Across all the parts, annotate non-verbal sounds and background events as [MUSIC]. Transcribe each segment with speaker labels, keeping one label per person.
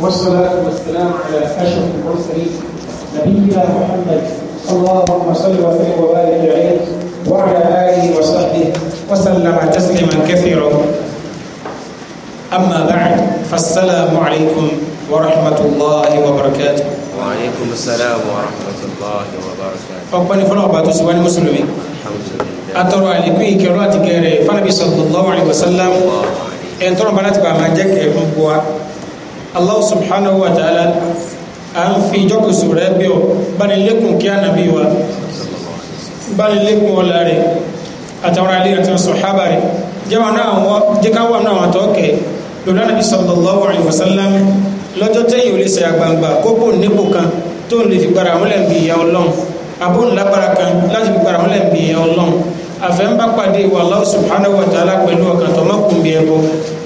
Speaker 1: والصلاة والسلام على أشرف المرسلين نبينا محمد اللهم صل وسلم وبارك عليه وعلى آله وصحبه
Speaker 2: وسلم تسليما كثيرا أما بعد فالسلام عليكم
Speaker 1: ورحمة الله وبركاته وعليكم السلام ورحمة الله وبركاته أقبل فلا أبعد سواني مسلمين الحمد لله
Speaker 2: أترى لكي كراتي كيري فنبي صلى الله عليه وسلم الله ẹn tọrọ bá láti bá máa jẹ́ kẹ́ fún bua Allah subhanahu wa ta'ala à ń fi ìjọkùsù rẹ bí ọ báni lékun kí ànábì wa báni lékun ọlá rẹ àtàwọn alẹ́ àti sàhábà rẹ jẹ́ ká wà náà àwọn àtọ́kẹ́ lọ́dọ̀ ànábì sallallahu alaihi wasallam lọ́jọ́ tẹ́yìn olè ṣe àgbàǹgbà kókò nípò kan tó ń lè fi gbára àwọn lẹ́m̀bì ìyá ọlọ́run àbóhùn lágbára kan láti fi gbára àwọn lẹ́m̀bì ìyá ọlọ́run àfẹ́ǹbá pàdé wa Allah subhanahu wa ta'ala pẹ̀lú ọkàn tó má kún bí ẹbọ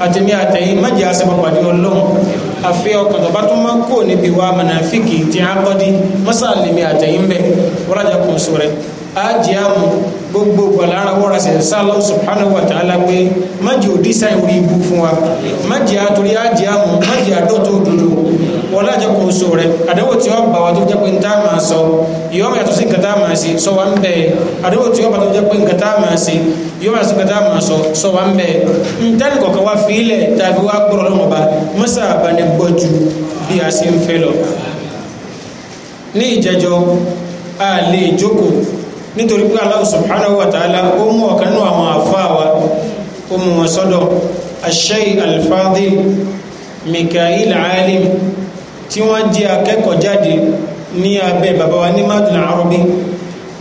Speaker 2: àtẹ̀mí àtẹ̀yìn má jẹ́ àṣẹ pàdé ọlọ́run àfẹ́ ọkàn tó bá tún má kó níbi wa mọ̀nàfíkì tí a kọ́ di mọ́sálẹ̀mí àtẹ̀yìn bẹ́ẹ̀ wọ́n rájà kùn sórí ajiamu gbogbo gbalara wọra sẹ sálọ subhanahu wa ta'ala pé má jẹ òdìsá ìwé ibu fún wa má jẹ àtúrí ajiamu má jẹ àdótó òdodo wọ́n lájọ kò so rẹ̀ àdánwò tí ó bá wa tó jẹ́ pé nta máa sọ yóò máa yàtọ̀ sí nǹkan tá a máa ṣe sọ wa ń bẹ̀ àdánwò tí ó bá tó jẹ́ pé nǹkan tá a máa ṣe yóò máa sí nǹkan tá a máa sọ sọ wa ń bẹ̀ ntẹ́ni kọ̀ọ̀kan wá fi tàbí wá gbọ́rọ̀ lọ́wọ́ bá mọ́sà àbáni gbọ́ ju bí a ṣe ń fẹ́ lọ. ní ìjẹjọ a lè jókòó nítorí pé Allah subhanahu wa ta'ala ó mú ọ̀kan nínú àwọn àfáà ó mú wọn sọ́dọ̀ ash-shay al-fadil tí wọ́n jẹ́ akẹ́kọ̀ọ́ jáde ní abẹ́ bàbá wa ní madina arọ́bí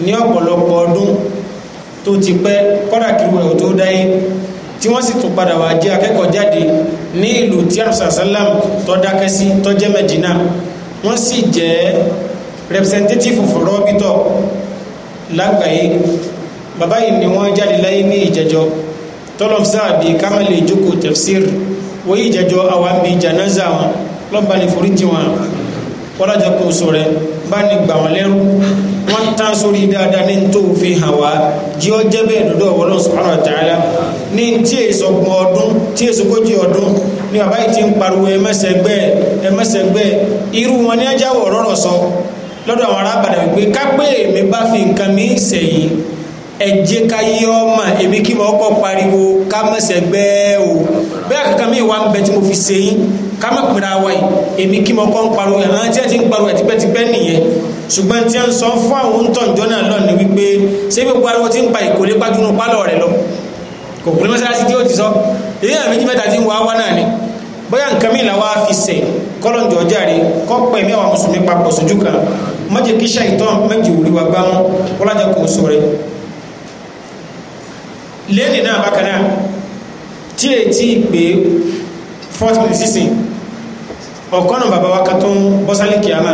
Speaker 2: ní ọ̀pọ̀lọpọ̀ ọdún tó ti pẹ́ kọ́dà kiri ẹ̀ tó dáyé tí wọ́n sì tún padà wá jẹ́ akẹ́kọ̀ọ́ jáde ní ìlú tí arúsàsálàm tó dákẹ́ sí tó jẹ́ Medina wọ́n sì jẹ́ representative fún rọ́bítọ̀ lágbàáyé bàbá yìí ni wọ́n jáde láyé ní ìjẹjọ́ tọ́lọ́fsáàbí kámẹ́lì ìjókòó tafsir wọ́n ìjẹjọ́ àwọn àmì janaza wọn lọ́ba ní foríjì wọn kọ́lájọ kò sọ rẹ bá ní gbà wọn lẹ́rú wọ́n tán sórí dáadáa ní tó fi hàn wá jí ọ jẹ́ bẹ́ẹ̀ dọ́dọ̀ Ọlọ́hun subhanahu wa ta'ala ní tí èso gbọ́n ọdún tí èso gbójì ọdún ní bàbá yìí ti ń pariwo ẹmẹ́sẹ̀gbẹ́ ẹmẹ́sẹ̀gbẹ́ irú wọn ní ajáwọ̀ rọ̀rọ̀ sọ lọ́dọ̀ àwọn arábàdàn wípé kápẹ́ èmi bá fi nǹkan mi ń ẹ jẹ́ ká yí ọmọ èmi kí mo kọ́ pariwo ká mọ̀sẹ̀ gbẹ́ o bẹ́ẹ̀ kankan mi wà ń bẹ tí mo fi ṣe yín ká mọ̀ pèrè àwa yìí èmi kí mo kọ́ ń pariwo yẹn àwọn tí wọ́n ti ń pariwo ẹ̀ tipẹ́tipẹ́ nìyẹn ṣùgbọ́n tí wọ́n sọ fún àwọn òǹtọ̀njọ́ náà lọ ní wípé ṣé bí pariwo ti ń pa ìkólé pàdúnú pálọ̀ rẹ̀ lọ kò kúlé mọ́sálásí tí ó ti sọ èyí àmì jí mẹ́ta ti ń wá náà ni bóyá nǹkan mi làwa fi sẹ̀ kọ́lọ́njọ́ jáde lẹ́ni náà bákanáà tí è tí gbé 40 minutes sísìn ọ̀kọ́nà bàbá wa kan tó ń bọ́sálì kìámà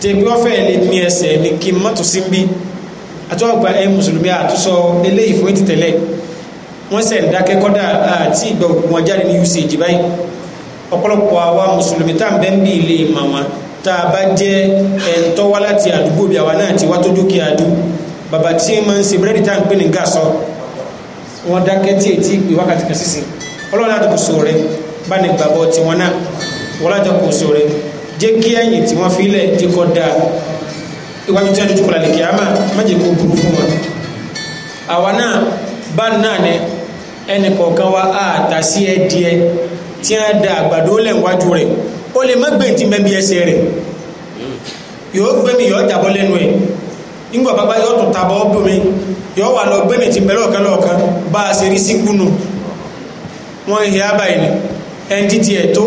Speaker 2: tí pé wọ́n fẹ́ẹ̀ lè ní ẹsẹ̀ ní kí mọ́tò sí ń bí àti wọ́n gba ẹ̀yìn mùsùlùmí àtúnṣọ eléyìí fún ìtìtẹ̀lẹ̀ wọ́n sẹ̀ ń dákẹ́ kọ́dà àti ìgbà wọn jáde ní usage wọn dákẹ́ tí èyí ìpè wákàtí kan sísìn ọlọ́run láti kò so rẹ bá ní gbàgbọ́ tiwọn náà wọ́n láti kò so rẹ jẹ́ kí ẹ̀yìn tí wọ́n fi lẹ̀ jẹ́ kọ́ dáa iwájú tí wọ́n dojú kọlà lè kí á máa má jẹ́ kó burú fún wọn. àwa náà bá náà ni ẹnì kọ̀ọ̀kan wa àtà sí ẹ díẹ̀ tí wọ́n da àgbàdo lẹ̀ wájú rẹ̀ ó lè má gbẹ̀ntì mẹ́bí ẹsẹ̀ rẹ̀ yóò gbẹ̀mí yóò jàbọ́ lẹ́nu ẹ̀ nígbà yọ́ wà lọ gbẹ́mì ti bẹ̀rẹ̀ ọ̀kan lọ́ọ̀kan bá a ṣe rí sí kúnnù wọ́n ihe àbá ìní ndta tó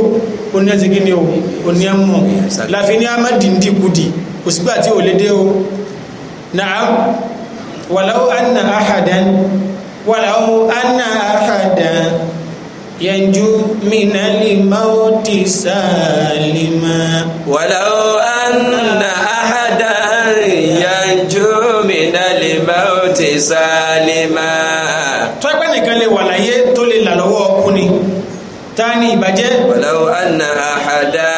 Speaker 2: oníyànjẹ́gí ni o oníyànmọ̀ láfi ní amádìndínkudì òsìgbà tí ò lédè o na'am wàláwó anna ahadan wàláwó anna ahadan yanjú mínálì máwótì sálímà wàláwó anna ahadan yanjú minali mauti sálímà. tọ́pẹ́ nìkan lè wà láyé tó lè là lọ́wọ́ ọkú ni ta ni ìbàjẹ́.
Speaker 1: walau anna ahada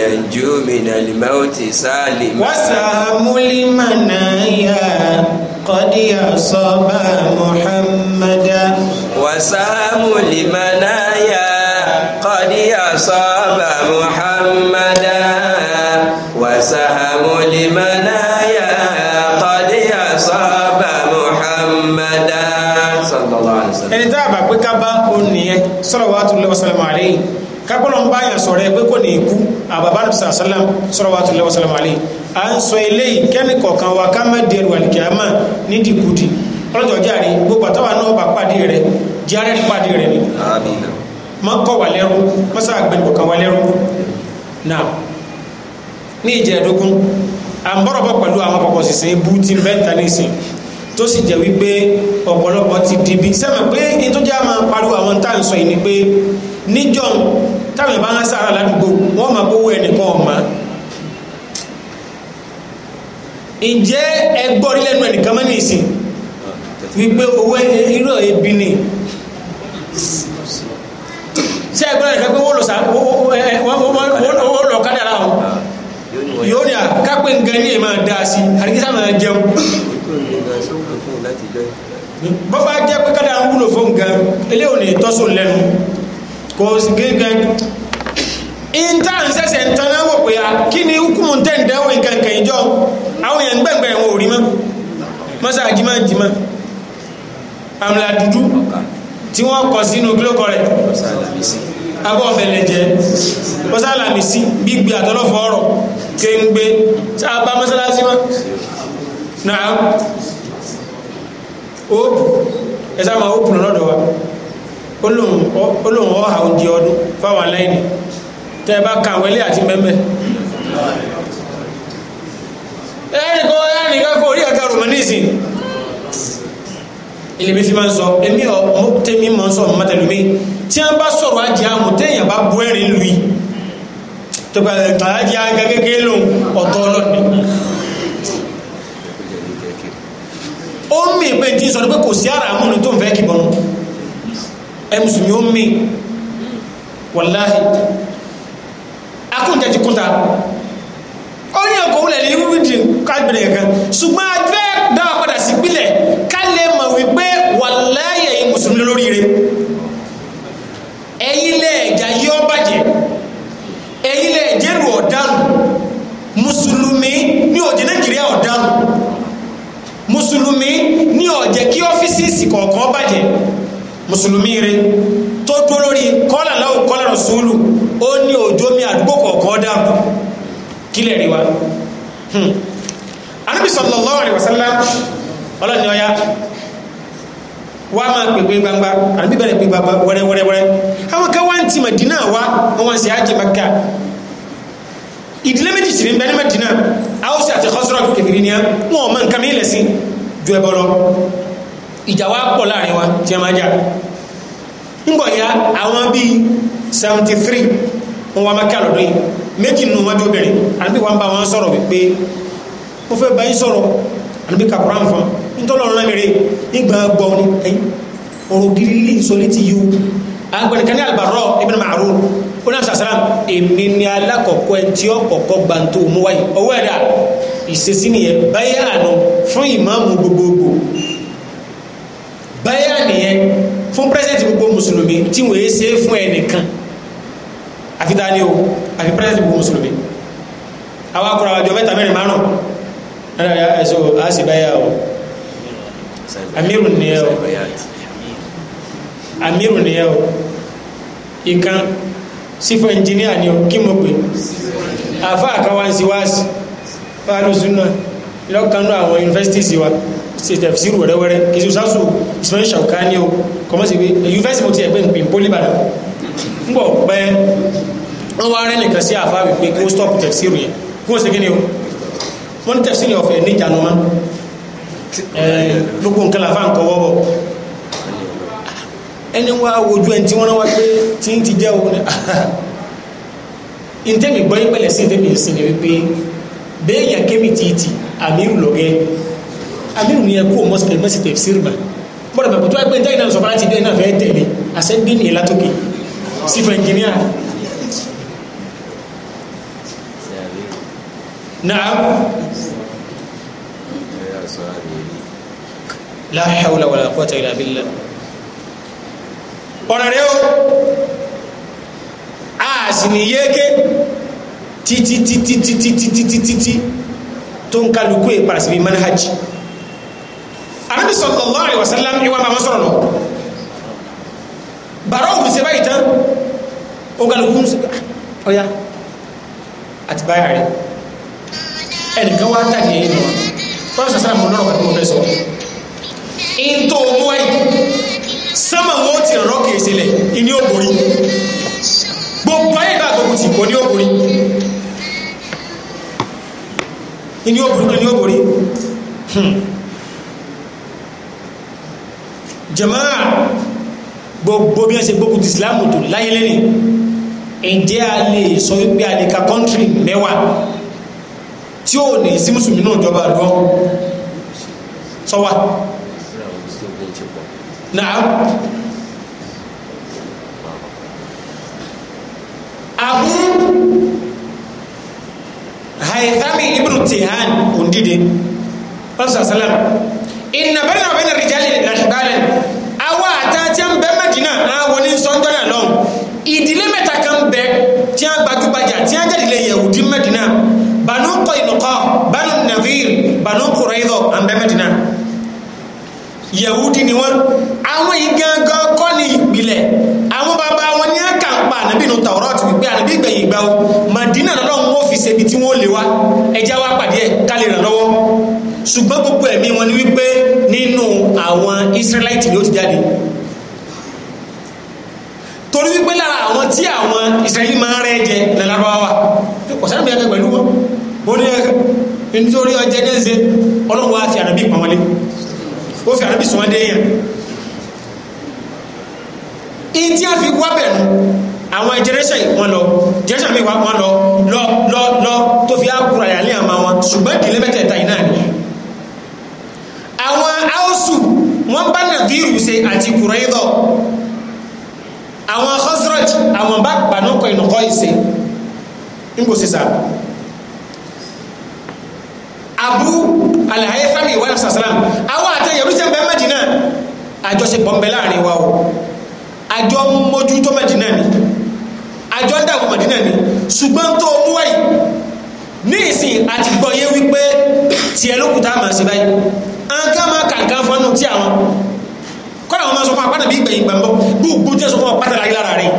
Speaker 1: yanju minali mauti sálímà. wàsà
Speaker 2: múlímànà yá kọ́dí àsọ́bà muhammadu. wàsà múlímànà yá kọ́dí àsọ́bà muhammadu. وسهم
Speaker 1: لمنايا ẹni tá a bá
Speaker 2: pé ká bá òun nìyẹn salawatullahi wa salamu alayhi kápọ́lọ̀ ń báyàn sọ̀rọ̀ ẹ pé kò ní ikú àbàbá nàbìsà sálám salawatullahi wa salamu alayhi à ń sọ eléyìí kẹ́mì kọ̀ọ̀kan wa ká má dẹrù àlìkìyàmá nídìí kùdì ọlọ́jọ́ járe gbogbo àtàwà náà bá pàdé rẹ̀ járe ní pàdé rẹ̀ ni mọ́ kọ́ wà lẹ́rú mọ́sá àgbẹ̀ni kọ̀ọ̀kan wà lẹ́rú tó sì jẹ́ wípé ọ̀pọ̀lọpọ̀ ti dìbí sẹ́mọ̀ pé ní tó jẹ́ máa pariwo àwọn tá à ń sọ yìí ni pé níjọ́ táwọn ìbá ń sára ládùúgbò wọ́n máa gbówó ẹnìkan ọ̀ma ǹjẹ́ ẹgbọ́ orí lẹ́nu ẹnìkan mọ́ ní ìsìn wípé owó irú ẹbí ni ṣé ẹgbẹ́ ẹnìkan pé wọ́n lọ sá wọ́n lọ kádàrà wọn ah,
Speaker 1: yóò ní àkápẹ́ nǹkan ní èèmọ̀ dáa sí àríkísà máa jẹun tó lè gan ṣé ó wúlò fún un láti jọ yìí. bó bá jẹ́ pé kádà
Speaker 2: ń wúlò fún gan eléyìí ò ní tọ́sùn lẹ́nu kò sí gángan ìntà ń sẹ̀sẹ̀ ń tan náà wò pé kí ni hukumu tẹ̀ ń nǹkan kan ìjọ àwọn èèyàn gbẹ̀ngbẹ̀ wọn ò rí mọ́ mọ́sá àjímọ́ àjímọ́ àmìlà dúdú tí wọ́n kọ sínú kílókọ rẹ̀ abọ́ ọ̀bẹ̀lẹ̀ jẹ́ mọ́sá àlàmì sí gbígbé àtọ́lọ́fọ́ ọ̀rọ̀ kéńgbé sábà mọ́sálásí mọ́ náà óòpù ẹ̀sà máa óòpù lọ́dọ̀ wa olóhùn ọ̀hà oúnjẹ ọdún fáwọn aláìní tẹ́ ẹ bá ka àwọn ilé àti mẹ́mẹ́
Speaker 1: ẹnìkan ẹnìkan kò rí ẹ̀ka romanisi
Speaker 2: ilé mi fi máa ń sọ èmi ọ̀ tẹ́mi máa ń sọ ọ̀mọ́ tẹ̀lómi tí wọ́n bá sọ̀rọ̀ ajé àmọ̀ téèyàn bá bú ẹ̀rín lu yìí tó gbà tàlájì àgàgẹ́gẹ́ lòun ọ̀tọ̀ ọlọ́dún ó ń mì pé tí ń sọ pé kò sí ara àmúnu tó ń fẹ́ kìbọn ẹ mùsùlùmí ó ń mì wàláhì akóúnjẹ ti kúta ó ní ọkọ̀ wúlẹ̀ ní wíwídìí kábìrì kan ṣùgbọ́n a fẹ́ dáwà padà sí ìpìlẹ̀ ká lè mọ̀ wípé wàláhì ẹ̀yin mùsùlùmí lórí rẹ̀ ní ọ̀jẹ̀ kí ọ́fíìsì kọ̀ọ̀kan bàjẹ́ mùsùlùmí rẹ̀ tó dúró lórí kọ́là láwù kọ́là rọ̀súlù ó ní òjò mi àdúgbò kọ̀ọ̀kan dáàbò kílẹ̀ rí wa anábì hmm. sallallahu alaihi wasallam ọlọ́ni ọya wá máa pèpè gbangba anábì bẹ̀rẹ̀ pé gbangba wẹ́rẹ́wẹ́rẹ́ àwọn kan wá ń ti Mẹ̀dínà wá wọn wá ń ṣe ájì Mákà ìdílé méjì sì ní bẹ́ẹ̀ ní Mẹ̀dínà Áwùsì àti Khazraj kẹfìrí ni wọn ò mọ nǹkan mi lẹ̀ sí i ju ẹbọ lọ ìjà wa pọ̀ láàrin wa tí a máa jà ńgbọ̀ ya àwọn bíi seventy three wọn wá mẹ́kà lọ́dún yìí méjì nù wájú obìnrin àbí wọn bá wọn sọ̀rọ̀ wípé mo fẹ́ bá yín sọ̀rọ̀ àbí kàkúrà nǹkan ntọ́lọ́ ọ̀rọ̀ mẹ́rin ìgbà gbọ́ ni ẹ̀yìn ọ̀rọ̀ gírí lè sọ létí yìí o àgbẹ̀rẹ̀ kan ní àlùbárọ̀ ibn Ma'rur ó náà sàṣàrà èmi ni alákọ̀ọ́kọ́ ẹ̀ tí ọ̀kọ̀ọ̀kọ́ gbàǹtó mú wáyé ọwọ́ ẹ̀dá ìṣesí nìyẹn báyà àná fún ìmáàmù gbogbogbò báyà nìyẹn fún pírẹsidẹ̀ntì gbogbo mùsùlùmí tí wọ́n yé ṣe fún ẹnìkan àfi dání o àfi pírẹsidẹ̀ntì gbogbo mùsùlùmí àwọn akọrọ àjọ mẹ́ta mẹ́rin márùn náírà ẹ̀sọ́ àṣì báyà o amírù nìyẹn o amírù nìyẹn o ìkan sífọ̀ ẹnjìníà ni o kí mo pè àfa àkàwá fáàlùsúnà lọ́kànnú àwọn universities wa ṣe tẹ̀fisiru wẹ̀rẹ́wẹ̀rẹ́ kì í ṣe ṣáṣù ìṣòro ṣàkání o kọ́mọ́sí pé university mo ti ẹ̀gbẹ́ ìpín pólí bàdàn ń bọ̀ pẹ́ wọ́n wá rẹ́ nìkan sí àfáà wípé kí wọ́n stop tẹ̀fisiru yẹn kí wọ́n ṣe kí ni o wọ́n tẹ̀fisiru yẹn ọ̀fẹ́ níjànú ma gbogbo nǹkan làfà ń kọ́wọ́ bọ̀ ẹni wá wojú ẹni tí wọ́n wá pé tí ń ti jẹ́ òun ní [LAUGHS] bẹ́ẹ̀yàn kébi títì àmírù lọ́gẹ́ àmírù ni ẹkú mọ́síkẹ̀ mọ́sí tafsir mà bọ́dọ̀ bàbá tó ẹgbẹ́ ìtẹ́yìn náà sọ fara ti bẹ́ẹ̀ náà fẹ́ tẹ̀lé àṣẹ́gbé ní ìlàtókè sífà ẹnjìníà la wala quwwata illa billah ọ̀nà rẹ̀ ó Titi titi titi titi titi tí tó ń kálukú ẹ̀ padà síbi manhaj anabi sallallahu alaihi wasallam ìwà máa sọ̀rọ̀ lọ bàrọ̀ òfin ṣe báyìí tán ó kálukú ń sọ ah, ọ̀ya àti báyà rẹ̀ ẹnìkan wá tàbí ẹ̀yìn lọ wọ́n sọ sára mọ̀ lọ́rọ̀ pẹ̀lú ọ̀fẹ́ sọ in tó mú wáyé sọ́mọ̀ wọn ti rọ̀ kìí sílẹ̀ ìní òbòrí gbogbo ayé bá gbogbo ti kò ní òbòrí ní òbòrí náà ní òbòrí jama'a gbogbo bí wọ́n ṣe gbógun ti islamu tó láyé lẹ́nìí ǹjẹ́ a sọ wípé a lè ka kọ́ńtírì mẹ́wàá tí ó ní sí mùsùlùmí náà
Speaker 1: jọba lọ sọ́wà náà
Speaker 2: àbúrú alhaithami ibnu tihan òǹdíde ọ̀sán sálám ìnà bẹ́ẹ̀ náà bẹ́ẹ̀ náà rìjálì làṣìbálẹ̀ àwa àtàtì à ń bẹ́ mẹ́dínà àwọn ní sọ́jọ́ náà lọ́hùn kan bẹ tí a gbajúgbajà tí a jáde yahudi mẹ́dínà banu kọ̀ìnùkọ banu nàvír banu kùrẹ́dọ̀ à ń bẹ́ yahudi ni wọn àwọn yìí gangan kọ́ ni ìpìlẹ̀ àwọn bàbá wọn ní àkàǹpà ànábìnú tàwọ́rọ́ ti wípé ànábì ìgbẹ̀yìn ìgbà o màdínà lọ́wọ́ níbi tí wọ́n lè wá ẹjá wá pàdé ẹ̀ ká lè ràn lọ́wọ́ ṣùgbọ́n gbogbo ẹ̀mí wọn ni wípé nínú àwọn Israelite ni ó ti jáde torí wípé lára àwọn tí àwọn Israeli máa ń rẹ́ jẹ lẹ́lárọ́wá wa ọ̀sán mi yàtọ̀ pẹ̀lú wọn mo ní ẹ nítorí ọjẹ́ ní ṣe ọlọ́run wa fi ànábì pàmọ́lé ó fi ànábì sọ́mọdé yẹn ìdí àfi wábẹ̀ nù àwọn jẹrẹsẹ̀ wọn lọ jẹrẹsẹ̀ mi wá wọn lọ lọ lọ lọ tó fi àkúrà yà lé àmà wọn ṣùgbọ́n ìdílé mẹ́tẹ̀ẹ̀ta yìí náà ni àwọn haúsù wọn bá nàdírù ṣe àti kùrẹ́dọ̀ àwọn Khazraj àwọn bá gbanúkọ ìnùkọ ìṣe ńgbò sísà
Speaker 1: abu alahaye fami wa sasalam àwọn àti yorùsẹ bẹ́ẹ̀ Mẹ́dínà
Speaker 2: àjọṣepọ̀ ń bẹ láàrin wa o àjọ mójútó Mẹ́dínà ni àjọ dàgbò màdínà ni ṣùgbọ́n tó mú wáyì ní ìsìn àti gbọ́yé wípé tiẹ̀ ló kù tá a máa ṣe báyìí àǹkà máa kàǹkà fọnù tí àwọn kọ́nà àwọn máa sọ fún apádà bí ìgbẹ̀yìn gbàmbọ́ gbogbo tí ó sọ fún apádà láyé lára rẹ̀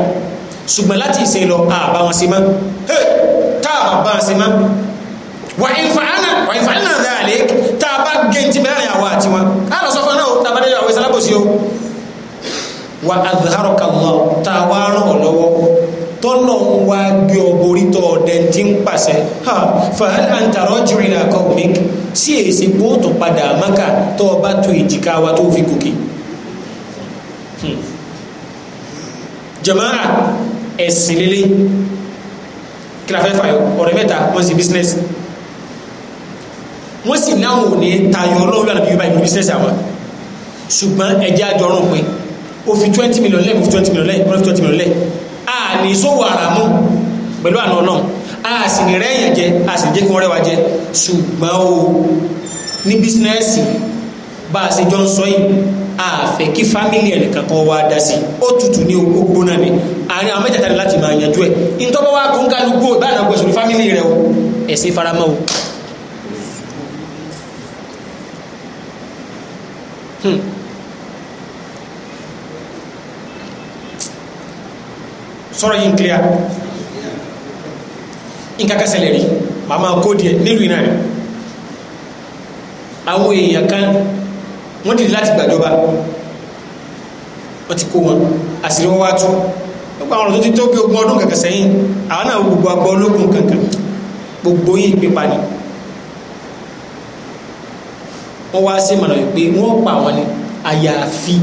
Speaker 2: ṣùgbọ́n láti ìṣe lọ àbá wọn ṣe mọ́ táàbà bá wọn ṣe mọ́ wà tọ́lọ̀ ń wá gbé ọgbórí tọ́ ọ̀dẹ̀ tí ń pàṣẹ ha fàhálà ń tàrọ́ jìrì ní akọ mi sí èsì gbóòtò padà maka tó ọba tó ìjìká wa tó fi gòkè. Hmm. jamaa ẹ̀sìn lélẹ̀ kí la fẹ́ fà yọ ọ̀rẹ́ mẹ́ta wọ́n sì bísínẹ́sì wọ́n sì náà ò ní tayọ ọlọ́run àbí yorùbá ìlú bísínẹ́sì àwọn ṣùgbọ́n ẹ̀jẹ̀ àjọrùn pé ó twenty million lẹ́ẹ̀ mo fi twenty million lẹ́ẹ̀ mo fi twenty million lẹ́ẹ̀
Speaker 1: a ní sówó
Speaker 2: àràmú pẹ̀lú àná náà a sì ní rẹ́yìn jẹ a sì jẹ́ kí wọ́n rẹwà jẹ ṣùgbọ́n o ní bísínẹ́sì bá a ṣe jọ ń sọ yìí a fẹ́ kí fámìlì ẹnìkan kan wá dá sí ó tutù ní o gbóná ni àárín àwọn mẹ́tẹ̀ẹ̀ta ni láti máa yanjú ẹ̀ ìtọ́bọ̀ wá kó ń kálukú ìbáná gbèsè fámìlì rẹ o ẹ̀sìn faramọ́ o. Hmm. sọ̀rọ̀ yìí ń clear nǹkan kan ṣẹlẹ̀ rí màmá kó díẹ̀ nílùú iná rẹ̀ àwọn èèyàn kan wọ́n dìde láti gbàjọba wọ́n ti kó wọn àṣírí wọn wá tú gbogbo àwọn ọ̀rọ̀ tó ti tó bí ogún ọdún kankan sẹ́yìn àwọn náà gbogbo agbọ́ ológun kankan gbogbo yìí pípa ni wọ́n wá sí ìmọ̀ràn yìí pé wọ́n pa àwọn ni àyàfi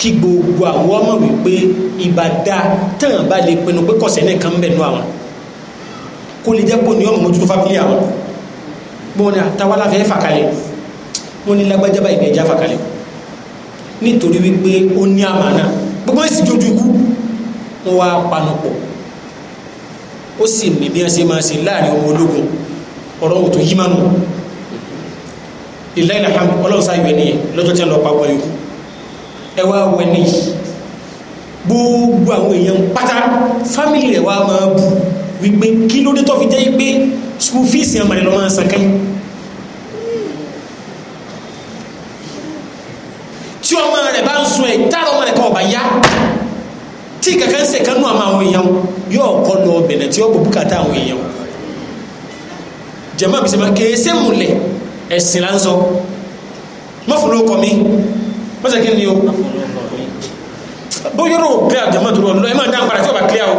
Speaker 2: kí gbogbo àwọn ọmọ wípé ìbá dá tán bá lè pinnu pé kọ̀sẹ̀ náà kan ń bẹ̀ nú àwọn kó lè jẹ́ pò ní ọmọ mójútó fábílì àwọn gbọ́n ní àtàwọn aláfẹ́ fàkalẹ̀ wọ́n ní lágbájábá ìgbẹ̀já fàkalẹ̀ nítorí wípé ó ní àmàna gbogbo èsì jójú ikú wọ́n wá panupọ̀ ó sì mí bí wọ́n ṣe máa ṣe láàrin ọmọ ológun ọ̀rọ̀ òtò yí ìlànà ọlọ́run sáyọ ẹni lọ́jọ́ tí wọ́n lọ pa ọmọ ikú ẹ wá wọ ẹni yìí gbogbo àwọn èèyàn pátá fámìlì rẹ̀ wá máa bù wípé kí ló dé tó fi jẹ́ pé school fees yẹn màdìlọ́ máa san kẹ́yìn. tí ọmọ rẹ̀ bá ń sun ẹ̀ táàrọ̀ ọmọ rẹ̀ kan ọ̀bà yá tí kankan ṣe kanú àmọ́ àwọn èèyàn yóò kọ́ lọ bẹ̀rẹ̀ tí ó bọ̀ bùkátà àwọn èèyàn jẹ̀mọ́ àbísẹ̀mọ́ kèé sẹ́mùlẹ̀ ẹ̀sìn láńsọ mọ́fúnlọ́kọ̀ mi mọ́sẹ̀ kí ni o bóyá rò clear jama tó rọ lọ ẹ máa dáhùn padà tí ó bá clear o.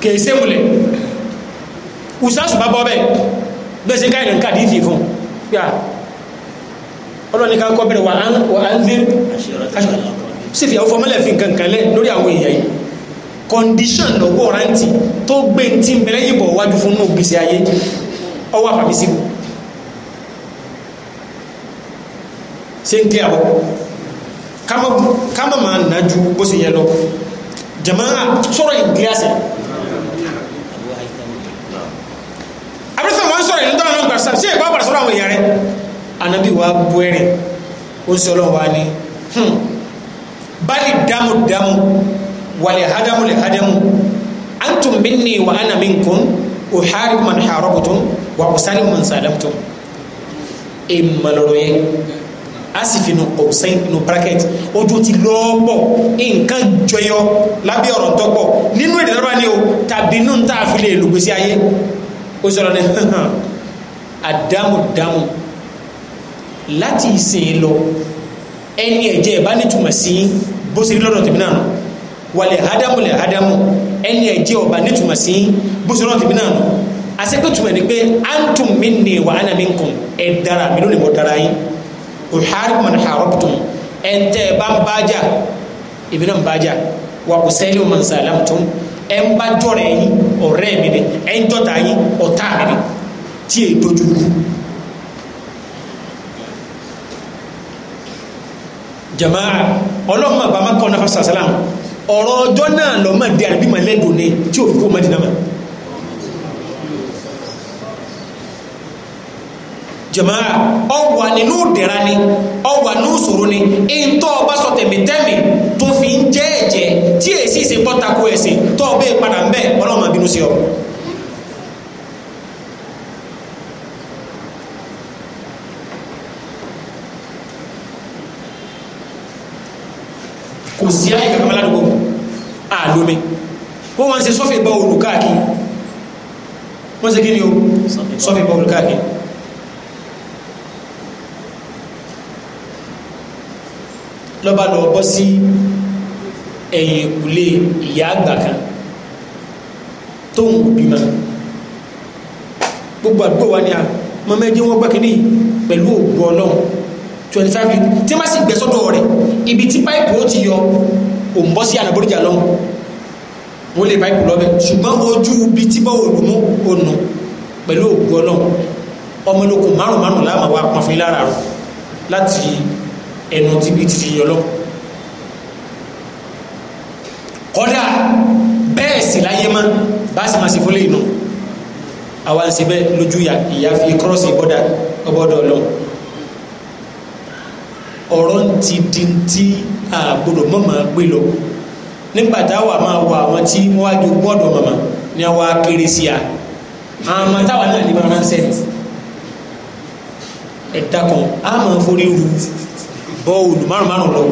Speaker 2: kèé sẹ́mùlẹ̀ usasu bá bọ́ bẹ́ẹ̀ bẹ́ẹ̀ sẹ́ káyọ̀ nǹkan àdìsí fún yà ọlọ́ni ká kọ́ bẹ̀rẹ̀ wà á ń zírí sí condition lọ́wọ́ rántí tó gbé ti ń bẹ̀rẹ̀ yìí bọ̀ wájú fún náà gbèsè ayé ọwọ́ àpàbísí wọn. ṣe ń kílẹ̀ àwọ̀ kámọ̀ máa nà ju bó ṣe yẹ lọ jamaa sọ̀rọ̀ ìgbéyàsí
Speaker 1: abẹ́fẹ́ wọn sọ̀rọ̀ ìlú tọ́lá náà gbà sàm sí ẹ̀kọ́ àpàdà sọ̀rọ̀ àwọn èèyàn rẹ̀
Speaker 2: anabi wa bu ẹ̀rìn ó sì ọlọ́run wa ni hmm, bali damu damu wàlẹ̀ hadamu lẹ̀ hadamu antum minni wa ana minkum uharibu man harabtum wa usalimu man salamtum èèmọ̀ lọ́rọ̀ Asifinu nu inu bracket ojú ti lọ́ọ̀pọ̀ nǹkan jọyọ lábẹ́ ọ̀rọ̀ tó pọ̀ nínú èdè ni o tàbí inú ń tà fi lè lò gbèsè ayé ó sọ̀rọ̀ ní àdámùdámù láti ìsìn lọ ẹni ẹ̀jẹ̀ ìbá nítumọ̀ sí bó ṣe rí lọ́dọ̀ tèmi náà wàlẹ̀ ádámù lẹ̀ ádámù ẹni ẹ̀jẹ̀ ọba nítumọ̀ sí bó ṣe rí lọ́dọ̀ tèmi náà àṣepẹ̀tumọ̀ ni pé antum minni wa ana minkum ẹ̀ dára mi ló lè dára yín uharibu man harabtum ẹ̀ńtẹ́ bá ń bájà èmi náà ń bájà wà kò sẹ́yìn man salamtum ẹ̀ ń bá jọ̀rọ̀ ẹ̀yìn ọ̀rẹ́ mi ni ẹ̀ ń jọ̀tà yín ọ̀tá mi ni tí èyí dojú kú. jamaa ọlọ́mọ bàmá kọ́ náà fásitì sàlám ọ̀rọ̀ ọjọ́ náà lọ́mọdé àbí mọ̀lẹ́dùn ni tí òfin kó mọ́dínà mọ́. jamaa ọwà nínú dẹ̀ra ni ọwà nínú sòro ni ìntọ́ ọba sọ tẹ̀mítẹ́mì tó fi ń jẹ́ ẹ̀jẹ̀ tí èsì ìsè pọ́tako ẹ̀sìn tó ọbẹ̀ padà ń bẹ̀ ọlọ́mọ bínú sí ọ. kò sí ayé kankan ládùúgbò àlómi wọ́n wá ń ṣe sọ́fì bọ́ olùkáàkiri wọ́n ṣe kí o sọ́fì bọ́ olùkáàkiri. lọ́ba lọ bọ́ sí ẹ̀yìn ìkùlé ìyá àgbà kan tóun bímọ gbogbo àdúgbò wa ni a mọ mẹ́jẹ́ wọ́n gbẹ́kínní pẹ̀lú òògùn ọlọ́run twenty five minutes tí wọ́n sì gbẹ sọ́dọ̀ rẹ̀ ibi tí páìpù ó ti yọ òun bọ́ sí ànàbóríjà lọ́hùn wọ́n lè páìpù lọ́bẹ̀ ṣùgbọ́n ojú ibi tí bọ́ òòlùmú òòlù pẹ̀lú òògùn ọlọ́run ọmọlókun márùn-márùn láàmà wa pọ̀nfin lára rẹ̀ láti ẹnu tí bí ti yọ lọ kọ́dà bẹ́ẹ̀ sì láyé mọ́ bá sì máa ṣe fúnlé inú àwa ń ṣe bẹ́ẹ̀ lójú ìyá fi kírọ́ọ̀sì bọ́dà ọbọ̀dọ̀ lọ ọ̀rọ̀ ń ti di ti àgbọ̀dọ̀ mọ́mọ́ gbé lọ nígbà táwa máa wọ àwọn tí wọ́n wá ju gbọ́dọ̀ mọ̀mọ́ ni àwa kéré sí a àwọn ọmọ táwa náà ní máa ránṣẹ́ ẹ̀dá kan á máa forí ru bọ́ọ̀lù márùn-ún lọ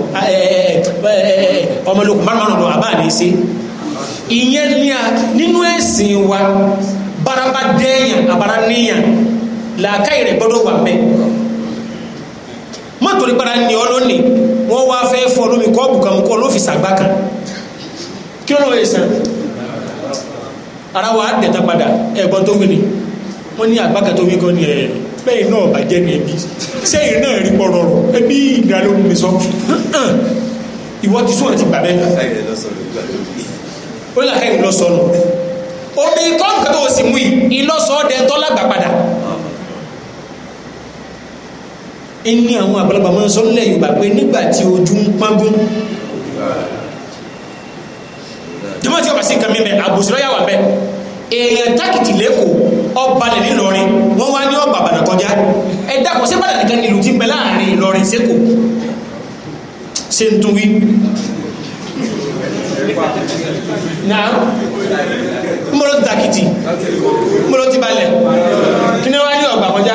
Speaker 2: ọmọlókun márùn-ún lọ àbá ní ṣe ìyẹn ní a nínú ẹ̀sìn wa baraba dẹ́yàn àbára níyàn làákàyè rẹ̀ gbọ́dọ̀ wà mẹ́ mọ́tò ní padà ní ọlọ́ni wọ́n wá fẹ́ fọ́ lómi kọ́ bùkàmùkọ́ ló fi sàgbá kan kí ló lọ́wọ́ ìsàn ara wa dẹ̀ta padà ẹ̀gbọ́n tó wí ni wọ́n ní àgbákà tó wí gan ni ẹ̀ẹ́ bẹ́ẹ̀ náà bàjẹ́ ní ẹbí sẹ́yìn náà rí pọ̀rọ̀ rọ̀ ẹbí ìdálóhùn mi sọ ìwọ ti sún àti gbà bẹ́ẹ̀. ó lè káyìn lọ sọnù omi tó nǹkan tó sì mú yìí ìlọsọ ọdẹ tó lágbà padà. ẹni àwọn àgbàlagbà máa ń sọ nílẹ̀ Yorùbá pé nígbà tí ojú ń pangún. jọmọ tí o bá sì kàn mí mẹ wà mẹ èèyàn tákìtì lẹ́kọ̀ọ́ ọbalẹ̀ nílọrin wọ́n wá ní ọgbà àbàdàn kọjá ẹ dákọ̀ sí bàdàn nìkan nílùú ti bẹ láàrin Ìlọrin sẹ́kọ̀ ṣe ń tún wí. náà mbọ́lọ́ ti tàkìtì mbọ́lọ́ ti balẹ̀ kí ni wọ́n ní ọgbà kọjá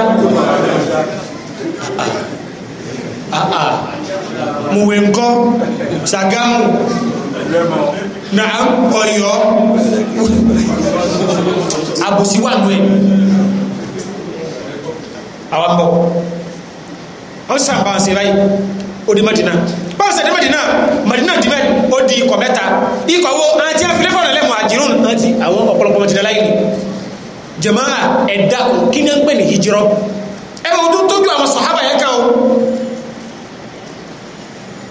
Speaker 2: ah, ah. mùwé ńkọ́ Ṣàgámù nàá ọ̀yọ́ àbòsí wà nù ẹ̀ àwọn bọ̀ wọ́n sàn bá ṣe báyìí ó di Madina báwo sàn dé Madina Madina di bẹ́ẹ̀ ó di ikọ̀ mẹ́ta ikọ̀ wo àti àfilẹ́fọ̀nà lẹ́mọ̀ àjírùn àti àwọn ọ̀pọ̀lọpọ̀ Madina láyé ni jẹ̀máà ẹ̀dá kí ni ń pè ní hijrọ́ ẹ̀ wọ́n tó tójú àwọn sọ̀hábà yẹn kan o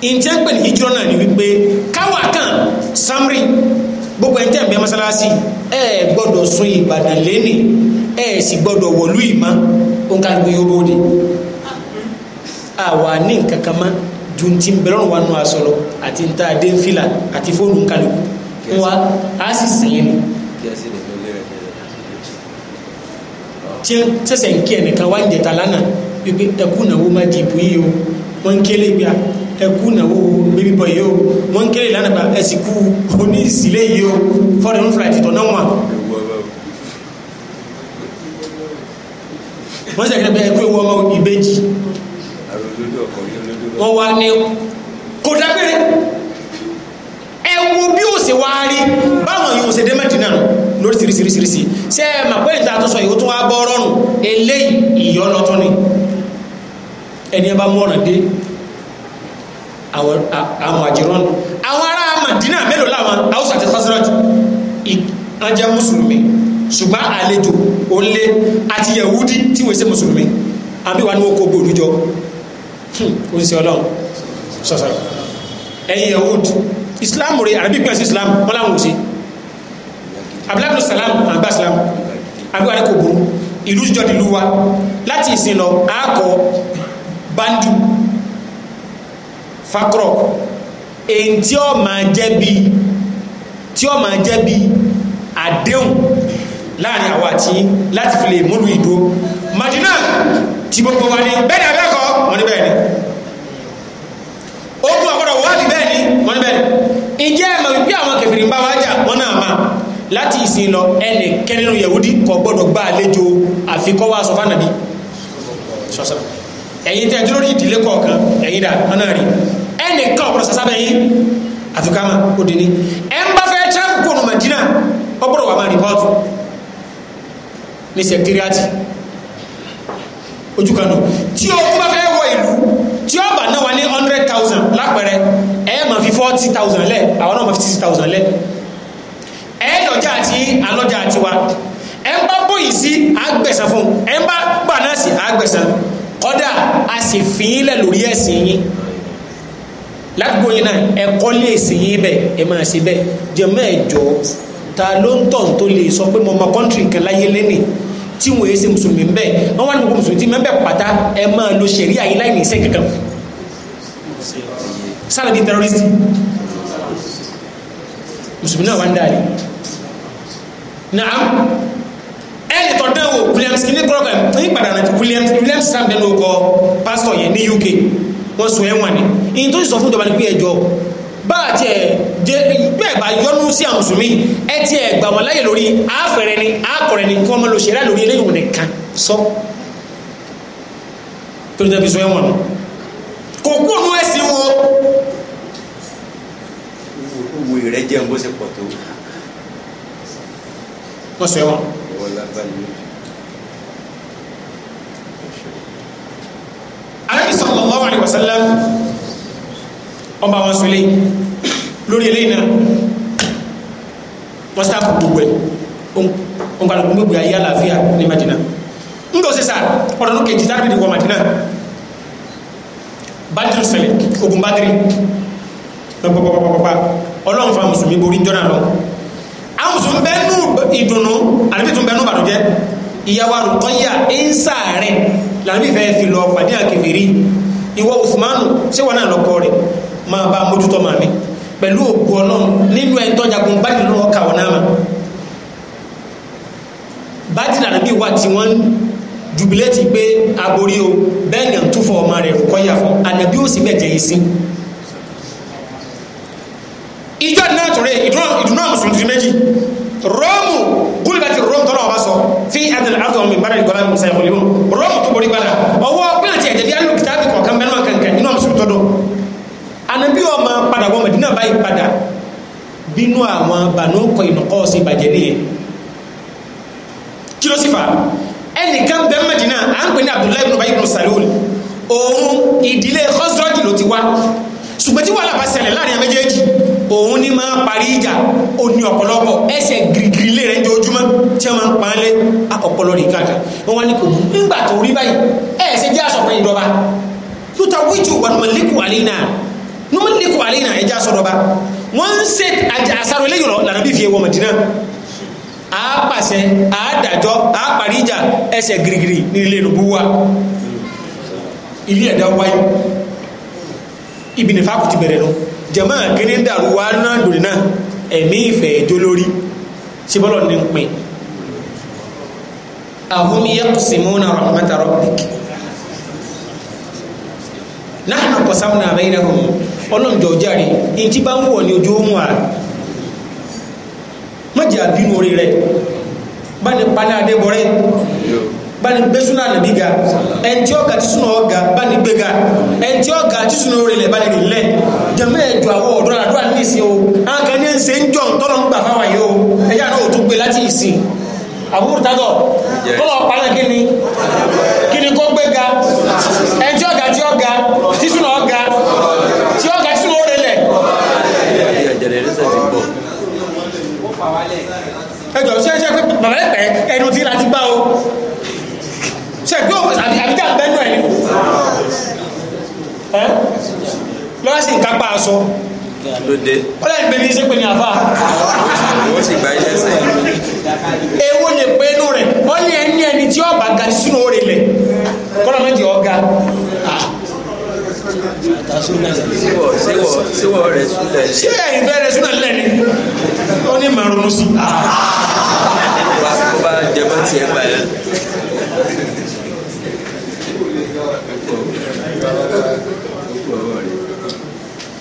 Speaker 2: ìntẹ́ pẹ̀lú hijira náà ni wípé káwà kan samri gbogbo ẹ̀ ń tẹ̀m̀bẹ́ mọ́sálásí ẹ gbọ́dọ̀ sun ìbàdàn lẹ́nì ẹ sì gbọ́dọ̀ wọ̀lú ìmọ̀ òǹkàgbé yorùbá òde àwa ní nǹkan kan mọ́ ju ti ń bẹ̀rẹ̀ wà nù asọ̀rọ̀ àti ń ta adé ń fìlà àti fóònù ń kálukú ń wa á sì sìn ní. tí sẹ̀sẹ̀ ń kí ẹnìkan wá ń jẹ̀ta lánàá wípé ẹkú náà wọ́n máa dìbò yìí o wọ́n ń kélé gbé a. Ah, ẹkú náwó bébí bọ̀ yìí o wọ́n ń kéré lánàá ẹ̀sìn oní ìsílẹ̀ yìí o fọ́ọ̀dù ń fura ìtìtọ̀ náà wà. wọ́n sì àgbẹ̀ ẹkú ewu ọmọ ìbejì wọ́n wá ní kò dágbére ẹ wo bí ó ṣe wá rí báwọn yóò ṣe dé mẹ́tìnà lórí ṣiríṣiríṣiríṣi ṣe é mà pé ìta tó sọ ìwé tó wá bọ́ rọrùn eléyìí ìyọ́nà tó ni ẹni bá mú ọ̀nà dé àwọn àjìrán àwọn
Speaker 1: ará Madina mélòó láwọn haúsá àti fásirọ́jì
Speaker 2: ìrànjẹ́ mùsùlùmí ṣùgbọ́n àlejò olè àti yahudi tí wọ́n ṣe mùsùlùmí àbí wà ní oko gbòdújọ hmm, ó ń ṣe ọlọ́run sọ̀sọ̀rọ̀ ẹ̀yin yahudi islam rẹ̀ àbí pẹ̀lú islam wọn làwọn ò sí salam àgbà islam àbí wà ní kò burú ìlú jọdìlú wa láti ìsìn lọ àákọ bandu fakọrọ èyí tí ó máa jẹ́ bí tí ó máa jẹ́ bí àdéhùn láàrin àwa àti láti fi lè múlù ìdó Madina tí gbogbo wa ní bẹ́ẹ̀ ni abẹ́kọ̀ wọ́n ní bẹ́ẹ̀ ni ogun àkọ́dọ̀ wọ́ọ̀dì bẹ́ẹ̀ ni wọ́n ní bẹ́ẹ̀ ni ìjẹ́ ẹ̀mọ̀ wípé àwọn kẹfìrì ń bá wájà wọ́n náà máa láti ìsìn lọ ẹnì kẹ́nínú yẹ̀wúdí kò gbọ́dọ̀ gba àlejò àfikọ́ wa sọ fánàbí ẹ̀yin tẹ́ dúró ní ìdílé kọ̀ọ̀kan ẹ̀yin dà wọ́n náà rí ẹnì kan ọ̀pọ̀lọ̀ sásábẹ̀ yìí àfikàmà òdìní ẹ ń bá fẹ́ tẹ́kù kò nù Madina ọgbọ́dọ̀ wà máa rìpọ́ọ̀tù ní sẹkítírìátì ojú kan nù tí o kú bá fẹ́ wọ ìlú tí ó bá náà ní hundred thousand lápẹẹrẹ ẹ máa fi forty thousand lẹ àwọn náà máa fi sixty thousand lẹ ẹ lọ́jà àti alọ́jà àti wa ẹ ń bá bóyì sí àgbẹ̀sán fún ẹ ń bá gbà náà sí àgbẹ̀sán
Speaker 1: kọ́dà a sì fi í lẹ̀ lórí ẹ̀sìn
Speaker 2: yín ládùúgbò yìí náà ẹ̀kọ́ lè sì yí bẹ́ẹ̀ ẹ máa ṣe bẹ́ẹ̀ jẹ́mọ́ ẹ̀jọ́ ta ló ń tọ̀ tó lè sọ pé mo mọ kọ́ńtìrì kan láyé lẹ́nìí tí wọ́n yé ṣe mùsùlùmí bẹ́ẹ̀ wọ́n wá ní gbogbo mùsùlùmí tí mẹ́bẹ̀ pátá ẹ máa lo ṣẹ̀rí àyè láì ní iṣẹ́ kankan sára di terrorist mùsùlùmí náà wá ń dáre náà ẹni tọ́ dẹ́wò Williams kìíní kọ́lọ́kọ̀ ẹ̀ ní ìpàdánù Williams Williams sam UK wọ́n sọ ẹ̀wọ̀n ni ìyìn tó sì sọ fún ìjọba ní pé ẹjọ́ bá àti ẹ̀ jẹ́ bẹ́ẹ̀ bá yọnu sí àwọn mùsùlùmí ẹ ti ẹ̀ gbà wọ́n láyè lórí àáfẹ̀rẹ̀ ni àákọ̀rẹ̀ ni kí wọ́n máa lo ṣẹ̀rá lórí eléyìí wọn nìkan sọ tó jẹ́ fi sọ ẹ̀wọ̀n kò kú ònú ẹ̀sìn wọn.
Speaker 1: owó rẹ̀ jẹ́ bó ṣe pọ̀ tó. wọ́n sọ ẹ̀wọ̀n.
Speaker 2: alábìsọ̀lọ́ wasallam ọba wọn sọ eléyìí lórí eléyìí náà wọ́n sáà gbogbo ẹ̀ òǹkàlùkù gbogbo ayé àlàáfíà ní Madina ń tó ṣe sáà ọ̀dọ̀dún kejì tàbí ìdíwọ̀ Madina bádìrì ṣẹlẹ̀ ogun bádìrì pàpàpàpàpà ọlọ́run fa mùsùlùmí borí ń jọ́nà lọ àwọn mùsùlùmí bẹ́ẹ̀nù ìdùnnú àdébí tún bẹ́ẹ̀nù bàdújẹ́ ìyàwó àrùn tọ́yà ń sáà rẹ̀ làbí fẹ́ fi lọ pàdé àkèfèrí ìwọ Usmanu ṣé wọn náà lọkọ rẹ máa bá mójútó máa mi pẹ̀lú òkú ọlọ́run nínú ẹ̀ tọ́jagun bájì lọ́wọ́ kà wọn náà mà bájì lànà bí wà tí wọ́n jubilẹ́tì pé aborí o bẹ́ẹ̀ ni à ń túfọ̀ ọmọ rẹ̀ kọ́yà fún ànàbí ó sì bẹ̀ jẹ́ yìí sí ìjọ náà tún rẹ̀ ìdúná mùsùlùmí ti méjì rọ́ọ̀mù kúlìbàtì rọ́ọ̀mù tọ́lá fi adìrẹ̀ àtọ̀ mi bára ìgbọ́lá mi báyìí padà bínú àwọn bànúkọ ìnùkọ́ sí ìbàjẹ́ nìyẹn kí ló sì fà ẹnìkan bẹ́ẹ̀ mẹ́dínà à ń pè ní Abdullahi ibn Ubay ibn Salul òun ìdílé Khazraj ló ti wá ṣùgbọ́n tí wàhálà bá ṣẹlẹ̀ láàrin méjèèjì òun ní máa parí ìjà ó ní ọ̀pọ̀lọpọ̀ ẹsẹ̀ gírígírí lè rẹ̀ jojúmọ́ tí wọ́n máa ń panlé ọpọlọ rẹ̀ káàkiri wọ́n wá ní kò nígbà tó rí báyìí ẹ̀ ṣe jẹ́ àṣọ̀pọ̀ ìjọba yóò ta wíjù wà ní mọ̀lẹ́kùn àlẹ́ náà numan ní kò alẹ́ náà ẹja sọ̀rọ̀ ba wọ́n ń ṣe àṣàrò eléyìí rọ̀ lànà bí fi wọ Mẹdínà á pàṣẹ á dàjọ́ á parí ìjà ẹsẹ̀ girigiri ní ilé ìlú wa ilé ẹ̀dá wáyé ibi nìfà kò ti bẹ̀rẹ̀ lọ jẹ̀mọ́ kíní dàrú wa náà dòní náà ẹ̀mí ìfẹ́ ẹjọ́ lórí ṣe bọ́lọ̀ ní pin ahum yaqsimuna rahmata rabbik nahnu qasamna ọlọ́njọ́ járe ní tí bá ń wọ̀ ní ojú ohun à mọ́jì àbínú orí rẹ̀ bá ní paná adébọ̀rẹ́ bá ní gbé súnà nàbí ga ẹn tí ọ̀gá tí súnà ọ̀gá bá ní gbé ga ẹn tí ọ̀gá tí súnà orí rẹ̀ bá ní rìnlẹ̀ jẹ́mọ́ ẹ̀jọ̀ àwọ̀ ọ̀dọ́ àdúrà ní ìsìn o àǹkan ní ṣe ń jọ̀ tọ́lọ́ ń gbà fáwọn yìí o ẹ̀yà náà ò tún gbé láti ìsìn àbúrò tádọ̀ tọ́lọ́ pa náà kí ni ẹnu tí láti gbá o ṣẹ̀gbẹ́ òkú àbíjà ń bẹ́nu ẹ̀ lọ́wọ́ sí nǹkan pa
Speaker 1: aṣọ lóde
Speaker 2: ó lẹ́yìn pé ní iṣẹ́ pé ní àfà wọ́n
Speaker 1: sì gba iṣẹ́ sẹ́yìn
Speaker 2: ewo lè pé inú rẹ̀ ó ní ẹni ẹni tí ọba ga sínú orí lẹ̀ kọ́nà méjì ọ̀gá
Speaker 1: síwọ̀ síwọ̀ síwọ̀ rẹ̀ súnlẹ̀ ṣé
Speaker 2: ẹ̀yìn fẹ́ rẹ̀ súnlẹ̀ lẹ́ni ó ní màrún sí
Speaker 1: i tiẹ̀ má tiẹ̀ gbà yẹn.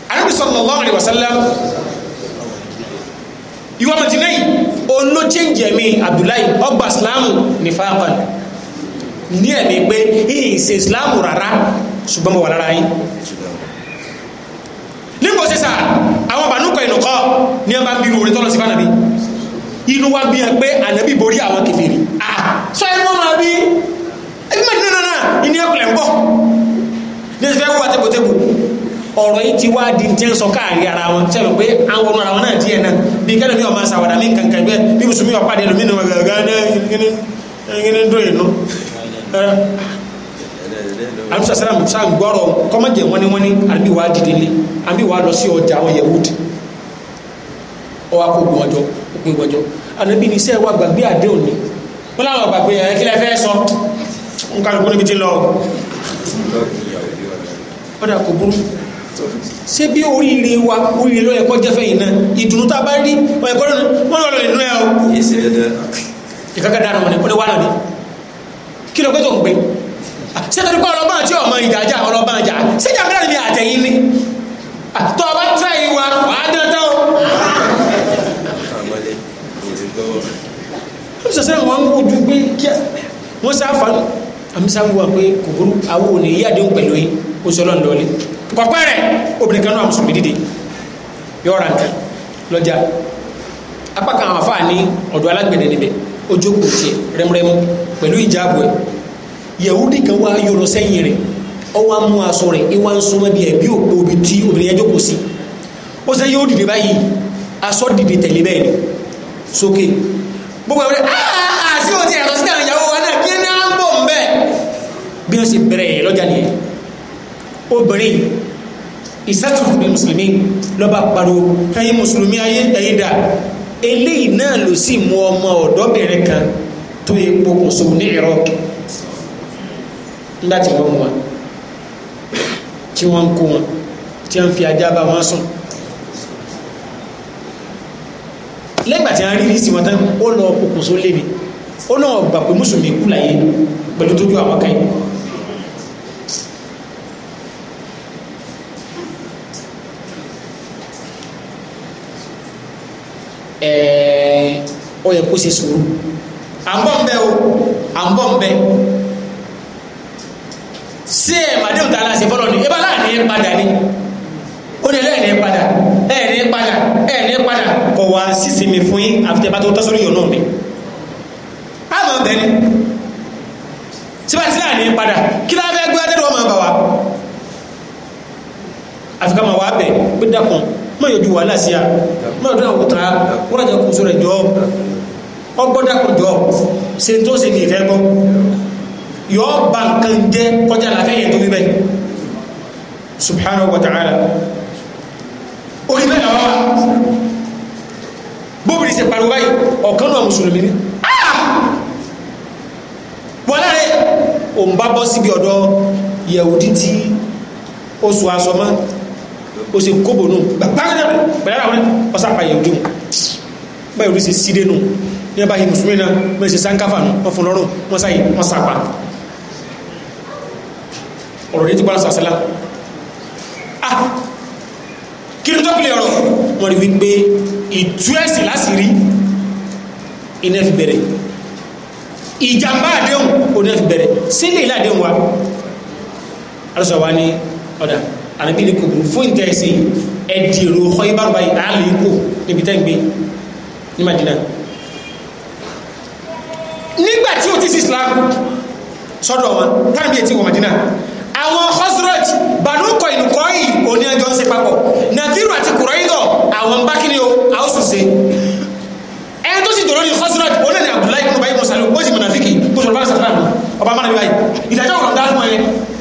Speaker 2: Ànábì sallallahu alaihi wasallam ìwà Mádínà yìí olóò chẹ́ǹjì ẹ̀mí Abdullahi ọgbà Ìsìláàmù ní fáwọn ní ẹ̀mí pé ìhìn ṣe Ìsìláàmù rárá ṣùgbọ́n mo wà lára yín nígbò ṣe sà àwọn bànúkọ̀ ìnùkọ́ ní ọba bíru inú wa bí yẹn pé ànábì borí àwọn kèfèrí à sọ ẹni wọn máa bí ẹbí mẹ́rin náà náà ìní ẹkùnlẹ̀ ń bọ̀ ní ẹsẹ̀ fẹ́ wá tẹ́bùtẹ́bù ọ̀rọ̀ yìí ti wá di tí ń sọ káàrí ara wọn tẹ́lẹ̀ pé àwọn ọmọ ara wọn náà díẹ̀ náà bí kẹ́lẹ̀ mi ọmọ sàwádà mí kankan bẹ́ẹ̀ bí mùsùlùmí ọ̀pá dẹ̀ lómi náà gàgà ní dùn inú. àmì sàṣẹ́ràn sàǹgbọ́rọ̀ kọ́mọ̀jẹ̀ wọ́ni wọ́ni àbí wàá dìde ní àbí wàá lọ sí ọjà àwọn yẹ̀wùdì ọwọ́ akógun ọjọ́ òpin ọjọ́ ànábì ní sẹ́ẹ̀ wá gbàgbé àdéhùn ni wọ́n láwọn gbàgbé ẹ̀ kí lẹ fẹ́ sọ nǹkan ìkú níbi tí ń lọ ọ̀dà kò burú ṣé bí oríire wa oríire ló yẹ kó jẹ́ fẹ́yìn náà ìdùnnú tá a bá rí ọ̀yẹ̀ kọ́ lónìí wọ́n lọ́ọ́ lọ ìdùnnú ẹ̀ o. ìkàkà dáná wọn ni wọ́n wá nàbí kí ló pé tó ń gbé ṣé torí pé ọlọ́ba àti ọmọ ìdájà ọlọ́ba àjà ṣé sọ̀sẹ̀ wọn ń wojú pé kí wọ́n sáfà àmísàbù wa pé kò burú àwọn òní yí àdéhùn pẹ̀lú yín ó sọ lọ́nà lọ́lé kọ̀pẹ́ rẹ̀ obìnrin kan náà mùsùlùmí dìde yọ ra nǹkan lọ́jà apá kan àwọn afáà ní ọ̀dọ̀ alágbẹ̀dẹ níbẹ̀ ó jókòó tiẹ̀ rẹ́múrẹ́mú pẹ̀lú ìjáàbù ẹ̀ yahudi kan wá yọrọ sẹ́yìn rẹ̀ ọ wá aṣọ rẹ̀ ẹ wá ń ẹ̀ gbogbo ẹ̀wọ̀n àà sí òtí ẹ̀rọ sí àwọn ìyàwó wa náà kí ní à ń bọ̀ ń bẹ̀ bí wọ́n ṣe bẹ̀rẹ̀ lọ́jà nìyẹn obìnrin ìsátùkù ní mùsùlùmí lọ́ba pariwo ẹ̀yin mùsùlùmí ayé ẹ̀yin dà eléyìí náà ló sì mú ọmọ ọ̀dọ́bìnrin kan tó yẹ pokùnso ní ìrọ ńlá tí wọ́n mú wa tí wọ́n ń kó wọn tí wọ́n ń fi ajá bá wọn sùn lẹ́gbà tí a rí sí wọn tán ó lọ okùnso lé mi ó náà gbà pé mùsùlùmí kú láyé pẹ̀lú tójú àwọn kan ó yẹ kó ṣe sùúrù à o à ń bọ̀ ń bẹ́ sí ẹ̀ màdéhùn tààlà sí fọ́lọ́ ni ẹ bá láàrin padà ni ó ní ẹlẹ́ẹ̀ni padà ẹ̀ẹ́ni ẹ̀ ní padà kọ̀ wá sísè mi fún yín àfitẹ́bá tó tọ́ sórí yọ̀nà mi àmọ́ bẹ́ẹ̀ ni síbàtí láàrin padà kí láwọn fẹ́ gbé adẹ́rù ọmọ bàwá àfikà máa wà bẹ̀ pé dákun má yọjú wà láṣìá má yọjú àwọn òkúta wọ́nàjà kò sórí ẹ̀jọ́ ọgbọ́n dákun jọ ṣe tó ṣe kì í fẹ́ gbọ́ yọ ba nǹkan jẹ́ kọjá làkẹ́yẹ̀ tó wí bẹ́ẹ̀ subhanahu wa ta'ala orí bẹ́ẹ̀ lọ́wọ́ wa bóbiri ṣe pariwo báyìí ọ̀kan náà mùsùlùmí ni ah! wọ́n láre òun bá bọ́ síbi ọ̀dọ̀ yẹ̀wùdí tí ó sọ aṣọ mọ́ ó ṣe kóbò nù gbàgbàgbà pẹ̀lú àwọn ọ̀sàpá yẹ̀wùdí báyìí orí ṣe síde nù ní ẹbá yìí mùsùlùmí náà mọ́ ṣe sáńkáfà nù wọ́n fún lọ́rùn wọ́n sáyé wọ́n sàpá ọ̀rọ̀ ní ti bá ń sàṣẹ́lá ah! kí ni tọ́pìlì ọ̀rọ̀ wọ́n rí wípé ìtú ẹ̀sìn láṣìírí iná fi bẹ̀rẹ̀ ìjàmbá àdéhùn oná fi bẹ̀rẹ̀ sílẹ̀ ilé àdéhùn wa alọ́sọ̀ wa ní ọ̀dà ànábì ní kò burú fún ìtẹ́ ẹ̀sìn ẹ̀dì èrò ọkọ̀ yìí bárùbá yìí àálù ikú níbi tẹ́ ń gbé ní Madina nígbà tí o ti sí Islam sọ́dọ̀ wọn táàmì ètí wọ Madina àwọn Khazraj Banu Qainuqa yìí náà jọ ń ṣe papọ̀ nàdírù àti kùrọ̀yìndọ̀ àwọn ń bá kí ni o a àwọn sùn ṣe ẹni tó sì dòrò ní Khazraj òun náà ní Abdullahi ibn Ubay ibn Salul ó sì mọ̀nàfíkì bó sọ̀rọ̀ bá sàrà mi ọba mọ́nà bíbáyì ìdájọ́ ọ̀rọ̀ dá fún ẹ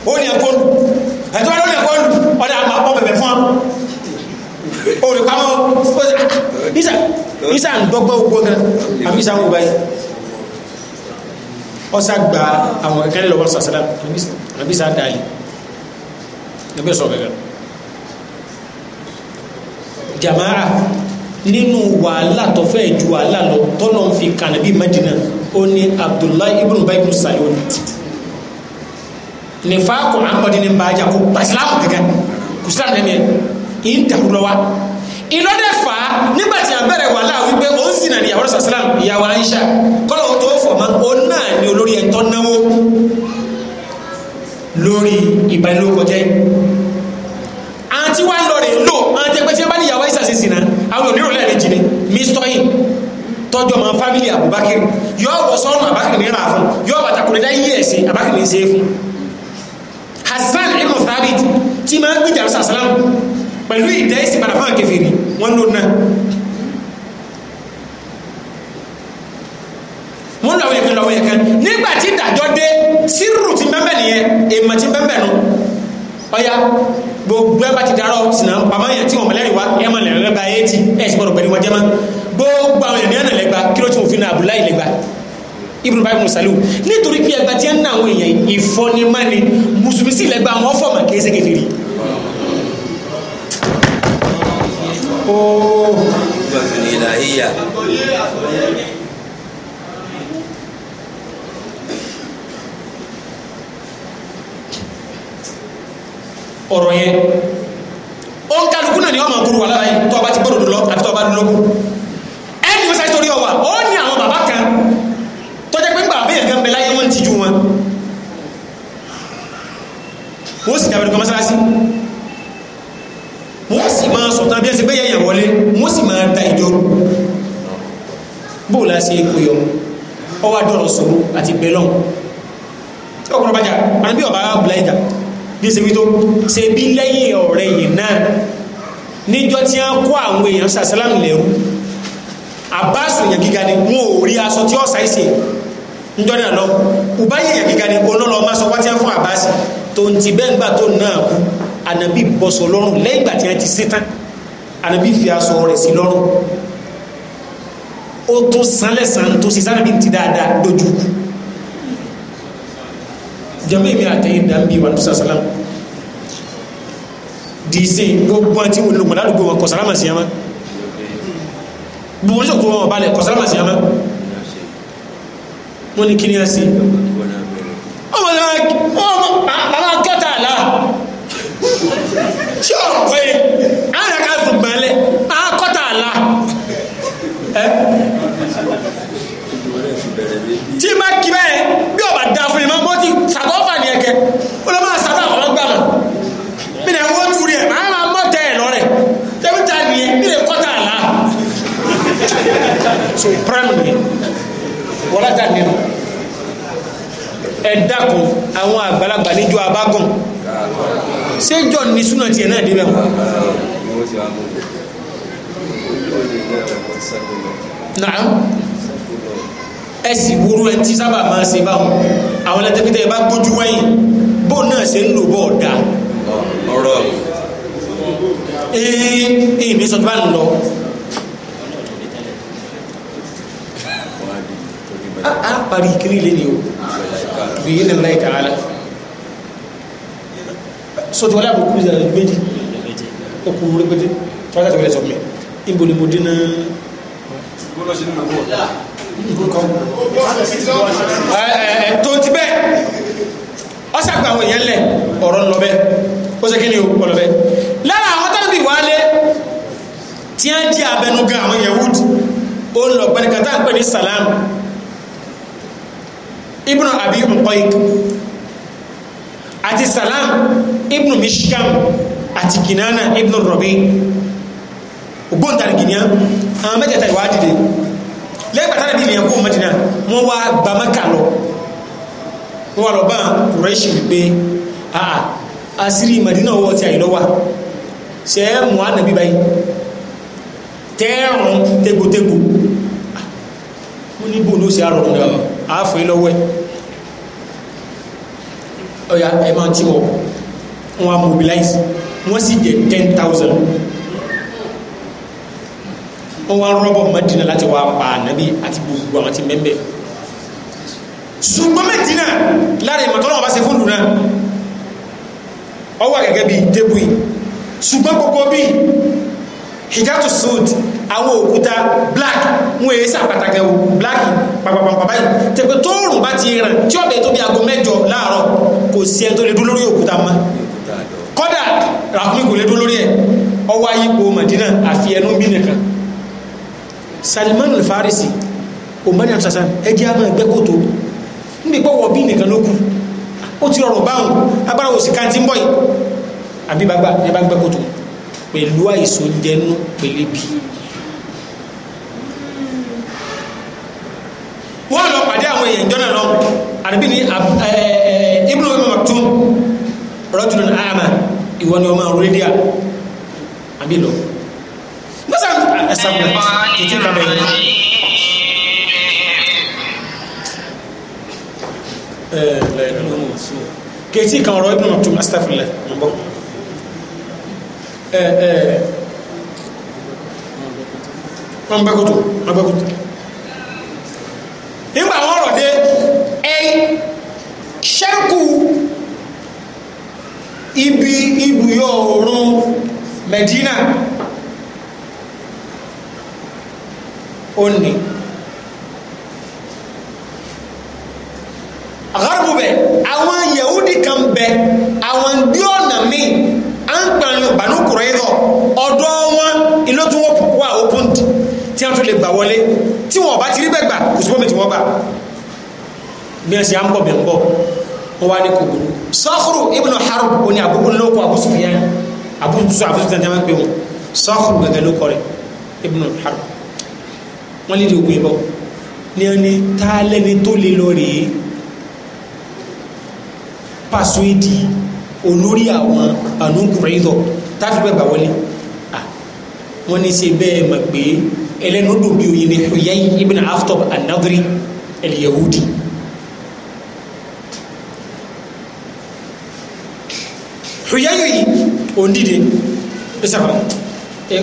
Speaker 2: ó ní ẹ̀kọ́ lù ẹ̀tọ́ ló ní ẹ̀kọ́ lù ọ̀dà àmà ọ̀ bẹ̀bẹ̀ fún ọ olùpamọ́ isa ń dọ́gbọ́ ogbó gan àmì isa ń wò báyìí ọsà gba àwọn ẹ̀kẹ́lẹ́ lọ́wọ́ sàṣẹ́lá àbí sàdáàlì ẹgbẹ́ sọ̀rọ̀ bẹ̀rẹ̀ jamaara nínú wàhálà tó fẹ́ ju wàhálà lọ tọ́lọ́ fi kànábì madina ó ní abdullahi ibn bayi ibn salon nifa kò amadi ni baaja kò basilamu gẹ́gẹ́ kò silamu nẹmẹ in dàrúlọ wa iná dẹ fà á nígbà tí a bẹ̀rẹ̀ wàhálà wípé ó ń sinà ní àwọn sàlám ìyàwó aisha kọlọ tó fọmọ ó náà ní olórí ẹ̀tọ́ náwó lórí ìbánilókọjẹ àwọn tí wà ń lọ rè lò àwọn tẹgbẹ́ tí wọ́n bá ní ìyàwó ìsàsì sí náà àwọn onírò lẹ́ẹ̀mí jìnnì mr in tọ́jú ọmọ fámìlì Abubakar yọ wọ sọ́run Abubakar ní ra fún yọ bàtàkùnrin dá yíyẹ ẹ̀sìn Abubakar ní í ṣe é fún Hasan ibn Thabit tí máa ń gbìjà sàsálàmù pẹ̀lú ìdẹ́ ìsìn padà fáwọn kèfèrí wọ́n lò náà wọ́n lọ́wọ́ yẹn kan lọ́wọ́ yẹn kan nígbà tí ìdájọ́ dé sírù ti bẹ́ẹ̀ nìyẹn èèmọ̀ ti bẹ́ẹ̀ nù ọ̀yá gbogbo ẹ bá ti darọ̀ sinà pàmáyà tí wọn mọ̀lẹ́rìn wá ẹ mọ̀ lẹ́rìn lẹ́gba ẹ̀ ti ẹ̀ sì gbọ́dọ̀ pẹ̀lú wọn gbogbo àwọn ènìyàn náà lẹ́gba kí ló ti òfin náà Abdullahi lẹ́gba Ibn Bayi musalu nítorí pé ẹgbà tí ń ná àwọn èèyàn ìfọnimáni mùsùlùmí sì lẹ́gba àwọn fọ́ọ̀mà kì í ṣe
Speaker 1: ooo.
Speaker 2: ọ̀rọ̀ yẹn ó ń kálukú náà ni ọmọ òkúrú wà lára yìí tó ọba ti gbọ́dọ̀ lọ àti tó ọba lọ́gùn ẹni o sáyé torí ọwà ó ní àwọn bàbá kan tó jẹ́ pé bàbá yẹn gan bẹ láyé wọ́n ti ju wọn wọ́n sì dàbẹ̀dùkọ mọ́sálásí wọ́n sì máa sọ̀tàn bí ẹ sì gbé yẹ̀yẹ̀ wọlé wọ́n sì máa da ìjọ bóòlá sí ikú yọ ọwọ́ adọ́rọ̀ sọ̀rọ̀ àti bẹ́lọ́n ọkùnrin bàjá àbí ọba abúlé ìjà bí se wí tó ṣe bí lẹ́yìn ọ̀rẹ́ yìí náà níjọ́ tí wọ́n kó àwọn èèyàn sàṣálàmù lẹ́rú àbáṣù èèyàn gíga ni wọn ò rí aṣọ tí ó ṣàìṣe níjọ́ náà lọ Ubayy èèyàn gíga ni olólọ ọmọ aṣọ wátíá fún àbáṣì tó ń ti bẹ́ẹ̀ ń gbà tó náà kú ànàbí bọ́sọ̀ lọ́rùn lẹ́yìn ìgbà tí wọ́n ti sétán ànàbí jama mi àtẹ̀yìn dà ń bí wàlúù sàlám dìísẹ́ gbogbo àti wòlò lògbọ̀n ládùúgbò wọn kọ̀sáràmà sí yàmá gbogbo oníṣòkò wọn balẹ̀ kọ̀sáràmà sí yàmá wọn ni kíni àṣì
Speaker 1: ọmọ náà ọmọ bàbá kẹta àlá ṣé
Speaker 2: so prime ni wọ́lájà nínú ẹ dákun àwọn àgbàlagbà níjọ abágùn
Speaker 1: ṣé jọ ní súnà tiẹ̀ náà débẹ̀ wọn. naam ẹ sì wúru ẹ ti sábà máa ṣe báwọn àwọn ẹlẹ́tẹ̀kẹ́tẹ̀ bá gbójú wẹ́yìn
Speaker 2: bóun náà ṣe ń lò bọ́ọ̀ dáa. ọ̀rọ̀ ee ìní bá ń lọ. a ah, ah, parí kiri lé ní o bí yé nàlá ìta ala sọtí wọlé àbùkù bí sàrẹ̀ méjì okùn o tọ́lá tàbí ẹ̀sọ́ mi ìbò ni mo dín náà tó ti bẹ́ẹ̀ dina gba àwọn èèyàn lẹ̀ ọ̀rọ̀ lọ́bẹ́ ó ṣe kí ni ó lọ́bẹ́ lára àwọn tọ́lá bí wálé tí a jẹ́ abẹnugan àwọn yahudi o ń lọ gbẹnikata ń pè ní salam ibn abi muqayk àti salam ibn mishkam àti kinana ibn rabi ògbóǹtarìgì ni àwọn mẹ́tẹ̀ẹ̀ta ìwádìí dé lẹ́gbàtàrà bí ìyẹn kó mẹ́dínà wọ́n wá gba mẹ́kà lọ wọ́n wá lọ bá kùrẹ́ṣì wípé àà àṣírí mẹ́dínà owó ti àìlọ́wà ṣe é mú ànàbí báyìí tẹ́ẹ̀rùn tegbòtegbò ah, wọ́n ní bò ló ṣe àrọ̀ àáfẹ́ lọ́wọ́ ẹ̀ ọ̀yà ẹ̀ máa ti wọ̀ wọn a mobilize wọ́n sì jẹ́ ten thousand wọ́n wá rọ́bọ̀ Madina láti wá pa ànábì àti gbogbo àwọn ti mẹ́mbẹ́ ṣùgbọ́n Madina lára ìmọ̀ tọ́lọ́wọ́ bá ṣe fún lùnà ọwọ́ gẹ́gẹ́ bíi débùi ṣùgbọ́n gbogbo bíi hijatu sud àwọn òkúta black wọn èyí sàpàtàkì o black pàpàpàpà báyìí tẹpẹ tóòrùn bá ti ràn tí ọbẹ tó bí aago mẹ́jọ láàárọ̀ kò sí ẹni tó lè dúró lórí òkúta mọ́ kódà ràkúnmí kò lè dúró lórí ẹ ọwọ́ ayípo Madina àfi ẹnu bí nìkan Salman al-Farisi omani amusasan ẹjẹ ama ẹgbẹ koto níbi gbọwọ bí nìkan ló kù ó ti rọrùn báwọn agbára òsì kan ti ń bọ yìí àbí bá gbà ní bá gbẹ koto pẹ̀lú àìsóúnjẹnú pẹ̀lẹ́bí. wọ́n lọ pàdé àwọn èèyàn jọ́nà lọ àdébí ní Ibnu Umm Maktum rajulun a'ma ìwọ ni ọmọ rédíà àbí lọ. mọ́sá ẹ̀sà kìtì kàbẹ̀ yìí. kìtì kan ọ̀rọ̀ Ibnu Maktum astaghfirullah ń bọ̀ ẹ ẹ wọ́n bẹ́ kótó wọ́n bẹ́ kótó nígbà wọ́n rọ̀ ẹ ṣẹ́kù ibi ibùyọ oòrùn Medina ó ní. àgárùbù bẹ àwọn yahudi kan bẹ àwọn gbé ọ̀nà míì à ń pè bànú ọ̀dọ́ wọn ilé tí wọ́n wà open tí wọ́n tún lè gbà wọlé tí wọ́n bá ti rí bẹ́ẹ̀ gbà kò sí bómi tí wọ́n gbà bí wọ́n ṣe à ń bọ̀ bí ń bọ̀ wọ́n wá ní kòkòrò Sakhru ibn Harb oní àbúkù lóko Abu Sufyan àbúkùsọ àbúkùsọ tẹ̀lé pé wọn Sakhru gẹ́gẹ́ ló kọ́ rẹ̀ ibn Harb wọ́n lè di ògùn ìbọn ní ẹni tá a lẹ́ni tó lè lọ rèé pàṣọ ìdí olórí àwọn ànúkùnrin ìdọ̀ táfi bẹ́ẹ̀ gbà wọlé wọ́n ní ṣe bẹ́ẹ̀ mọ̀ pé ẹlẹ́nu dùn bí oyin ní Huyay ibn Akhtab an-Nadri al-Yahudi. Huyay yìí ò ń dìde ẹ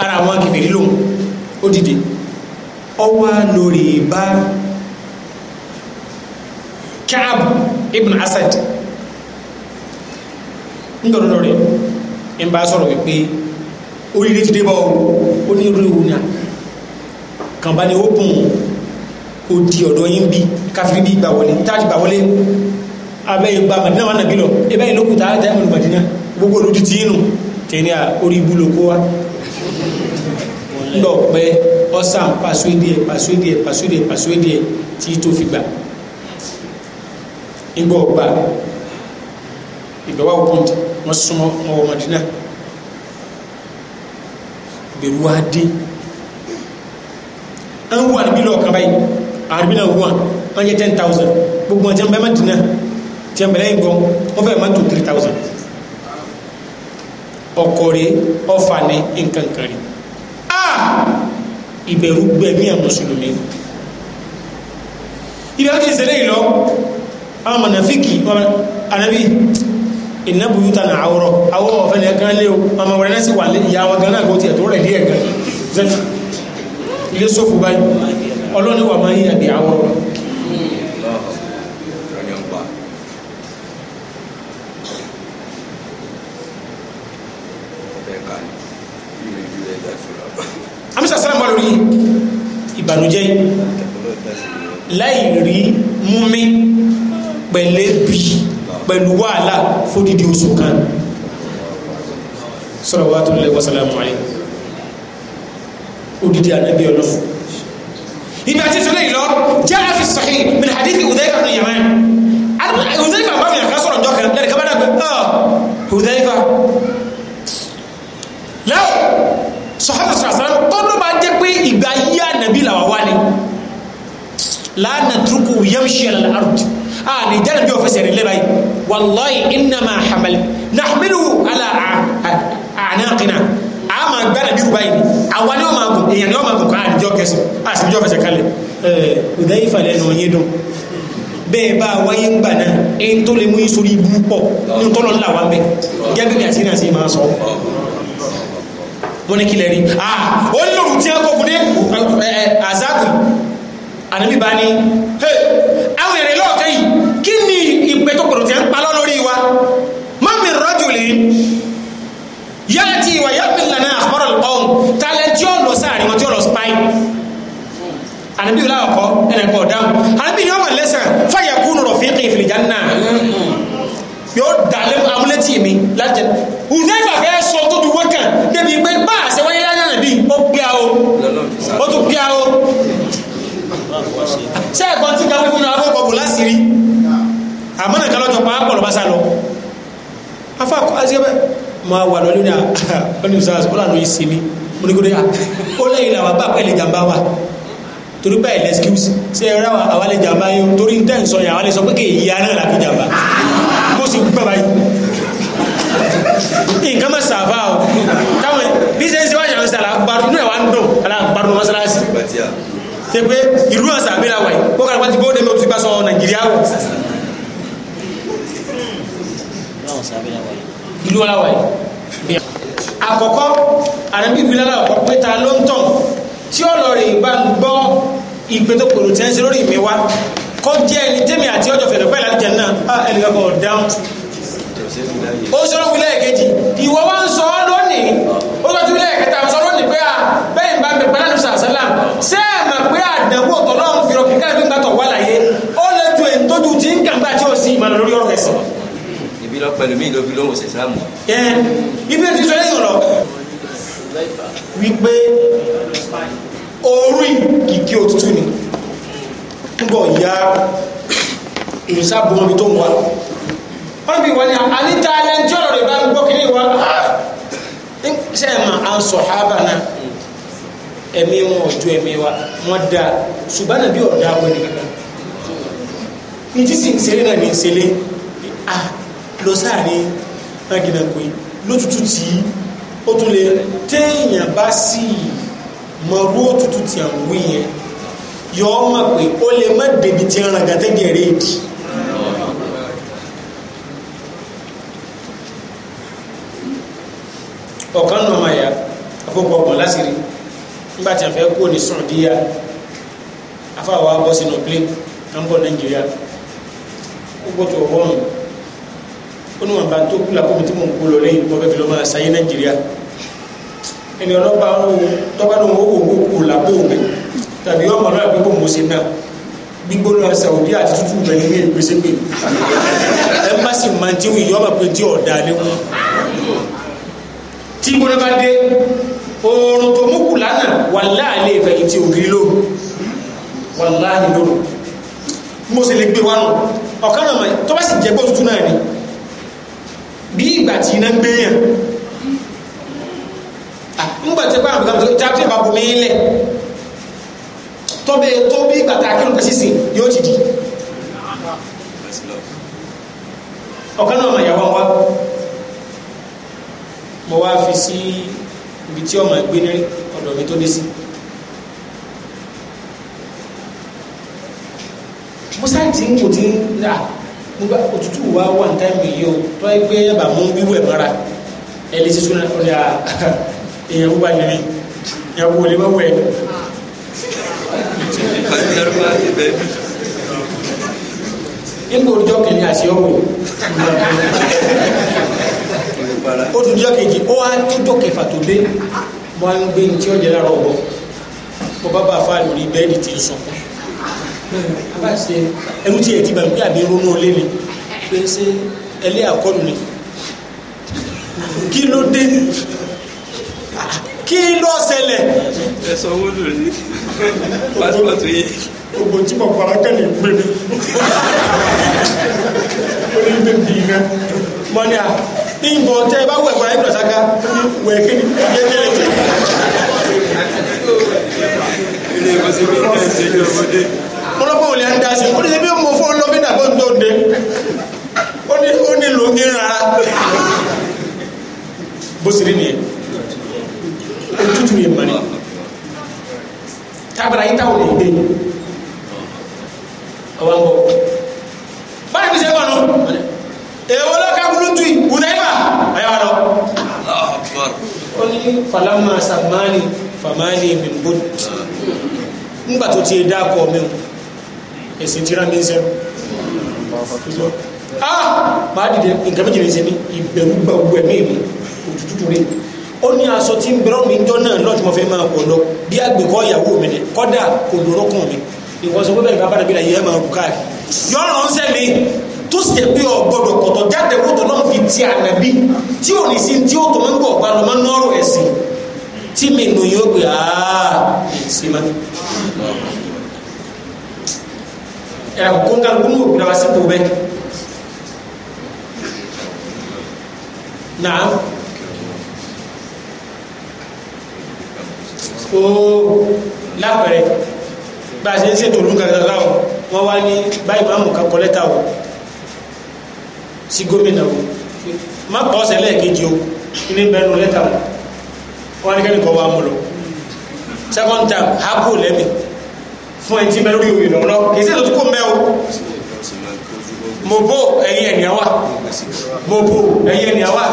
Speaker 2: ara àwọn kìbìrì lòun ó dìde ọwọ́ lórí bá Ka'b ibn Asad ń dọ̀rọ̀ rẹ̀ ń bá sọ̀rọ̀ wípé oríire ti dé bá o ó ni ó kùn ó di ọ̀dọ̀ yín bí káfírí bí ìgbà wọlé táàtì gbà wọlé abẹ́ ìgbà màdínà wà nàbí lọ ebẹ́ ìlókù tààtà táìmù màdínà gbogbo olójú ti yín nù tẹ̀lé à orí ibú ló kó wa lọ pẹ́ ọ̀sán pàṣẹ díẹ̀ pàṣẹ díẹ̀ pàṣẹ tí tó fi gbà igbó ọgbà ìgbà wà ó pọ̀ntì wọ́n súnmọ́ ọmọ Mádínà ìbẹ̀rù wá dé a ń wú àrùbí lọ́ọ̀kan báyìí àrùbí náà wú à wọ́n jẹ́ ten thousand gbogbo ọ̀jẹ̀ bẹ́ẹ̀ mẹ́tìnà tí a bẹ̀rẹ̀ ìgbọ́n wọ́n fẹ́ máa tó three thousand ọkọ̀ rẹ̀ ọfà ní nǹkan kan rẹ̀ a ìbẹ̀rù gbẹ̀mí àwọn mùsùlùmí ìbẹ̀rù ti ṣẹlẹ̀ yìí lọ àwọn mọ̀nàfíkì ànábì iná buyu na àwòrọ àwọ ọ̀fẹ́ ni ẹ̀gán lé o ọmọ wẹ̀rẹ̀ náà sì wà ìyá wọn gan náà kò tiẹ̀ tó rẹ̀ díẹ̀ gan zẹ́tì ilé sófù báyìí ọlọ́ni wà máa ń yàgbé àwòrọ. amisa sara ma lórí ìbànújẹ́ láì rí múmi pẹ̀lẹ́ bíi pẹ̀lú wàhálà fódìdí oṣù kan salawatullahi wa salamu alayhi odidi anabi ọlọ́run
Speaker 1: ibi àti ìtúlẹ̀ ìlọ jẹ́ àfi sahih min hadithi Hudhayfa bin Yaman Hudhayfa bá mi àká
Speaker 2: sọ̀rọ̀ jọ́kẹ́ lẹ́nu kábàdà pé ọ́ ìgbà yí ànàbí làwà wá ni lánàá turuku a ní jáde bí ọ̀fẹ́sẹ̀ rẹ̀ lẹ́bàá yìí wallahi innama hamal nahmilu ala anaqina a máa gbára bí rúbá yìí àwa ni wọ́n máa gùn èèyàn ni wọ́n máa gùn ká àdìjọ́ kẹsì a sì níjọ́ fẹsẹ̀ kalẹ̀ ọ̀dà ìfàlẹ̀ ẹnu ọ̀yẹ́ dùn bẹ́ẹ̀ bá wáyé ń gbà náà ẹni tó lè mú kòkòrò tí a ń palọ́ lórí wa mọ́mí rọ́jùlì yára ti ìwà yá pínlẹ̀ náà àkọ́rọ̀ ọ̀hún tálẹ̀ tí ó lọ sáàrin wọn tí ó lọ spy ànábì ìlà ọkọ ẹnì kan ọ̀dáhùn ànábì ni ọmọ lẹ́sàn fàyà kúnnù rọ̀ fi kìn fìlìjà náà yóò dàlẹ́ amúlétì mi láti jẹ ùnẹ́fà sọ tó ti wọ́kàn débi pé bá àṣẹ wáyé lánàá nàbí ó gbíà o ó tún gbíà o ṣé ẹ̀kọ́ ti ga wípé ní abọ́kọ̀ bò láṣìírí àmọ́nà kan lọ́jọ́ pàápọ̀ lọ́bá sá lọ afá azẹ́bẹ́ ma wà lọ lónìí ọ̀nà [LAUGHS] ìsáàsì ó lànà ìsìn mi mo ní kó dé à ah, ó lẹ́yìn làwà bá pẹ̀lú ìjàmbá wa torí bẹ́ẹ̀ lẹ́skíwùsì sí ẹ̀rọ àwọn ìjàmbá yóò torí tẹ́ ń sọ yà wọ́n lè sọ pé kì í ya náà láti jàmbá ó sì gbẹ́ báyìí nǹkan mọ̀ sàfà o táwọn bí sẹ́yìn sí wájà ń sàlà gbàdùn náà wà ń dùn àlà gbàdùn mọ́sálásì tẹ pé ìlú àṣà àbí làwà yìí kó kàlùkù ti gbó sábẹ́ náà wáyé ìlú ọ̀la wáyé. àkọ́kọ́ àrẹ́bí ìbílẹ̀ àkọ́kọ́ pé ta ló ń tàn tí ọlọ́rin ìbá ń gbọ́ ìgbé tó pèrò tí ń ṣe lórí mi wá kọ́ jẹ́ ẹni tẹ́mi àti ọjọ́ fẹ̀dọ̀ pẹ́ láti jẹ náà ah, ẹnì kan kọ̀ dáhùn. ó sọ̀rọ̀ wílẹ̀ kejì ìwọ wá ń sọ ọ́ lónìí ó sọ wílẹ̀ kẹta ń sọ lónìí pé ah, bẹ́ẹ̀ bá mi pẹ́lá nùsà sálàm ṣé ẹ mọ̀ pé àdàgbò tọ́lọ́ ń fi ọkùnrin káàkiri ń gbàtọ̀ wà láyé ó lè ju èyí tójú tí ń kàǹgbà tí ó sì ìmọ̀nà lórí ọ̀rọ̀ ẹ̀sìn
Speaker 1: ibi lọ pẹ̀lú mi lóbi lóhùn sí islam.
Speaker 2: ẹ ibi tí sọ lẹ́yìn ọ̀rọ̀ wípé orí kìkì òtútù ni ń bọ̀ ya ìrìnsàbọ̀ omi tó ń wà wọ́n bí wọ́n ní àníta ẹlẹ́jọ́ rẹ̀ bá ń gbọ́ kí ní wọ́n ṣe é mà á ń sọ hábà náà ẹ̀mí wọn ọ̀jọ́ ẹ̀mí wa wọ́n da ṣùgbọ́n nàbí ọ̀dà wọn ni kankan ìtìsí ìṣeré náà ní ìṣeré lọ sáàrin aginàpè lótútù tí ó tún lè téèyàn bá sì mọ̀rú òtútù tí à ń wí yẹn yọ ọ́
Speaker 1: mọ̀ pé ó lè má débi tí ń rangàtẹ́gẹ̀ réèdì.
Speaker 2: ọ̀kan nù ọmọ ẹ̀yà afọ́pọ̀ ọ̀gbọ̀n lásìrí nígbà tí a fẹ́ kúrò ní sọ̀ndíyà afáwa bọ́ sínú plé ń bọ̀ nàìjíríà ó gbọ́dọ̀ wọ́n ó ní wọn bá tó kúlà kó mi tí mò ń kó lọ lẹ́yìn mo fẹ́ fi lọ́ máa ṣayé nàìjíríà ẹni ọlọ́ba ń wo tọ́ba ló ń wo òun kú làbó mi tàbí ọmọ náà pé kò mọ̀ sí náà gbígbóná Saudi àti tútù bẹ̀rẹ̀ ní ìgbésẹ̀ pé ẹmbásì máa ń tíwì yọ́ máa pé tí ọ̀dà ni wọn. tí gbóná bá dé oorun tó mú kù lánàá wà láàlẹ́ ìfẹ̀yìntì ògiri lóru wà láàlẹ́ lóru mo sì lè gbé wa nù ọ̀kan náà tó bá sì jẹ́ gbọ́ tuntun náà ni bí ìgbà tí iná gbéyàn ńgbà tí báwọn àbúgbà tí a ti bá bomi lẹ̀ tọ́bẹ̀ tó bí ìgbà tá a kírun kẹsì sìn yóò ti di ọ̀kan náà màyàwó wa mo wá fi sí ibi tí ọmọ ẹgbẹ́ ní ọ̀dọ̀ mi tó dé sí. mo sáré tí n kò tí ń rà mo bá òtútù wa wà ní táìmù yìí o tó ẹ gbé yàbá mú wíwẹ̀ mọ́ra ẹ lè sísun náà ọ̀rẹ́ èèyàn wúwa níbi èèyàn wò lè wẹ̀wẹ̀. nígbà òjò kìnìún àti ọ̀wọ̀ ó tún jọ́ kejì ó wá tójọ́ kẹfà tó dé wọ́n gbé ní tí ó jẹ́ lára ọ̀bọ bọ́ bá fa lórí bẹ́ẹ̀dì tí ń sọ̀kún abáṣe ẹrú tí ẹ ti bàbá àbí ronú olé ni pé ṣé ẹlẹ́ àkọlù ni kí ló dé kí ló ṣẹlẹ̀.
Speaker 1: ẹ sọ owó lò ní pásítọ̀tù yìí.
Speaker 2: gbogbo tí mo fara kẹ́ lè gbé mi ó ní bẹ́ẹ̀ bí iná mọ́ni à ìbọn tẹ́ ẹ bá wẹ̀ wọ́n ayé bùrọ̀sá ká wẹ̀ kí ni
Speaker 1: yẹ́ kí lè jẹ́. ilé ìwọ̀sí mi ní ẹ̀sìn ìjọba dé
Speaker 2: ò lè ń da sí ó ní ṣebí mo fọ́ lọ́fíńdà kó tó de ó ní ó ní lò ń gé rárá bó sì rí nìyẹn ojútùú yẹn mọ́ni tábìlà yìí táwọn lè dé ọwọ́ ń bọ̀ báyìí bí sẹ́kọ̀ọ́ nù èèwọ̀ lọ́ka burúkú yìí wùdáyìmá ayáwá lọ. ó ní falama samani famani min bud ngbà tó ti dáa kọ́ mi o ẹ̀sìn tíra ní sẹ́nu ah máa dìde nǹkan méjì ní sẹ́ni ìbẹ̀rù gbàgbọ́ ẹ̀mí mi òtútù rẹ̀ ó ní aṣọ tí ń bẹ̀rọ̀ mi jọ náà lọ́jọ́ mo fẹ́ máa pọ̀ lọ bí àgbẹ̀kọ́ ìyàwó mi ni kọ́dà kò dòrókùn mi ìwọ̀n sọ pé bẹ́ẹ̀ bá dàbí ìyá máa rù káàkiri yọ̀ọ̀rọ̀ ń sẹ́mi tó sì jẹ́ pé ọ̀gbọ́dọ̀ kọ̀tọ̀ jáde wótò náà fi ti ànàbí tí ò ní sí tí ó tó máa ń gbọ̀ ọ̀gbà lọ́mọ nọ́ọ̀rọ̀ ẹ̀sìn tí mi nù yóò gbé àá ṣe máa era kukongal gunu bila wasibu be naam o lápẹrẹ bá a ṣe ń ṣètò olú kankan láwọn wọn wá ní báyìí máa mú ká kọlẹ́tà o sí gómìnà o má pa ọ̀sẹ̀ lẹ́ẹ̀kejì o ní bẹ́ẹ̀nu lẹ́tà o wọn ní kẹ́nìkan wà mú lọ second time hákò lẹ́mìí fún ẹni tí bẹ lórí oyè lọ́wọ́ náà èsì ètò mẹ́ o mo bò ẹ̀yin ẹ̀nìyàn wà mo bò ẹ̀yin ẹ̀nìyàn wà.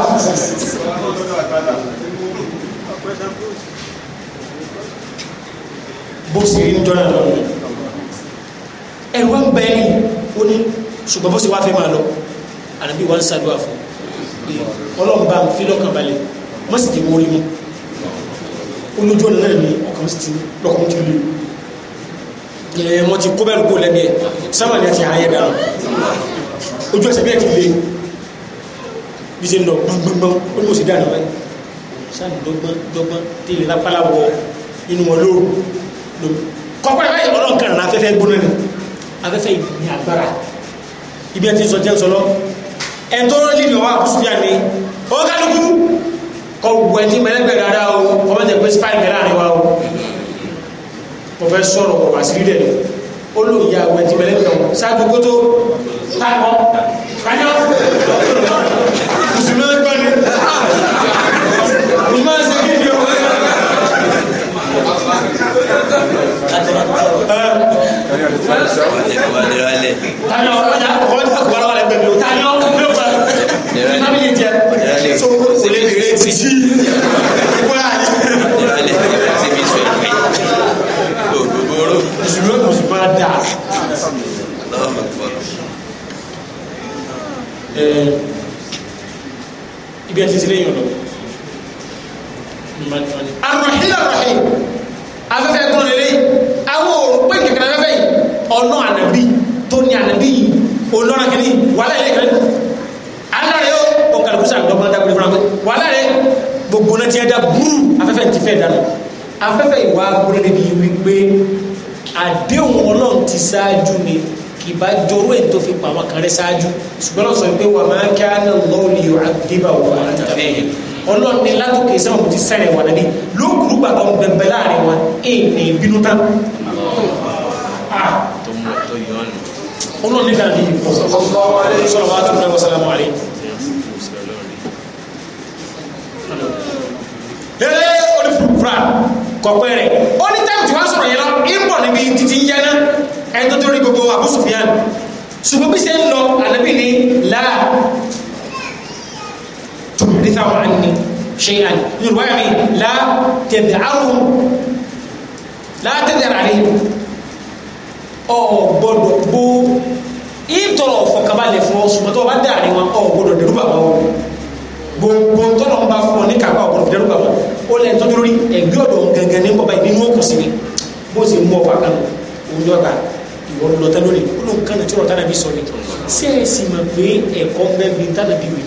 Speaker 2: bó sì rí níjọ́ náà lọ́nà ẹ̀rù wa ń bẹ ní ó ní ṣùgbọ́n bó sì wá fẹ́ máa lọ ànábì wa ń ṣàdúrà fún ọlọ́run bá ń fi lọ́kàn balẹ̀ wọ́n sì ti wọ́n rí mu olójú ọ̀nà náà ni ọkàn sì ti lọ́kàn tó lé o wọ́n eh, ti kó bẹ́ẹ̀rù kó lẹ́bi ẹ̀ sábà ní àti ààyè dáhùn
Speaker 1: ojú ẹsẹ̀ bí ẹ ti le
Speaker 2: bí ṣe ń lọ gbọ́ngbọ́ngbọ́n ó mọ̀ sí dáná wáyé sáà dọ́gbọ́n dọ́gbọ́n tí ìlera pálá wọ inú wọn lóru
Speaker 1: kọ́kọ́ ìwáyé ọlọ́run kan rà afẹ́fẹ́ gbóná ni
Speaker 2: afẹ́fẹ́ ìdí agbára ibi ẹ ti sọ jẹ́ sọlọ ẹn tó rọ́lì ní ọwọ́ àkúsù yá ni ó kálukú kọ wù ẹ ti mẹ́lẹ́gbẹ̀ẹ́ rárá o ọmọ jẹ pé spine mẹ́láàrin wa o mo fẹ́ sọ̀rọ̀ kò wá sí rí dẹ̀ ó lò ìyá àwọn ẹtì mẹlẹ́bí náà ṣáájú kó tó tákọ́ kájọ́ mùsùlùmí ẹgbẹ́ ni mùsùlùmí ẹsẹ̀ kí ni ọ̀rọ̀
Speaker 1: ẹ̀ tájọ́ ọ̀rọ̀
Speaker 2: ọ̀rọ̀ bí ẹ ṣe ṣe léyìn lọ. arahila rahim afẹ́fẹ́ gbọ́n lé léyìn àwọn òòrùn pé kẹ̀kẹ́ afẹ́fẹ́ yìí ọ̀nà ànàbí tó ní ànàbí yìí olóra kìíní wàhálà ilé kan alára yóò ọ̀kàlùkùsà dọ́gbọ́n dábìlì fúnra pé wàhálà rẹ gbogbo náà ti ẹ̀ dá búrú afẹ́fẹ́ ti fẹ́ dànù afẹ́fẹ́ ìwà gbọ́dọ̀ débi wípé àdéhùn ọlọ́run ti ṣáájú ni kìbá jorú ẹ̀ tó fi pa àwọn kan rẹ̀ ṣáájú ṣùgbọ́n lọ́sọ̀ pé wà máa kí á náà lọ́wọ́ ni yóò àdébà wà látàfẹ́ yẹn ọlọ́run ní látòkè sẹ́wọ̀n ti sẹ́rẹ̀ wà nàbí lókùrú gbàgbọ́ bẹ̀bẹ̀ láàrin wa ẹ̀ ní ìbínú tán. ọlọ́run nígbà ní sọ̀rọ̀ wa tó náà wọ́sálàmù àlẹ́. ee onífurufura kọ̀pẹ́ rẹ̀ ó t níbi títí ń yáná ẹni tó torí gbogbo Abu Sufyan ṣùgbọ́n bí ṣe ń lọ ànábì ní láà tó ní táwọn àní ṣe àní yorùbá mi láà tẹ̀dẹ̀ àrùn láà tẹ̀dẹ̀ àrẹ ọ̀ gbọ́dọ̀ bó ìtọ̀rọ̀ ọ̀fọ̀kabalẹ̀ fún ọ ṣùgbọ́n tó bá dà ní wọn ọ̀ gbọ́dọ̀ dẹ̀rúbà wọn gbogbo tọ́nà ń bá fún ọ ní kàgbà ọ̀gbọ̀dọ̀ dẹ̀rúbà wọn ó lẹ́yìn tó dúró ní ẹ̀gbẹ́ ọ̀dọ̀ gangan ní bọ́bá ìnínú òkùnsìn bó ṣe mú ọfà kan òun yọta ìwọ lọ tẹ lónìí ó ló ń kánà tí ọ̀tá nàbí sọ ni ṣé ẹ sì mọ̀ pé ẹ̀kọ́ mẹ́bi tánàbí wì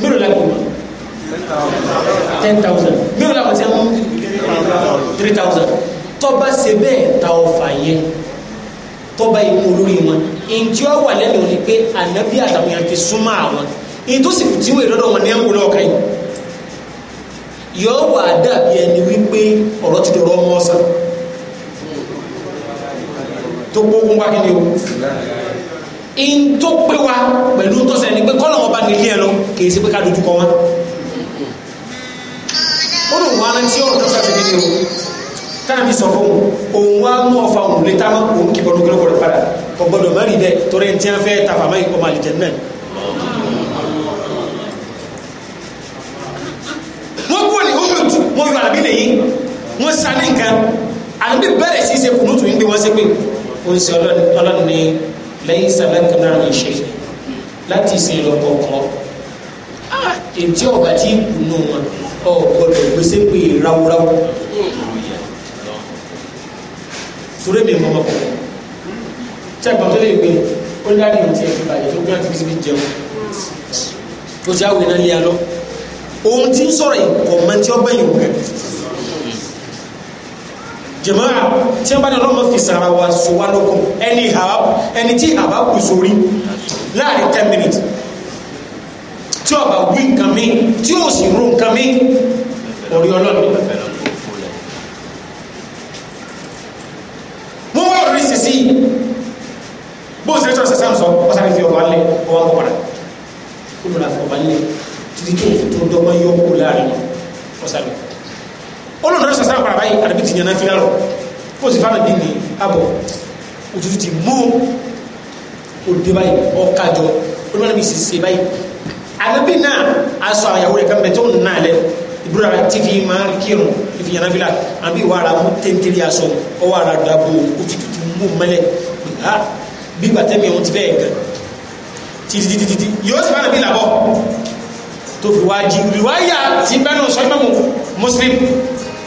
Speaker 2: mélòó la kò mọ̀ ten thousand mélòó la kò sí ẹ̀kọ́ three thousand tọ́ba ṣe bẹ́ẹ̀ ta ọfà yẹn tọ́ba yìí mú olórí wọn ǹjẹ́ ọ wà lẹ́nu ni pé ànábì àtàwọn yẹn ti súnmọ́ àwọn ìtòsí tí wọ́n ìdọ́dọ̀ wọn ní ẹ̀ ń wọlé ọ̀ka yìí yóò wà dàbí ẹni wípé ọ̀rọ̀ ti dọ̀rọ̀ ọmọ ọ̀sán tó gbógun wá kíni o in tó pé wa pẹ̀lú tọ́sẹ̀ ni pé kọ́lọ̀ wọn bá nílé ẹ lọ kì í ṣe pé ká dojú kọ wọn ó lóun wá rántí ọ̀rọ̀ tó fẹ́ fi kíni o táàbí sọ fún òun wá mú ọfà òun lè táwọn òun kí bọ́dún padà ọgbọ́dọ̀ mẹ́rin bẹ́ẹ̀ torí ẹni tí wọ́n fẹ́ tàfàmọ́ ìkọ́mọ àlìjẹ náà àbí nìyí wọ́n sa ní nǹkan àbí bẹ̀rẹ̀ sí ṣe kùnúùtù ń gbé wọ́n ṣe pé ó ń ṣe ọlọ́run ní lẹ́yìn sàlẹ̀ kanáà ní ṣe láti ṣe ìrọ̀kọ̀ kan ah, ètí ọ̀bà tí kùnú wọn ọ̀ gbọ́dọ̀ gbèsè pé ráúráú torí mi mọ̀ ọkọ̀ tẹ́gbọ̀n tó lè gbé ó ní láti ìrìn tí ẹ̀ fi bàjẹ́ tó gbé àti fi jẹun ó ti áwìn náà lé alọ́ ohun tí ń sọ̀rọ̀ yìí ọ̀mọ tí ó gbẹ̀yìn òun jàmáà tí wọ́n bá ní ọlọ́mọ fi sara wa sọ wá lókun ẹni ẹni tí àbá kù sórí láàrin ten minutes tí ọba wí nǹkan mi tí ó sì rú nǹkan mi orí ọlọ́run wọ́n wọ́n rí sisi bó ṣe sọ sẹ́sẹ́ sọ ọ̀sán fi ọba lẹ̀ ọwọ́ kọ̀ padà kó múra ọba lẹ̀ títí tó fi tó dọ́gbọ́n yọ kó láàrin ọ̀sàlẹ̀ olùdarí sàṣà àpàrà báyìí àdàbí ti yànnà fílà lọ kó o sì fara bí ní abọ òtútù ti mú òde báyìí ọkàjọ olùdarí mi sì ṣe báyìí àdàbí náà aṣọ àyàwó rẹ kàmbẹ tó nà lẹ ìbúra tí fi máa kírun ìfi yànnà fílà àbí ìwà ara mú téńtélé aṣọ ọwọ́ ara dàbò òtútù ti mú mẹ́lẹ̀ ah, bí gbàtẹ́mi ọ̀hún ti fẹ́ẹ̀ gan títí titi, yóò sì fara bí làbọ̀ tó fi wá jí rìwáyà tí bẹ́nu sọ ìmọ̀ muslim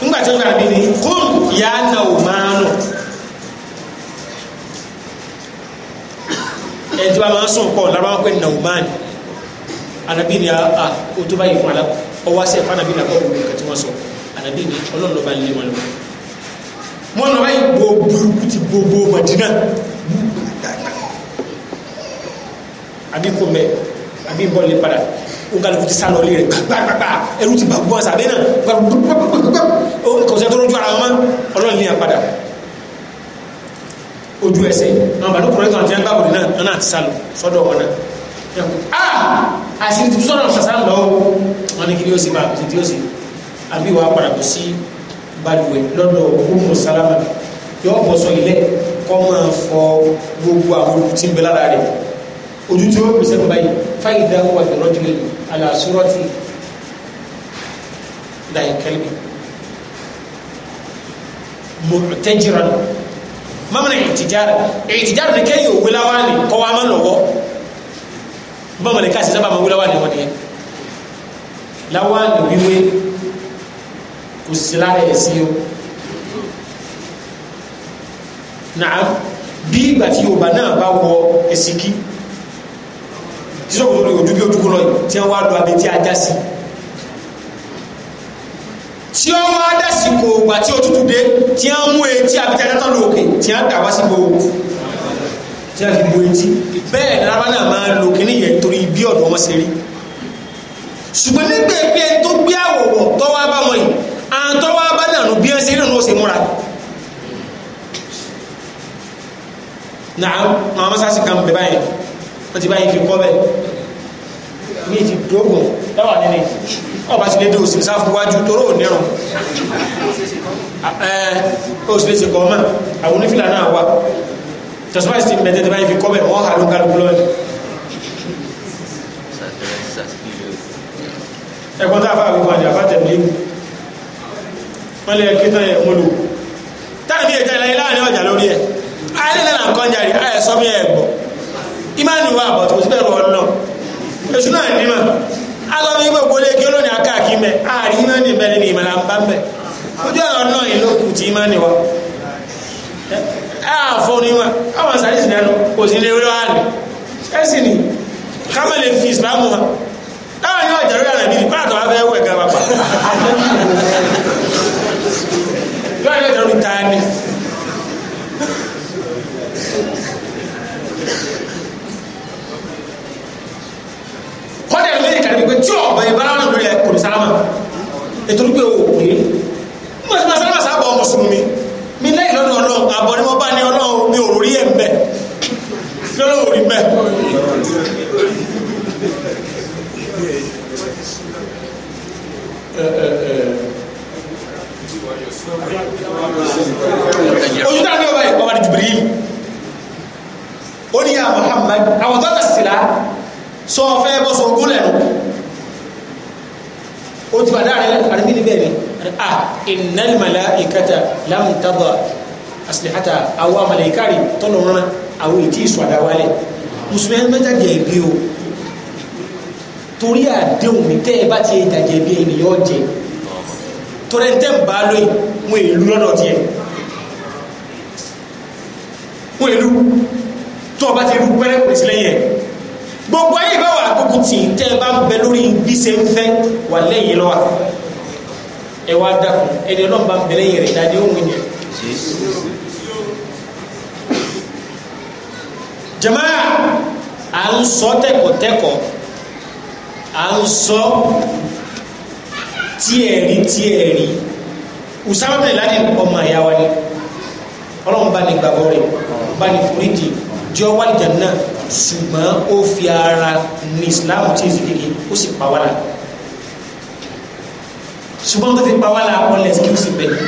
Speaker 2: nígbà tí ó gbà bí ni kún ìyá na ò máa nù ẹ̀ tí wọ́n máa ń sùn pọ̀ lára wọn pé na ò máa nì anabi ni a o tó báyìí fún ala ọwọ́ sẹ́ fún anabi nàkọ́ òwúrọ̀ nǹkan tí wọ́n sọ anabi ni ọlọ́run ló bá lé wọn lọ wọn lọ báyìí gbogbo ti gbogbo madina àbí kò mẹ àbí bọ́ọ̀lì padà onkaluku ti sálọ lé rẹ gbagbagba ẹrú ti gbàgbọ́ sàbẹ́ náà gbagbagba kọ̀ọ̀sẹ̀ tó lójú ara wọn ọlọ́run ní àpadà ojú ẹsẹ̀ àwọn bàdó kùnrin kan ti ń gbàgbọ́ náà náà ti sálọ sọ́dọ̀ wọn náà ah
Speaker 1: àṣírí ti sọ́dọ̀ sàṣà lọ
Speaker 2: wọn ni kí yóò ṣe máa ṣe tí yóò ṣe àbí wàá padà kò sí balùwẹ̀ lọ́dọ̀ ọmọ sálámà yóò bọ̀ sọ ilẹ̀ kọ́ máa fọ gbogbo àwọn olùtí ń bẹ lára rẹ̀ ojú tí ó pèsè báyìí فإذا هو برجل على صورة لا الكلب معتجرا ما معنى اعتجار اعتجار لكي ولواني قواما لغو ما معنى كاسي سبا ما ولواني ودي لواني ويوي كسلار يسيو نعم bí ìgbà tí yorùbá náà bá wọ ẹ̀sìnkí tí sọ́kòtò lóyún ojú bí ojúkú lọ yìí tí wọ́n wá lu abẹ́ tí a já sí tí ó wá dá sí kò gbà tí òtútù dé tí wọ́n mú etí abẹ́ tí a dátọ́ lu òkè tí wọ́n dà wá sí gbogbo tí a fi bu etí bẹ́ẹ̀ lára náà máa lo kíní yẹn torí bí ọ̀dọ́ wọn ṣe rí ṣùgbọ́n nígbà pé ẹni tó gbé àwòwọ̀ tó wá bá wọn yìí àwọn wá bá dànù bí wọ́n ṣe nínú ó wọ́n ti báyìí fi kọ́ bẹ́ẹ̀ ní ti dógùn dáwà nínú ọba ti lè dé òsì sáfù wájú toró nírun òsì lè ṣe kọ́ ọmọ àwọn onífìlà náà wà tẹ̀síwájú ti mẹ́tẹ́ tẹ́ báyìí fi kọ́ bẹ́ẹ̀ wọ́n hà ló kálukú lọ́wọ́ ẹ̀kọ́ tá a fà wípé àjà fàtẹ̀lé wọ́n lè kí tán yẹ múlù táàbí ẹ̀jẹ̀ ìlànà ọjà lórí ẹ̀ ayélujára nǹkan jàre ayẹ̀sọ́ bí ẹ̀ gbọ́ Imani wa àbọ̀ tó síbẹ̀ rọ lọ èṣù náà ní mà alọ́bí gbé gbólé kí olóòní akáàkí mẹ ààrí ìmáàlì bẹ̀rẹ̀ ní ìmọ̀lá ń bá mẹ ojú ọ̀rọ̀ náà ìlú kù ti ìmáàlì wa àfọ ní wa àwọn sàrísì nánú kò sí ilé orí wa ní ẹ̀sìn ni kámẹ́ lè fi ìsìlámù wa
Speaker 1: láwọn ní ọjà lórí àrẹ̀bí ní kọ́nà tó wá
Speaker 2: fẹ́ wẹ̀ gan wa pa láwọn ní ọjà lórí ta ni
Speaker 1: kọ́dà ilé ìkàdé pé tí ọ̀gbẹ́ ìbára lórí ẹ̀ kò ní sálámà
Speaker 2: ètò pé o kò ní mọ̀ sí masálámà sábà ọmọ sùnmi mi lẹ́yìn lọ́dọ̀ ọlọ́run àbọ̀ ni mo bá ní ọlọ́run mi ò rí ẹ̀ mbẹ́ lọ́lọ́ ò rí mbẹ́.
Speaker 1: ojú náà ní ọba ìpamọ́ ni Jibril
Speaker 2: ó ní ya Muhammad àwọn tó tẹ̀sí la sọ ọ̀fẹ́ bọ́ sọ ogún lẹ́nu ó ti bàdá rẹ̀ àrẹ́bí ní bẹ́ẹ̀ ni à innal malaikata lam tada aslihata àwọn amàlẹ́kárì tọ́lọ̀ rán àwọn ìdí ìsọ àdáwálẹ̀ musulmi ẹni mẹ́ta jẹ ẹbí o torí àdéhùn mi tẹ́ ẹ bá ti ìdàjẹ́ ẹbí ẹni yọ jẹ torí ẹni ń bá lóyìn wọn èlú lọ́dọ̀ tiẹ̀ wọn èlú tó o bá ti rú pẹ́rẹ́ kò sí gbogbo ayé ìbáwọ̀ àkókò tì í tẹ́ ẹ bá ń bẹ lórí bí ṣe ń fẹ́ wà lẹ́yìn lọ́wọ́ ẹ wá dákun ẹni ọlọ́run bá ń bẹ lẹ́yìn rẹ̀ dáadé ó wúnyẹ. jama à ń sọ tẹ́kọ̀tẹ́kọ̀ à ń sọ tíẹ̀rí tíẹ̀rí usama bin laden ọmọ ìyá wa ni ọlọ́run bá ní gbàgbọ́ rẹ̀ bá ní foríjì jọ wàlìjà náà ṣùgbọ́n ó fi ara ní islam tí èsì kékeré ó sì pa wàlà ṣùgbọ́n tó fi pa wàlà ọ̀lẹ̀ skills bẹ́ẹ̀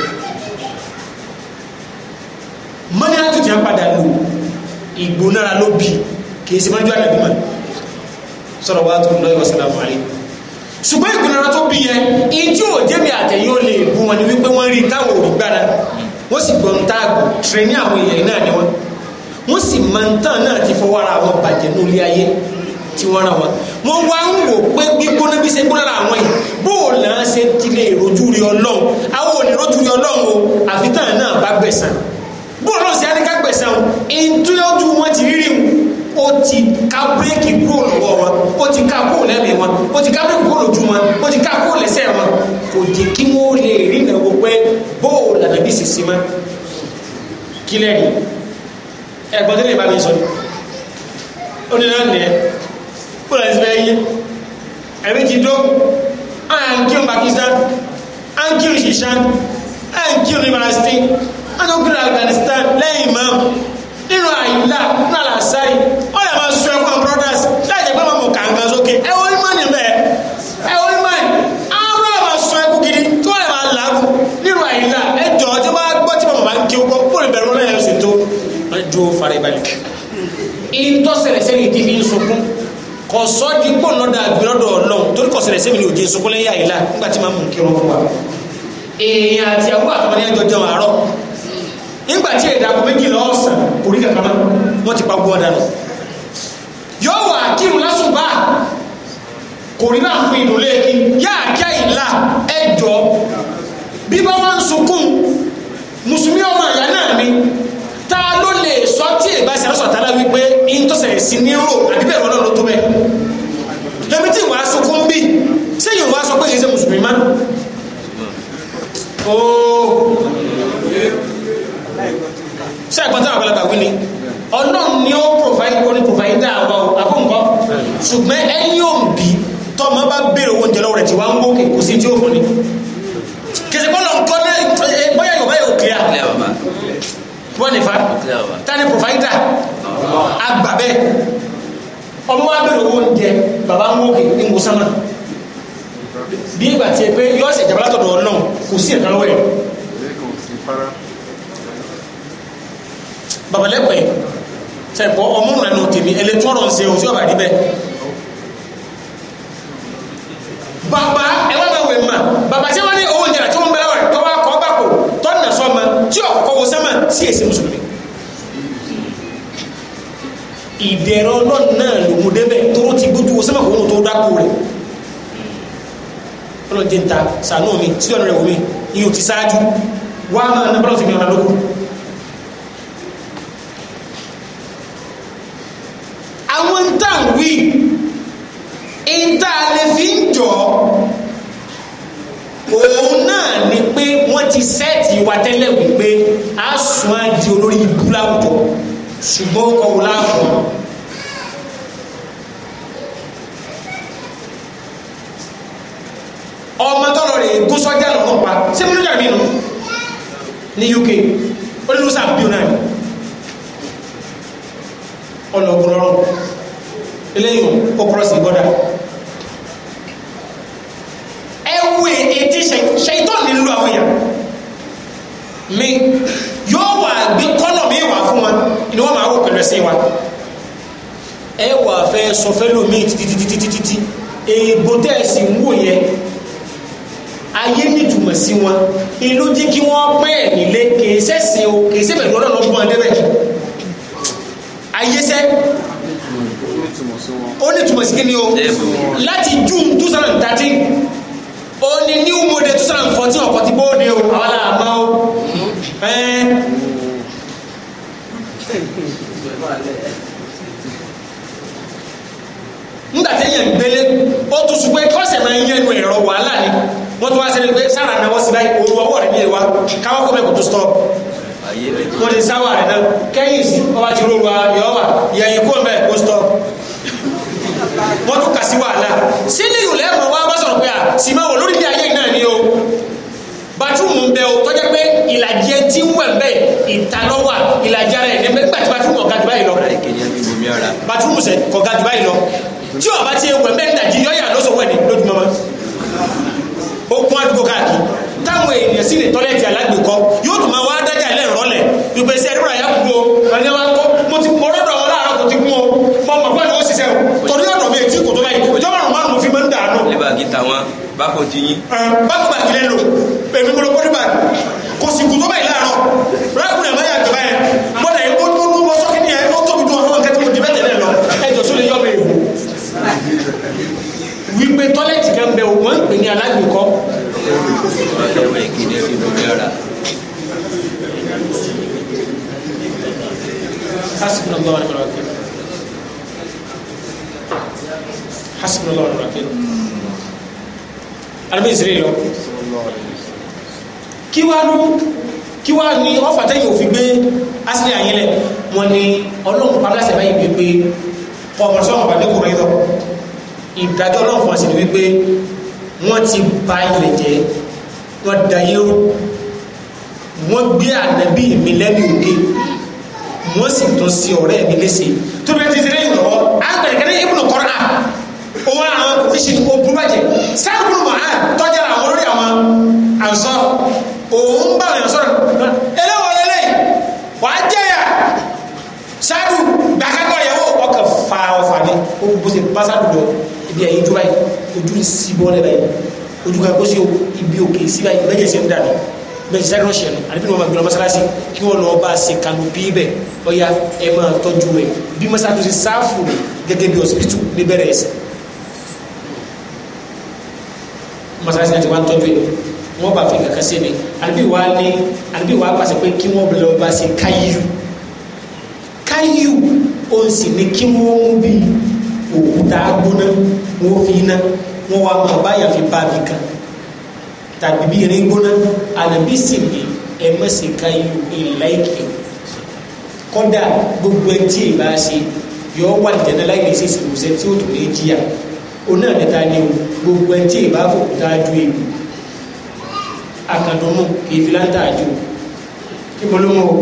Speaker 2: mọ́ni àtúntì àpàdà lò ìgbónára ló bì kìí ṣe mọ́jú àdàbí mọ́ sọ̀rọ̀ wá tó ń lọ́yọ̀ sàlámù alẹ́ ṣùgbọ́n ìgbónára tó bì yẹn ìjú òjèmi àtẹ̀yìn ó lè bu wọn ni wípé wọ́n rí táwọn òrìgbára wọ́n sì gbọ́n táàgùn tìrẹ́ní àwọn èèyàn náà ni wọ́n wọ́n sì máa ń tàn náà ti fọwọ́ ara wọn bàjẹ́ lórí ayé tí wọ́n ra wọn wọ́n wá ń wò pé gbígbóná bí ṣe gbóná ra àwọn yìí bó o là ń ṣe ti lè rojú rí ọlọ́run àwọn ò lè rojú rí ọlọ́run o àfi tàn náà bá gbẹ̀sán bó o lọ sí adé ká gbẹ̀sán o ìtúyọ́jú wọn ti rírì o ti ka bírèkì kúrò lọ́wọ́ wọn o ti ka kúrò lẹ́mìí wọn o ti ka bírèkì kúrò lójú wọn o ti ka kúrò lẹ́sẹ̀ wọn kò jẹ́ kí wọ́n lè rí ìnáwó pé bó o lànà bí ṣe ṣe mọ́ kílẹ̀ yìí ẹ̀gbọ́n tẹ́lẹ̀ bá mi sọ ni ó ní náà nìyẹn kó lọ sí bẹ́ẹ̀ yé ẹ̀mí ti dó à ń kí Pakistan à ń kí Shishan à ń kí university à ń kí Afghanistan lẹ́yìn mọ́ nínú àyílá nínú àlàsáyì ó lè máa sọ ẹ̀kọ́ brothers láì jẹ́ pé wọ́n mú kàǹkà sókè ẹ̀wọ́n dúró farabalẹ̀ ìtọ́sẹ̀lẹ̀ sẹ́ni tí fi ń sunkún kò sọ́ di pò lọ́dà àgbélọ́dọ̀ ọlọ́run torí kò sẹ̀lẹ̀ sẹ́mi ní òjì sunkún lẹ́yà ìlà nígbà tí máa mú kí wọ́n fún wa
Speaker 1: èèyàn àti àwọn àtọmọdé ẹjọ jẹun àárọ̀
Speaker 2: nígbà tí èdè àgọ́ méjìlá ọ̀sán kò rí kankan mọ́ wọ́n ti pa gbọ́ ọ̀dànù yóò wà kírun lásùbà kò rí náà fún ìdúlé kí yáà kí àyìnlá ẹjọ bí bá wọn ń sunkún mùsùlùmí ọmọ àyà náà ni ta ló wípé ìtọ́sẹ̀ sí ní rò àbíbẹ̀ ọ̀nà ló tó bẹ́ẹ̀ èmi tí wàá sọ kún bí sẹ́yìn wàá sọ pé kìí ṣe mùsùlùmí má ooo ṣé àgbàtà àgbàlagbà wí ni ọlọ́run ni ó provide oní provider àwọn àbọ̀nbọ̀ ṣùgbọ́n ẹni ò ń bí tọ́mọ bá béèrè owó oúnjẹ lọ́wọ́ rẹ̀ tí wàá ń gòkè kò sí tí ó fún ni kìsì kọ́ lọ ń kọ́ ní bóyá yorùbá yóò kílíà wọ́n ní fa tani provider àgbà bẹ́ẹ̀ ọmọ wa bẹ̀rẹ̀ owó oúnjẹ bàbá ń wókè ń wo sánmà bí ìgbà tí ẹ pé yọ ọ̀sẹ̀ ìjàmbá látọ̀dọ̀ ọlọ́run kò sí ẹ̀ka lọ́wọ́ ẹ̀. babalẹ́pẹ̀ sẹ̀pọ̀ ọmọ ìrànà tèmi ẹlẹ́tọ́rọ̀ ń ṣe òṣìṣẹ́ ìdẹ̀rọ ọlọ́run náà lòun débẹ̀ tóró ti gbójú wo sẹ́mọ̀ kòun tó dákò rẹ̀ ọlọ́jẹ̀ ń sànú mi sílẹ̀ ọ̀nà rẹ̀ wò mí iyùn ti ṣáájú wá máa nábàlọ́sì mi ọ̀nà lókun you can oríṣi ní ogun bàjẹ́ sáàbùrù màá tọ́jà àwọn olórí àwọn àǹsọ́ òun bá àwọn àǹsọ́ eléwọ̀ lélẹ̀ wà á jẹ́yà sáàdù gbàkákọ̀ ìyàwó ọkọ̀ fa ọ̀fà ni o bó ṣe bá sáàdù lọ ibi ẹ̀yìn tó báyìí ojú sí bọ́ọ̀lẹ̀ báyìí ojú kan kó sí ibi òkè sí báyìí lẹ́jẹ̀ sí ń dànù bẹ́ẹ̀ sẹ́kọ̀ọ́ sẹ́nu àti bí wọ́n máa gbé lọ mọ́sálásí kí wọ́n lọ bá ṣe kanopi bẹ̀ ọ̀ya ẹ̀ máa tọ́jú rẹ̀ bí mọ́sálásí sáfù gẹ́gẹ́ bí ọ̀sìpìtù níbẹ̀rẹ̀ ẹ̀sẹ̀ mọ́sálásí náà ti wá ń tọ́jú ẹ̀ wọ́n bá fi kankan sí ni àbí wàá ní àbí wàá pàṣẹ pé kí wọ́n lọ bá ṣe káyù káyù ó sì ní kí wọ́n mú bí òkúta gbóná wọ́n fi iná wọ́n wá máa báyà fi bá mi kan tàbí bí irin gbóná ànàbí sì ní ẹ má ṣe káyù ìlà ìkì kọ́dà gbogbo ẹ tí ì bá ṣe yọ wà nìjẹ́ láì lè ṣe ìṣèlú tí ó tún lè jìyà òun náà níta ni o gbogbo ẹ tí ìbá fòkúta ju èlò akadọmọ kìí fi láńtà ju kí mo ló mọ o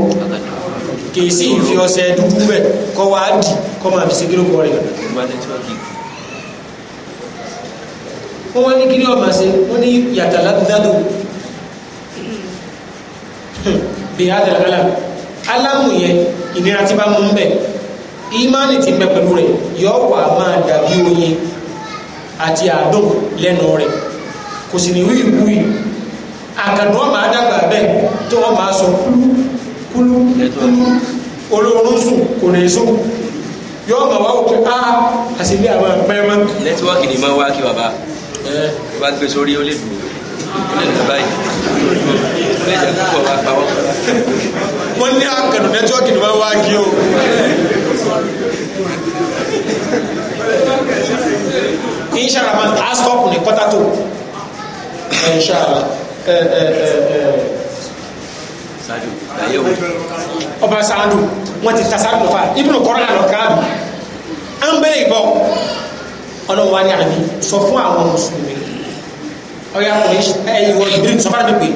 Speaker 2: kìí sí ìfi ọṣẹ dúdú bẹ kọ wá dì kọ máa fi segin lóko rẹ. wọ́n wá ní kí ni ọ̀ma ṣe wọ́n ní yàtà ládùúgbò bí a dàgbà alamu yẹn ìnira tí bá mú bẹ ìmánì ti bẹ pẹ̀lú rẹ yọ wà máa dàbí oyin àti àdùn lẹ́nu rẹ̀ kò sì ní wí ìwúyì àkàndùn ọmọ àdàgbà bẹ́ẹ̀ tó wọ́n máa sọ
Speaker 1: kúlú kúlú olóorun
Speaker 2: sùn kò ní sùn yọ ọmọ wa òkè á ah, àṣìlẹ̀ àwọn ẹgbẹ́ mọ́.
Speaker 1: nẹ́tíwọ́ọ̀kì ni máa wá kí bàbá ẹ bá gbé sórí ó dùn ó lè dùn báyìí ó lè jẹ́ púpọ̀ wá pa
Speaker 2: wọ́n. ní àkàndùn nẹ́tíwọ́ọ̀kì ni máa wá kí o inshallah man a stop ní quarter to inshallah ẹ ẹ ẹ ẹ ọba sáádù wọn ti tasáádù lọfà ibùdó kọrọlá lọ káàdù à ń bẹ̀rẹ̀ ìbọn ọlọ́run wa ní àdàbí sọ fún àwọn mùsùlùmí ọyá ọkùnrin ẹ̀yìn wọ ìbírí sọ fún àdàbí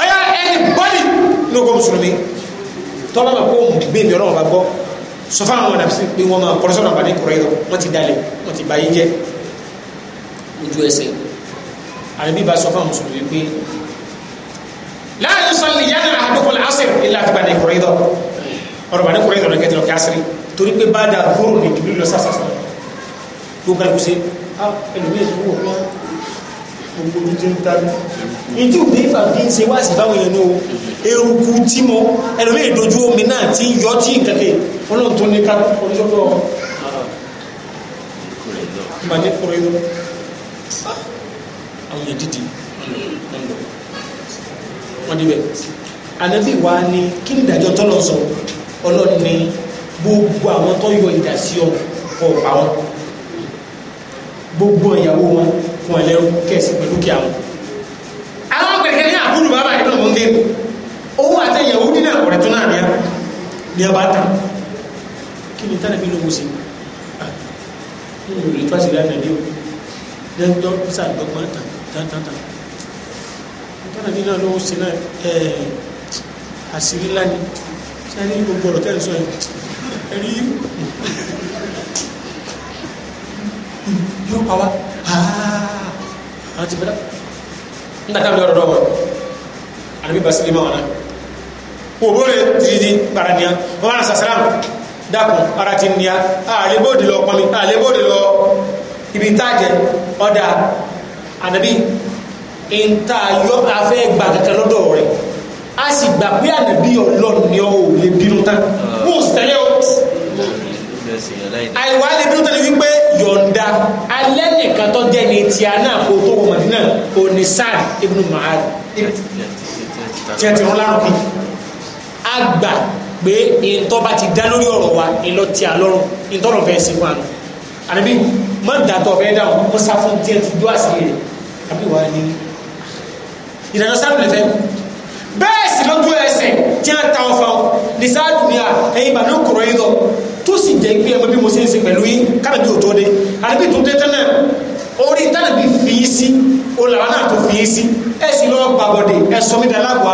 Speaker 2: ọyá ẹni bọ́ọ̀lì ní ogun mùsùlùmí tọ́lá bá kó bèbí ọlọ́run bá gbọ́ sọ fún àwọn àdàbí pé wọ́n máa kọ́rọ́sọ́nà bá ní kọ́rọ́ yìí lọ wọ́n ti dalẹ̀ wọ́n ti bá yín jẹ́ ojú ẹsẹ̀ àrẹ́bí bá sọ fáwọn mùsùlùmí pé láàrin sọ lìyànà àdókòlù asir ilé àfipá ní ìkùrọ̀ ìdọ̀ ọ̀rọ̀ bá ní ìkùrọ̀ ìdọ̀ ní kẹtìlọ̀ kí asiri torí pé bá dà fóòrò ní ìdìbò lọ sàṣàṣà tó gbà lóṣe ẹlòmíì ìṣòwò ọ̀pọ̀ gbogbo ojú jẹ́ ń tàbí ìdí òde ìfà fi ń ṣe wá sí fáwọn èèyàn ní o eruku tí mo ẹlòmíì dojú omi náà ti ń yọ tí kẹkẹ ọlọ́run tó ní ká oníṣọ́gbọ́n àwọn yẹn dìde ọ̀nà wọ́n débẹ̀ anabi wa ni kí ni ìdájọ́ tọ́lọ̀ sọ ọlọ́run ni gbogbo àwọn tó yọ ìdásí ọ pa wọn gbogbo ìyàwó wọn fún ẹlẹ́rú kẹsì pẹ̀lú kí àwọn.
Speaker 1: àwọn kẹ̀kẹ́ ní àbúrò bàbá ìlú ọ̀hún dé
Speaker 2: owó àtẹ̀yẹ̀wò nínú àkọ̀rẹ́ tó náà ní a ta kí ni tánàbí ló sí i. nínú ìrètí wá sí ìlànà ìdí òkú dẹ́gbọ́ ìsà gbọ́gbọ́n tàntàntà nítorí nínú ọlọ́wọ́ sí náà ẹ̀ àṣírí lánìí ṣe ní gbogbo ọ̀rọ̀ tẹ́lẹ̀ sọ ẹ̀ ẹ̀rí yóò pa wá àwọn ti bẹ̀rẹ̀ ń dàkà mi ọ̀rọ̀ dọ́wọ́ àdàbí basílẹ̀ máa wà náà òwò rẹ̀ tìrìdì paraniya wọ́n máa sàsàrà dàkùn ara ti nìyà àlébòdì lọ pọnmi àlébòdì lọ ibi tá a jẹ ọ̀dà ànábì ìta yọ afẹ́ gbà kankan lọ́dọ̀ rẹ̀ a sì gbà pé ànábì ọlọ́run ni ó lè bínú tán mú sí tẹ́lẹ̀ o àìwá lè bínú tẹ́lẹ̀ wípé yọ̀ǹda alẹ́ nìkan tó jẹ́ ní ti àná kó tó wọ mọ̀dínà òní sáà ibùdó màá tiẹ̀ ti a gbà pé ìtọ́ bá ti dá lórí ọ̀rọ̀ wa ìlọ àlọ́run ìtọ́rọ̀ fẹ́ sí fún àná ànábì má dàtọ̀ fẹ́ dáhùn wọ́n sá fún díẹ̀ ti dó àṣírí rẹ̀ àbí wà ní ìdáná sáré lẹ́fẹ́ bẹ́ẹ̀ sì lójú ẹsẹ̀ tí a ta ọfà ní sáájú ní à ẹ̀yìn bàbá ń kọ̀rọ̀ yìí lọ tó sì jẹ́ pé ẹgbẹ́ bí mo ṣe ń ṣe pẹ̀lú yín kábàbí òtó dé ànábì tó dé tẹ́lẹ̀ orí tánàbí fi í sí olàwọn náà tó fi í sí ẹ sì lọ́ọ́ gbàbọ̀dẹ̀ ẹ sọ mí dalágbó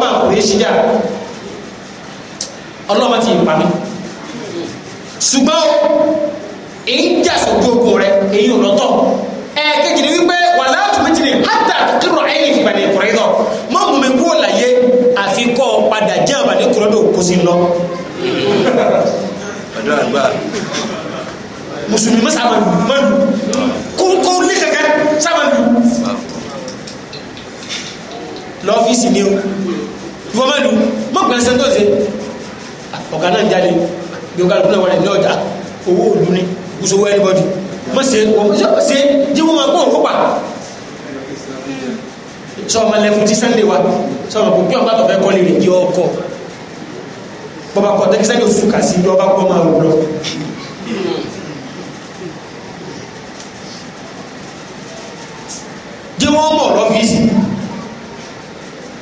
Speaker 2: ọmọ àkùrẹ́ṣì jà ọlọ́mọ ti pa mí ṣùgbọ́n èyí jà sójú ogun rẹ èyí ò lọ́tọ̀ ẹ̀ẹ́kejì ni wípé wà láàtú méjì ni hátà kírọ̀ ẹ̀yìn ìgbà ní ìkùrẹ́ náà mọ́ mú mi kúrò láyé àfikọ́ padà jẹ́ àbàdí kúrọ́dọ̀ kó sí lọ. ọ̀dọ́ àgbà sábà lu ma lu kónkó ní kankan sábà lu lọ́fíìsì ni o ìwọ máa lu má pẹ́ ṣe tó ṣe ọ̀gá náà jáde bí ọ̀gá lọ́pọ̀ wọn ní ọjà owó òdu ni kùsùwọ́ anybody má ṣe ṣe jí wọ́n máa kó òkú pa sọ ma lẹ́fún tí sànńdé wa sọ ma kò bí ọ̀gá tó fẹ́ kọ́ lè di ọkọ̀ bọ́ba kọ́ tẹ́kí sànńdé oṣù kà sí ibi ọba kọ́ máa wù lọ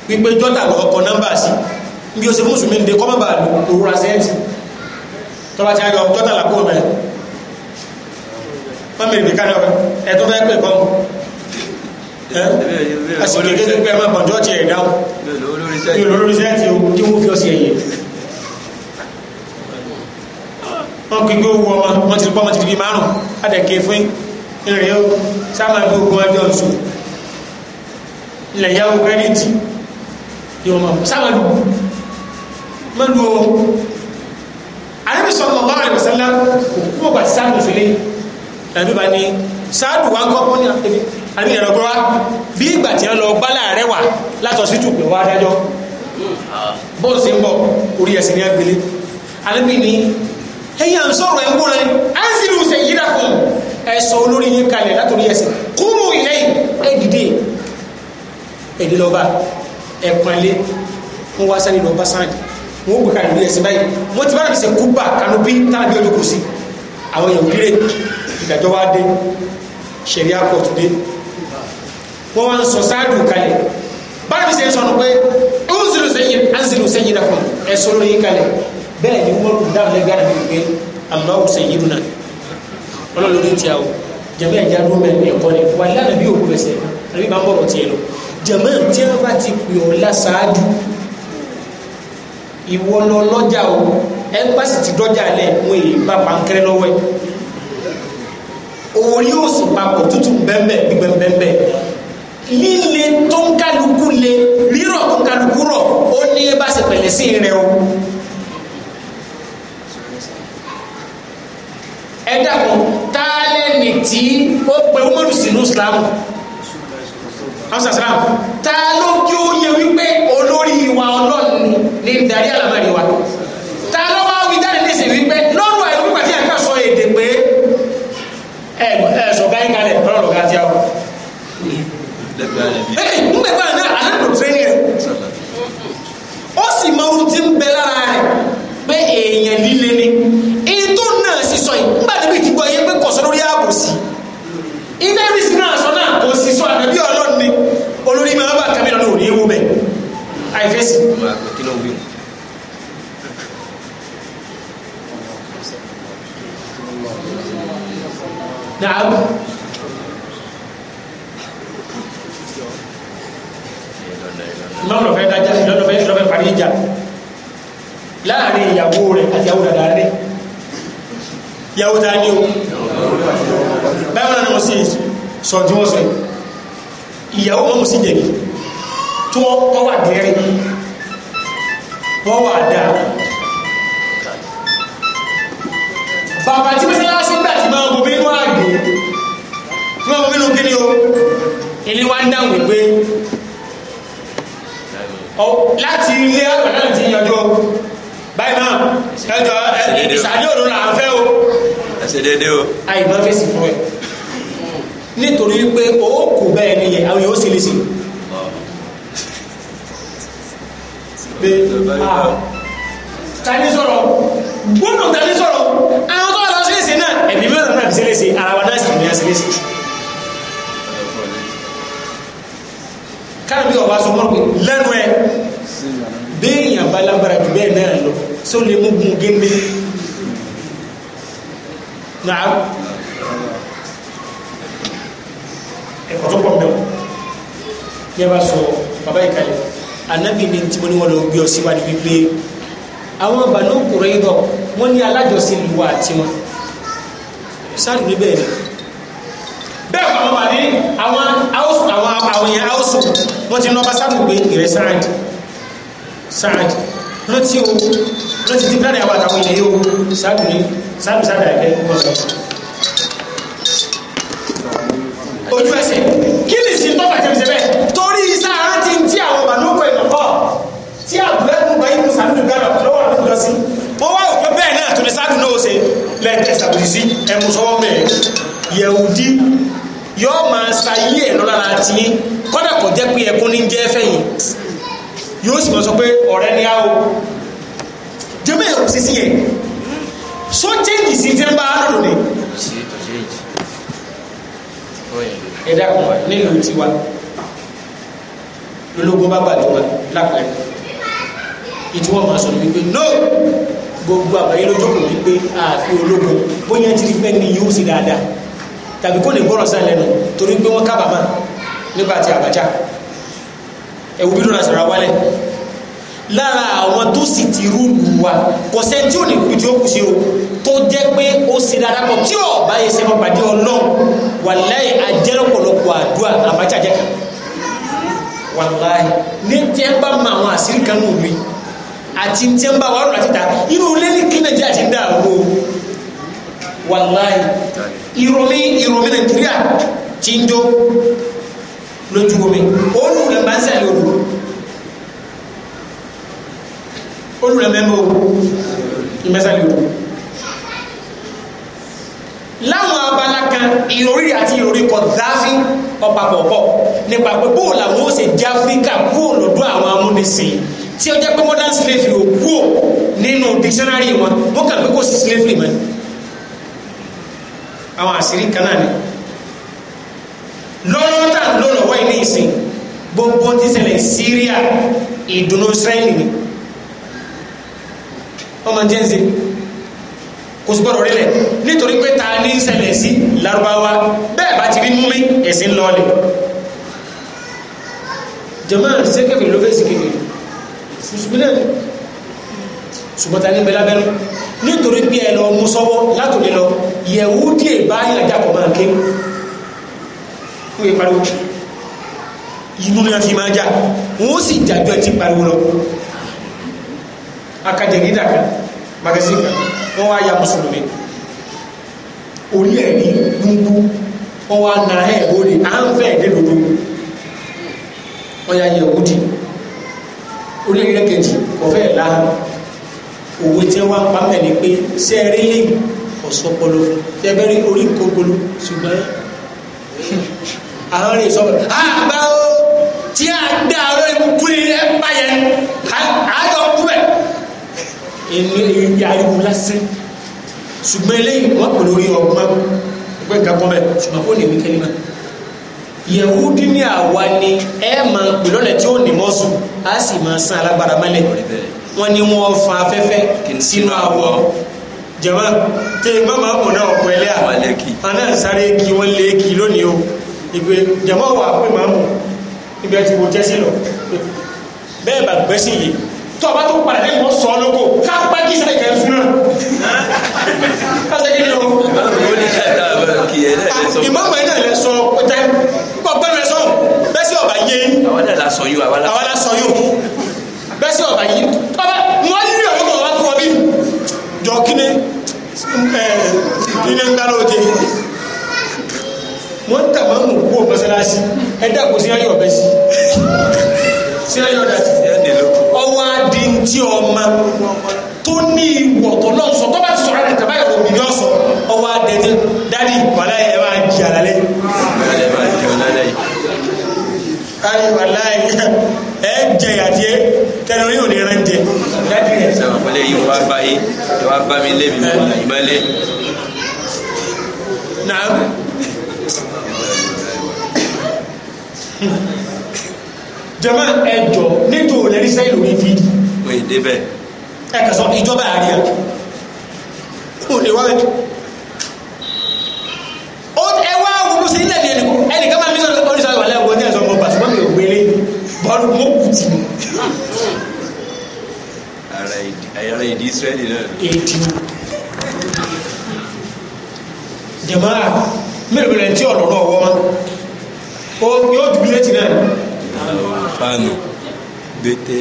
Speaker 2: wípé jọ́tà lọ ọkọ̀ nọ́mbà sí bí o ṣe fún mùsùlùmí ǹdẹ kọ́mọ̀bà òwúrọ̀ sẹ́ẹ̀tì tọ́ba ti ayọ̀ jọ́tà làkó rẹ̀ pọ́nmìrì nìkan náà ẹ̀tọ́ fẹ́ pè kọ́
Speaker 1: àsìkò kékeré pé ẹ máa bọ̀ jọ́ọ̀tì ẹ̀ dáhùn ní olórí sẹ́ẹ̀tì o kí wọ́n fi ọ sí ẹ̀yẹ
Speaker 2: wọn kì í gbé owó ọmọ wọn ti bọ́ ọmọ ti di márùn adẹ̀kẹ́ fún ìrìn ó sáà máa ọjọ́ nsú ilẹ̀ yàwó kẹ́rìtì ni wọn ma kú sáwọn lu ma lu o anabi sallallahu alaihi wasallam kò kú ọgbà tí sáà lọsọlẹ ẹbí ba ni sáàdù wa kọ́ wọn ni àbí ẹ̀rọ gbọ́ wa bí ìgbà tí wọn lọ gbá láàrẹ wa látọ̀ sí tù pé wọ́n adájọ́ bọ́ọ̀lù sí ń bọ̀ orí ẹ̀sìn ní agbélé anabi ni ẹ̀yà ń sọ̀rọ̀ ẹ̀ ń gbọ́ra ni anzilu sayyidakum ẹ̀sọ̀ olórí ẹ̀ ẹ̀pọ̀nlé wọ́n wá sáré lọ bá sáàdì wọ́n ó gbẹ̀ka ìlú ẹ̀sìn báyìí wọ́n ti bá nàbí sẹ́ kúbà kanubí tánàbí olóko sí àwọn èèyàn òkúrè ìdájọ́ wá dé ṣẹ̀ríà court dé wọ́n wá ń sọ sáàdù kalẹ̀ bá nàbí sẹ́ sọ̀nù pé ó ń zìlù sẹ́yìn á ń zìlù sẹ́yìn dàkùn ẹ̀sọ́ lórí kalẹ̀ bẹ́ẹ̀ ni wọ́n kún dáàbò lẹ́gbẹ̀rẹ̀ mi pé Allahu sayyiduna ọlọ́run lórí tiẹ̀ o jẹ̀mú ẹ̀jẹ̀ adúmọ̀ ẹ̀kọ́ ni wà lánàá bí òkú ẹsẹ̀ àbí bá ń bọ̀rọ̀ tiẹ̀ lọ jẹ̀mọ́ tí wọ́n bá ti pè ọ́ lásáájú ìwọ lọ lọ́jà o ẹ́mbásì ti dọ́jà lẹ̀ wọ́n èyí bá pankẹ́rẹ́ lọ́wọ́ ẹ̀ owó yóò sì papọ̀ tútù bẹ́ẹ̀bẹ́ gbígbẹ́ bẹ́ẹ̀bẹ́ líle tó ń kálukú le
Speaker 1: rírọ̀ tó ń kálukú rọ̀ ó ní bá ṣe pẹ̀lẹ́ sí rẹ o
Speaker 2: ẹ dàpọ̀ tá a lẹ́ni tí ó pẹ́ ó sínú Islam
Speaker 1: amsasalam
Speaker 2: ta ló kí ó yẹ wípé olórí wa ọlọ́run ni ní darí alamari wa ta ló wá wí jáde ní ìsìn wípé lọ́rùn àìlú pípa tí ẹ̀ka sọ èdè pé ẹ̀ sọ̀gá yín kalẹ̀ ọlọ́run ọ̀gá tí a wọ̀. ẹ̀ ń gbẹ̀gbẹ̀ náà aláàbò rẹ̀ ó sì mọ ohun tí ń bẹ lára rẹ̀ pé èèyàn líle ni àìfèsì. Nàá máa
Speaker 1: lọ fẹ́ dájá lọ́dọ̀ fẹ́ lọ́fẹ́ parí ìjà
Speaker 2: láàrin ìyàwó rẹ̀ àti ìyàwó dàdà rẹ̀ ìyàwó ta ní o báyìí wọn náà wọ́n sì sọ̀tún wọ́n sọ ìyàwó wọn mú sí jẹ̀bi tó wọ́n wà dẹ́rẹ́ wọ́n wà dá bàbá tí mọ́sálásí gbà tí máa gbogbo inú àgbò tí máa gbogbo inú kí ni o ilé wa ń dáhùn wípé láti ilé àgbà náà ti yanjú o báyìí náà
Speaker 1: ẹjọ ìsàlẹ̀ òun là ń fẹ́ o ẹsẹ̀ déédéé o
Speaker 2: àyè máa fèsì fún ẹ nítorí pé o kò bẹ́ẹ̀ ni àwọn yóò ṣe lè ṣe. pé ah, tani sọ̀rọ̀ gbọ́dọ̀ tani sọ̀rọ̀ àwọn tó wà lọ sílẹ̀sì náà ẹ̀mí mẹ́rin náà fi sílẹ̀sì ara wa náà sì ní àsílẹ̀sì. káàbí ọba sọ mọ́ pé lẹ́nu ẹ béèyàn bá lágbára jù bẹ́ẹ̀ náà lọ sọ lè mú gun géńdé. náà ẹ̀kọ́ tó pọ̀ mẹ́wọ̀ ní ẹ bá sọ bàbá ìkàlẹ̀ anabi ni tí mo ní wọn lọ gbé ọ síwájú wípé àwọn Banu Qurayza wọn ní alájọsí lu wa àti wọn sáré ní bẹ́ẹ̀ ni bẹ́ẹ̀ bá wọn wà ní àwọn àwọn àwọn èèyàn áwòsù wọn ti nọba sáré gbé ìrẹ sáàdì sáàdì rántí o rántí ti bẹ́ẹ̀ ni àwọn àtàwọn èèyàn yóò sáré ní sáré sáré àgbẹ̀ wọn lọ ojú ẹsẹ̀ kí ni sí tọ́ka jẹ́ bẹ́ẹ̀. sí ó wá òpé bẹ́ẹ̀ náà tó ní sáàdù náà ó ṣe lẹ́ẹ̀kẹ́ sàbìrì sí ẹmu sọ́wọ́ bẹ́ẹ̀ yẹ̀wùdí yóò máa sa yí ẹ̀ lọ́la láti yín kọ́dà kò jẹ́ pé ẹkún ní jẹ́ fẹ̀yìn yóò sì mọ̀ sọ pé ọ̀rẹ́ ni á o jẹ́mọ̀ ẹ̀rọ sí sí yẹn so change sí tẹ́ ń bá lòlò ní. ẹ̀dá kan nílùú tiwa lólógún bá gbàdúrà lápẹ̀rẹ̀ ìtiwọ́ máa sọ̀rọ̀ wípé no gbogbo àgbáyé lójú kò wípé àfi ológun bóyá tí pẹ́ ni yóò sì dáadáa tàbí kó lè gbọ́rọ̀ sáà lẹ́nu torí pé wọ́n kábàámà nígbà tí Abacha ẹ̀wù bí dọ́là sọ̀rọ̀ wálẹ̀ lára àwọn tó sì ti rú wa kò sẹ́ tí ò ní kú tí ó kù sí o tó jẹ́ pé ó sì dáadáa pọ̀ tí ò bá yẹ sẹ́fọ́ pàdé ọlọ́run wàláì ajẹ́rọ̀pọ̀lọpọ̀ àdúrà Abacha jẹ́ kan wàláì ní tí ẹ bá ma àwọn àṣírí kan nù àti tí ń bá wà lọ́rọ̀ àti ta irú lẹ́ni kí nàìjíríà ti ń dà wò wàláì ìròmí ìròmí nàìjíríà ti ń jó lójú omi olú rẹ̀ bá ń sẹ́lẹ̀ olú olú rẹ̀ mẹ́mọ́ ìmẹ́sẹ̀lẹ̀ olú láwọn abala kan ìròrí àti ìròrí kọ̀ dáfí ọ̀pàpọ̀ pọ̀ nípa pé bóòlù àwọn ó ṣe jáfíkà bóòlù ọdún àwọn amúnisìn tí ó jẹ́ pé modern slavery ò kúò nínú dictionary wọn wọ́n kàn pé kò sí slavery mọ́ àwọn àṣírí kan náà ni lọ́wọ́ tà lọ́lọ́wọ́ ilé ìsìn gbogbo ti ṣẹlẹ̀ Syria ìdùnnú Israeli ni ọmọ jẹ́nsì kò sí gbọ́dọ̀ rílẹ̀ nítorí pé ta ní ṣẹlẹ̀ sí Lárúbáwá bẹ́ẹ̀ bá ti rí múmi ẹ̀sìn lọ́ọ̀lẹ̀ jọmọ́ sẹ́kẹ̀fì ló fẹ́ sí mùsùlùmí náà ni ṣùgbọ́n ta ní bẹ lábẹ́nu nítorí pé ẹ lọ mú sọ́wọ́ látòlé lọ yẹ̀wú díẹ̀ báyìí àjàkọ̀ máa ké fún ìpariwo inú náà fi máa já wọ́n sì jàjọ́ ti pariwo lọ akadẹ̀rí dàkà magasin kan wọ́n wá ya mùsùlùmí orí ẹ̀ ní gbogbo wọ́n wá nara ẹ̀ lórí à ń fẹ́ ẹ̀ dé wọ́n ya yẹ̀wú díẹ̀ orílẹ̀ kejì ọ̀fẹ́ ẹ̀ òwe tí wọ́n pa mẹ́ ni pé ṣé rí lẹ́yìn ọ̀sọ́pọlọ fún ṣé ẹ rí orí nǹkan gbolo ṣùgbọ́n àwọn rẹ̀ sọ̀rọ̀ àgbà o tí a gbé àwọn ìbùkú ẹ̀ bá yẹn àjọ kú bẹ̀ ẹni ariwo lásán ṣùgbọ́n eléyìí wọ́n pè lórí ọgbọ́n ẹgbẹ́ nǹkan kan bẹ̀ ṣùgbọ́n kó lè wí náà yẹ̀wúdí ní àwa ni ẹ máa ń pè lọ́nà tí ó ní mọ́sù á sì máa san alágbára mẹ́lẹ̀ wọ́n ní wọ́n fa afẹ́fẹ́ sínú àwọ̀ jẹ̀mọ́ tẹ ẹ máa mọ̀ náà ọ̀pọ̀ ẹlẹ́à àná sáré kí wọ́n lé kí lónìí o ìgbé jẹ̀mọ́ wà pé máa mọ̀ níbi ẹ ti wo jẹ́sí lọ bẹ́ẹ̀ bá gbẹ́sí yìí tó a bá tó padà lẹ́yìn wọ́n sọ lóko ká pẹ́ kí sẹ́yìn kẹ́ fún náà ká sẹ́yìn kí ni ìmọ̀ ẹ̀ náà lẹ sọ pé táyì
Speaker 1: sọ yóò àwa la
Speaker 2: sọ yóò bẹ́ẹ̀ sí ọ̀bà yìí ọba wọ́n ní ọ̀rọ̀ kọ̀ wá kúrọ̀ bí jọ kíni kíni ń dáná òde wọ́n tàbí wọ́n mú kú ọ̀ mọ́sálásí ẹ dàgbò sí ayọ̀ jẹ ìyà díẹ̀ tẹnu yóò lè rán jẹ. sàmà pẹ̀lẹ́ yìí wàá bá yìí wàá
Speaker 1: bá mi lé mi mọ ìmọlẹ. náà
Speaker 2: jama ẹjọ níjọ lẹni sẹ́yìn lórí fídì. o yìí débẹ̀. ẹ kà sọ ìjọba àríyá kò lè wá bẹ. ó ẹ wá gbogbo sí ilẹ̀ ní ẹnìkan ẹnìkan máa ń bí sọ̀rọ̀ ọ́nìṣàlẹ̀ wà lẹ́wọ̀n ní ẹ̀sọ́ ọmọ bàtúmọ̀ mi
Speaker 1: ò gbélé bọ́ọ̀lù mú padà ìdí Ísírẹ́lì náà. èdè
Speaker 2: o jamaa mélòó lẹ́yìn tí ọ̀rọ̀ náà wọ́n o yóò dùbí létí náà. fanu bete.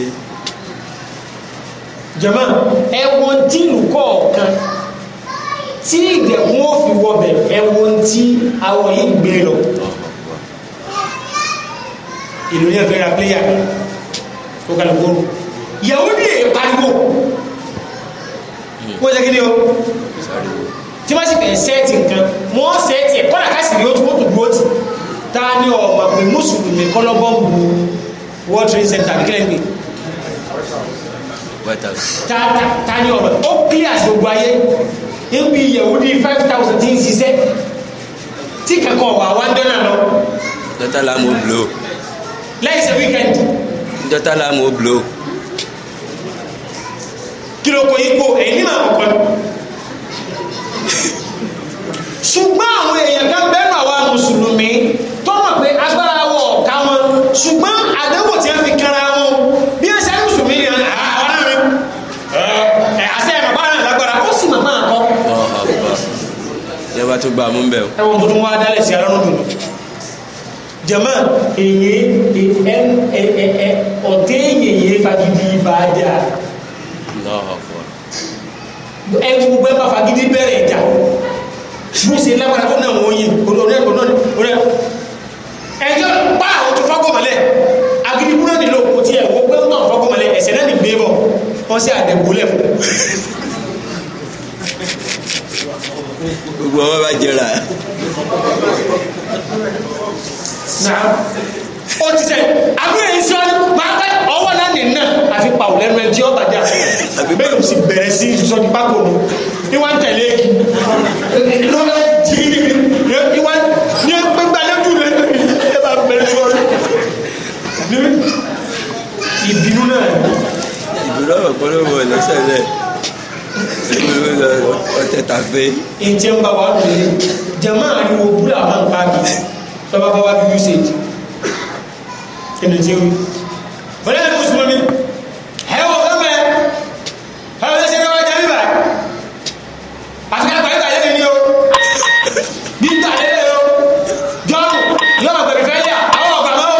Speaker 2: jamaa ẹ̀wọ̀n tí ìlú kọ̀ọ̀kan tí ìdẹ̀kùn ó fi wọbẹ̀ ẹ̀wọ̀n tí àwọn yìí gbé lọ ìlú ní ẹ̀fẹ́ ra pléyà tó kàlùkù yahoo wọ́n jẹ́ kí ni o tí wọ́n sì fẹ́ sẹ́ẹ̀tì nǹkan wọ́n sẹ́ẹ̀tì ẹ̀ kọ́nà ká sì rí otu kótó dúró tì tá a ní ọmọ pé mùsùlùmí kọ́lọ́gbọ́n bu world trade center àbí
Speaker 1: kílẹ̀ ń gbé tá a ní ọ̀rọ̀ ó
Speaker 2: clear àti gbogbo ayé ebi yahudi five thousand ti ń ṣiṣẹ́ tí kankan wà wá ń dọ́nà lọ.
Speaker 1: dọ́tà lámú blo.
Speaker 2: láì ṣe wíkẹ́ndì.
Speaker 1: dọ́tà lámú blo
Speaker 2: kí ló kọ ipò ẹ̀yìn nínú àkọ́kọ́ ni ṣùgbọ́n àwọn èèyàn kan bẹ́ẹ̀ náà wà mùsùlùmí tó mọ̀ pé agbára wọ̀ ọ̀ka wọn ṣùgbọ́n àdéhùn tí wọ́n fi kára wọn bí ẹ̀ṣẹ̀ mùsùlùmí ni àwọn arìnrìn ẹ̀ àṣẹ ẹ̀ bàbá náà lágbára ó sì màmá àkọ́.
Speaker 1: ìjọba tó gba àmú bẹ́ẹ̀ o.
Speaker 2: ẹ̀wọ̀n tuntun wá dálẹ̀ sí arọ́nù dùn jama èyí ẹ ẹ ẹ ọ̀tẹ̀ èyí fagidi bá dáa ẹ gbogbo ẹ bá fagídí bẹ̀rẹ̀ ìjà ṣùgbọ́n ṣe lágbára tó náà wọ́n yìn onírẹ̀ onírẹ̀ ẹjọ́ pa àwọn tó fọ́gọ́mọlẹ̀ agídí búrọ́dì ló kò tiẹ̀ wọ́n pé wọ́n fọ́gọ́mọlẹ̀ ẹ̀sẹ̀ náà ní gbé bọ̀ wọ́n sì àdẹ̀gbólẹ̀ fún
Speaker 1: gbogbo ọmọ bá jẹrà
Speaker 2: ó ti sẹ àbúrò yìí sọ máa pẹ ọwọ́ náà lè nà àfi pa òlẹ́nu ẹ tí ọba jà àbí bẹ́ẹ̀ sì bẹ̀rẹ̀ sí sọ ní pákó mu ní wọ́n tẹ̀lé egi lọ́wọ́ jí ní wọ́n ní gbégbá lẹ́jú rẹ̀ ẹ bá
Speaker 1: bẹ̀rẹ̀ sọ ní ìbínú náà. ìbínú àwọn ọ̀pọ̀lọpọ̀ wọ̀ lọ́sẹ̀ rẹ̀ ọtẹ tàfé.
Speaker 2: ìjẹun bàbá mi jẹ máa ń wo búlà máa ń pa mi bàbá bàbá bí usage kí ni tí ó wọlé ẹni mùsùlùmí ẹwọ ọgbẹ ẹwọ ẹsẹ ẹwọ ẹjẹ bíbà àti ká gbàgbé àyè ni o bí n tàlẹ́ lẹ́ o jọ́ọ̀mù yọ̀ọ̀ gbẹ̀bí fẹ́ yà àwọn ọ̀gbà mọ́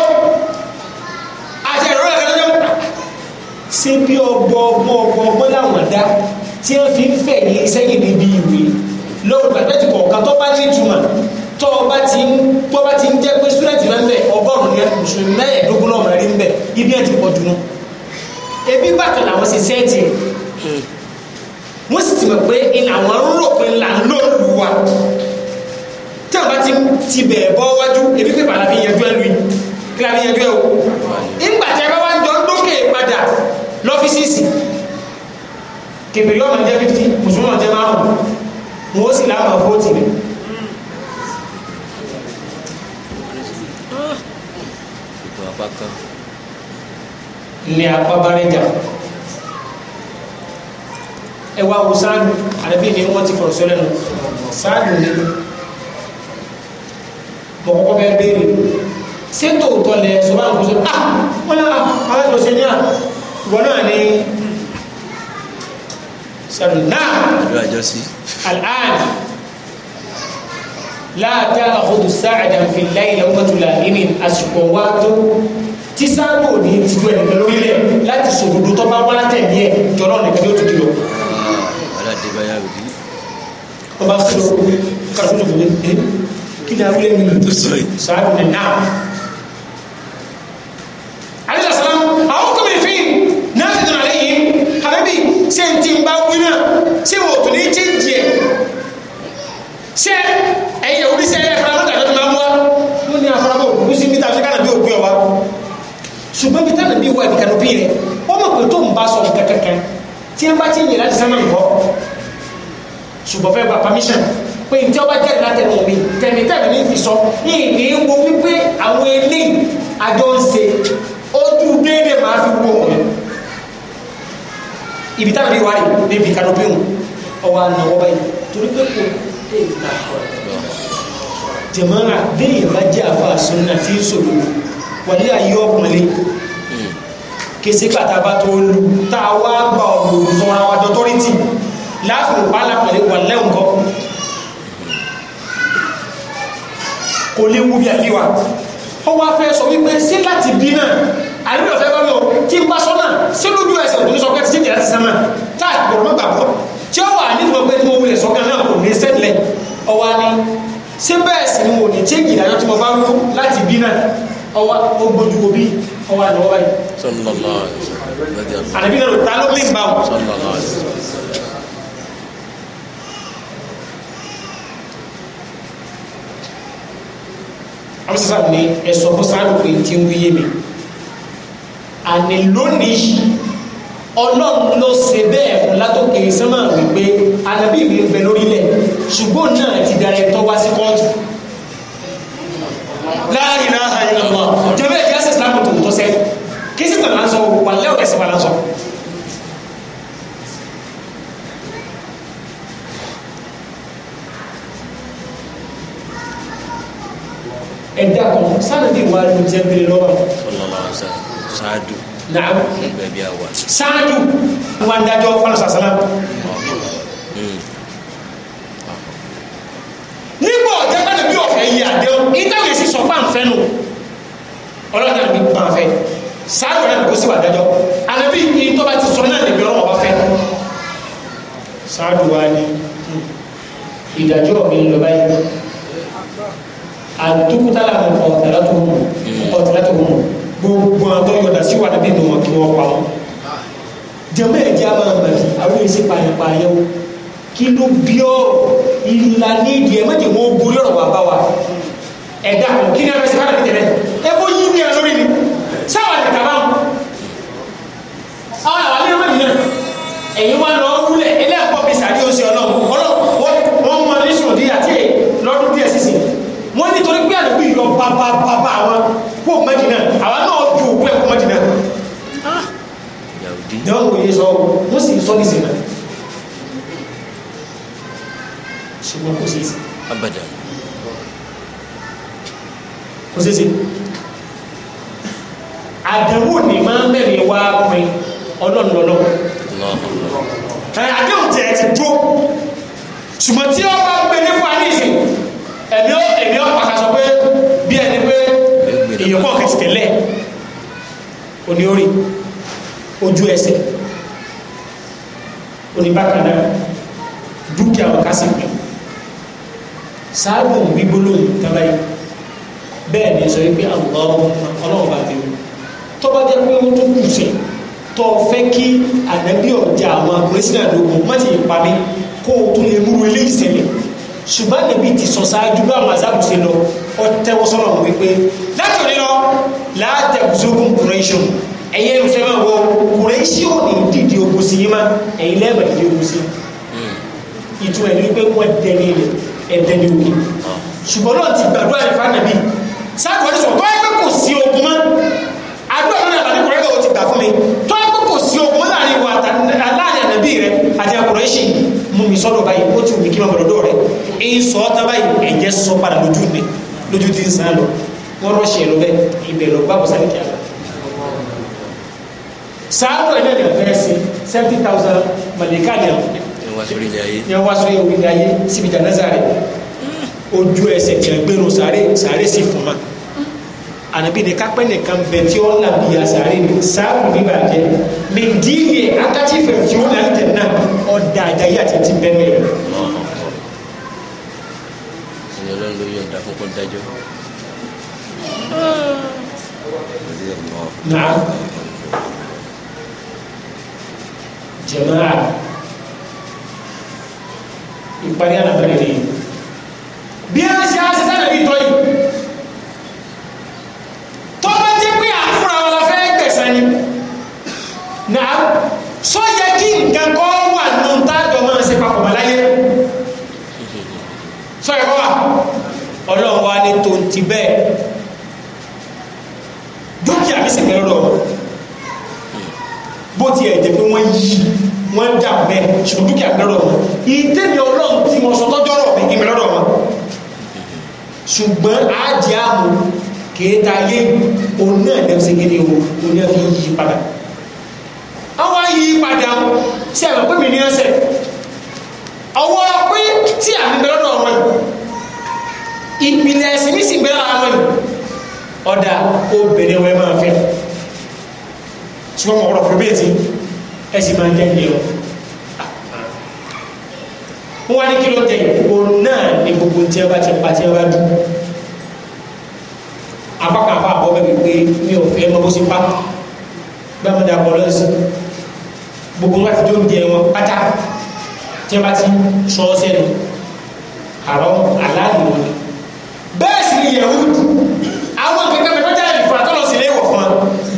Speaker 2: àti ẹ̀rọ rẹ̀ kẹ́lẹ́ yọ̀. ṣé bí ọgbọ ọgbọ ọgbọ ọgbọ làwọn dá tí wọn fi ń fẹ̀yìn sẹ́yìn níbi ìwé lọ́wọ́ gbàgbẹ́ ti kọ̀ọ̀kan tó bá ní ìtumọ̀ tọ́ ọba ti ń tọ́ ọba ti ń jẹ́ pé súrẹ́tì rẹ̀ ń bẹ̀ ọgọ́rùn-ún ni mùsùlùmí mẹ́ẹ̀ẹ́dógún náà rí ń bẹ̀ ibi ẹ̀ ti pọ̀ jù náà ebi bàtà làwọn ṣe sẹ́ẹ̀tì wọ́n sì ti mọ̀ pé ìlà àwọn ń rò pé ńlá ń lò lù wá tí àwọn bá ti ti bẹ̀ bọ́ wájú ebi pépà la fi yanjú ẹ lu yìí kí la fi yanjú ẹ o ìgbà tí a bá wá ń jọ lókè padà lọ́fíìsì kèbèrè ọmọ jẹ́ fifty mùsùlùmí ọmọ jẹ́ márùn-ún wọ́n sì láwọn fóòtì rẹ̀. apá kan ní apá bárẹ́jà ẹ wá wo sáàdù àdàbí ni wọ́n ti fọ̀rọ̀ sọ lẹ́nu sáàdù ni mo kọ́kọ́ bẹ́ẹ̀ béèrè ṣé tòótọ́ lẹ sọ máa ń kó sọ ah wọ́n lọ alájọ ṣe ní à ìwọ náà ni sáàdù náà àdúrà jọ sí àlàáyé láàtà àkóso sáàdà fi láì lọ́wọ́tò làmínì àsìkò wa tó tí sáàbò ní ti gbọ́ ẹ̀nìkan lórílẹ̀ láti sòdodo tó bá wá látẹ̀mí ẹ̀ jọ̀rọ̀ nìkan yóò dìde lọ. ọba sọ kàdúrà fún mi kí ni awúlẹ̀ mi tó sọ yìí. sáàbò ní náà. alisa salam àwọn kò mìíràn fíìn náà ti dùn àlẹ́ yìí àbẹ́bí ṣé n ti ń bá wí náà ṣé wò ó tó ní jẹ́ jẹ́ ẹ̀yẹ oríṣẹ́ ilé ẹ̀fọ́ lọ́dà lọ́dà máa ń wá ló ní afárabọ̀ òkú sí bí tàbí kánàbí òkú ọ̀wá ṣùgbọ́n bí tánàbí wà nìkan bí rẹ̀ ó mọ̀ pé tó ń bá sọ nǹkan kankan tí wọ́n bá ti yẹ̀ láti sẹ́mọ̀ nǹkọ́ ṣùgbọ́n fẹ́ gba permission pé ǹjẹ́ ọba jẹ́ ìlànà tẹ̀lé mi tẹ̀mí tẹ̀mí ní ìfisọ́ ìní wo wípé àwọn eléyìí àjọ ń ṣe ojú déédéé máa fi wọ wọn ibi tánàbí wà rè níbi kanopi wọn ọwọ́ àná wọ́n báyìí torí pé kò jẹ̀mọ́ra déyìn bá jẹ́ àfa sunna tí ń sòrò wọlé ayé ọkùnrin kèsì pàtàkì tó lu tá a wá gba ọ̀rọ̀ fúnra wa dọ́tọ́rìtì láàfin pàálà pẹ̀lú wà lẹ́ǹkọ́ kò lè wú bí àbí wa ó wá fẹ́ sọ wípé sí láti bí náà àríwá fẹ́ bá mi ò kí n bá sọ náà sí lójú o òtún sọ pé ti ṣe jẹ́ láti sẹ́mà táà gbọ̀rọ̀ mọ́gbàgbọ́ tí ó wà nítorí pé tí mo wulẹ̀ sọ gan náà kò ní sẹ́ni ọwọ́ ni ṣé bẹ́ẹ̀ sì ni wọ́n ní chéńjì ìdájọ́ tí mo bá mú láti bí náà ọwọ́ ó gbójú wo bí ọwọ́ àná ọwọ́ yìí.
Speaker 1: àdàbí náà ta ló mí bá wọn.
Speaker 2: amsasa ni ẹsọ fún sáà ló pé tí ń wíyé mi àní lónìí ọlọ́run ló ṣe bẹ́ẹ̀ fún látòkè sánmà wípé alábí mi ń bẹ lórílẹ̀ ṣùgbọ́n náà ti darẹ̀ tọ́ wá sí kóòtù láàrin náà hàn yín lọ́wọ́ jẹ́bẹ́ ìjà ṣe ìsìlámù tó ń tọ́sẹ́ kí sì tàn lásán
Speaker 1: wà lẹ́wọ̀ ẹ̀sìn wà lásán.
Speaker 2: ẹ̀dá kan sáà ní ìwà ló jẹ́ bèrè lọ́wọ́. ṣáàdù naam ṣáájú wọn dájọ́ fọlọ́sàsálà nígbà ọ̀jẹ́ bá nàbí ọ̀fẹ́ yìí àdéhùn ìtàwé sì sọ pàǹfẹ́ nù ọlọ́dà nàbí pàǹfẹ́ ṣáájú náà kò sí wà dájọ́ ànábì yìí tó bá ti sọ náà nàbí ọlọ́wọ́ bá fẹ́ ṣáájú wa ni ìdájọ́ mi ń lọ báyìí àdúgbò tálà mọ̀ ọ̀tẹ̀lẹ́tò mọ̀ ọ̀tẹ̀lẹ́tò mọ̀ gbogbo àtọ́ yọ̀dà sí wà níbi ìnùwọ̀n kí wọ́n pa wọn jẹ́mọ́ ẹ̀jẹ̀ a máa gbàdì àwọn èsì pààyàn o kí ló bí ọ̀rọ̀ ìlà ní ìdí ẹ̀ mọ́jẹ̀ wọ́n gorí ọ̀rọ̀ wà bá wa ẹ̀dá kan kí ní ẹ̀rọ ìsìnkú àti tẹ̀lẹ̀ ẹ kó yí ní ẹ̀rọ ìlú sáwọn àtàtà bá wọn àwọn àwọn àlẹ́ ẹ̀yìn pápápápá àwọn kó mẹ́jìnà àwọn náà ju òkú ẹ̀kú mẹ́jìnà ah. ìjọba kò yé sọ wọ́n sì sọ nìsín Abada. ṣùgbọ́n kò sí abẹ́dẹ̀ kò sí sí àdẹ̀wò ní máa mẹ́rin wá pin ọlọ́nlọ́lọ́ àdéhùn tẹ̀ ẹ̀ ti dúró ṣùgbọ́n tí ó bá gbé ní fún àníṣe ẹ̀mí ó pàkà sọ pé èèyàn kọ́ kẹsì tẹ́lẹ̀ òní orí ojú ẹsẹ̀ òní bákan náà dúkìá ọ̀ká sì pín sáàbùn gbígbólóhùn tábà yìí bẹ́ẹ̀ ni sọ wípé àwọn ọlọ́run bá tẹ̀wé tó bá jẹ́ pé wọ́n tó kù sí tó fẹ́ kí ànábì ọ̀jà àwọn akọ̀rẹ́sìn àdógún má ti pa mí kó o tún ṣùgbọ́n níbi ti sọ ṣáájú bá mazabu ṣe lọ ọ tẹ́wọ́ sọ́nà wípé láti òní lọ látẹ̀kùsógún kùrẹ́ṣùn ẹ̀yẹ ìrúfẹ́ máa wọ kùrẹ́ṣì ò ní dìde ogun sí yín má ẹ̀yìn lẹ́ẹ̀mà dìde ogun sí ìtumọ̀ ẹ̀dùn wípé wọ́n dẹni ilẹ̀ ẹ̀dẹni òkè ṣùgbọ́n náà ti gbàdúrà nípa nàbí sákòóní sọ tọ́yẹ́ pé mú mi sọ́dọ̀ báyìí ti wù mí kí wọ́n bọ̀dọ̀ rẹ̀ èyí sọ ọ́ tán báyìí ẹ̀jẹ̀ sọ padà lójú ni lójú ti ń sàn lọ wọ́n rọ́ṣẹ̀ lọ bẹ́ẹ̀ ibẹ̀ lọ gbá bọ̀sálì kí a lọ. sáárò ẹ̀ lẹ́nu ẹ̀fẹ́ seventy thousand màlẹ́ká ni àwọn. ni wọ́n wá sórí orí ayé síbi jàǹdà sáré ojú ẹsẹ̀ jẹ̀ gbẹ́nu sáré sáré sì fún wa ànábì ní kápẹ́ nìkan bẹ tí ó là bí àsáré ní sáàmù ní bàjẹ́ mi díìlì akátìfẹ̀ tí ó là ń tẹ̀ náà ọ̀dà àdáyé àti ti bẹ́ẹ̀
Speaker 1: mẹ́rin. ẹni ọlọ́run ló yọ
Speaker 2: ìparí àlàbẹ̀rẹ̀ ni bí a ṣe ṣe sáré bí tọ́ sọ́yẹ kí nǹkan kọ́ wà nù tájọ máa ṣe papọ̀ mọ́ láyé sọ́yẹ kọ́ wà ọlọ́run wa ní tó ń ti bẹ́ẹ̀ dúkìá mi sì bẹ̀rẹ̀ rọ̀ bó ti ẹ̀jẹ̀ pé wọ́n yí wọ́n dà mẹ́ ṣùgbọ́n dúkìá bẹ̀rẹ̀ rọ̀ ìtẹ́mi ọlọ́run tí mo sọ tọ́jọ́ rọ̀ mi ìmìlẹ̀ rọ̀ wọn ṣùgbọ́n àjẹ́ àmú kèéta yé òun náà lẹ́sẹ̀ gẹ́gẹ́ o òun náà fi yí padà yí padà o sí àwọn pé mi ní ẹsẹ̀ ọwọ́ pé tí àmì bẹ̀rẹ̀ lọ́dọ̀ wọn ìpìlẹ̀ ẹ̀sìn mi sì bẹ̀rẹ̀ ara wọn ọ̀dà obìnrin wọn máa fẹ́ ṣùgbọ́n ọ̀rọ̀ fún bẹ́ẹ̀ tí ẹ sì máa jẹ́ ìyẹn o wọ́n wá ní kí ló tẹ̀ òun náà ni gbogbo tí ẹ bá ti pa tí ẹ bá dùn apá kan àfa àbọ̀ bẹ́ẹ̀ pé mi ò fẹ́ mọ́ bó ṣe pa gbàmọ́dà kọ́ lọ́sìn gbogbo wọn ti jó ń jẹ wọn pátá tí wọn bá ti sọ ọ sẹnu àrọ aláàlú wọn ni. bẹ́ẹ̀ sì ni yahud
Speaker 1: àwọn kankan mẹ́fà jáde lè fura tọ́lọ̀ sí ilé ìwọ̀
Speaker 2: fún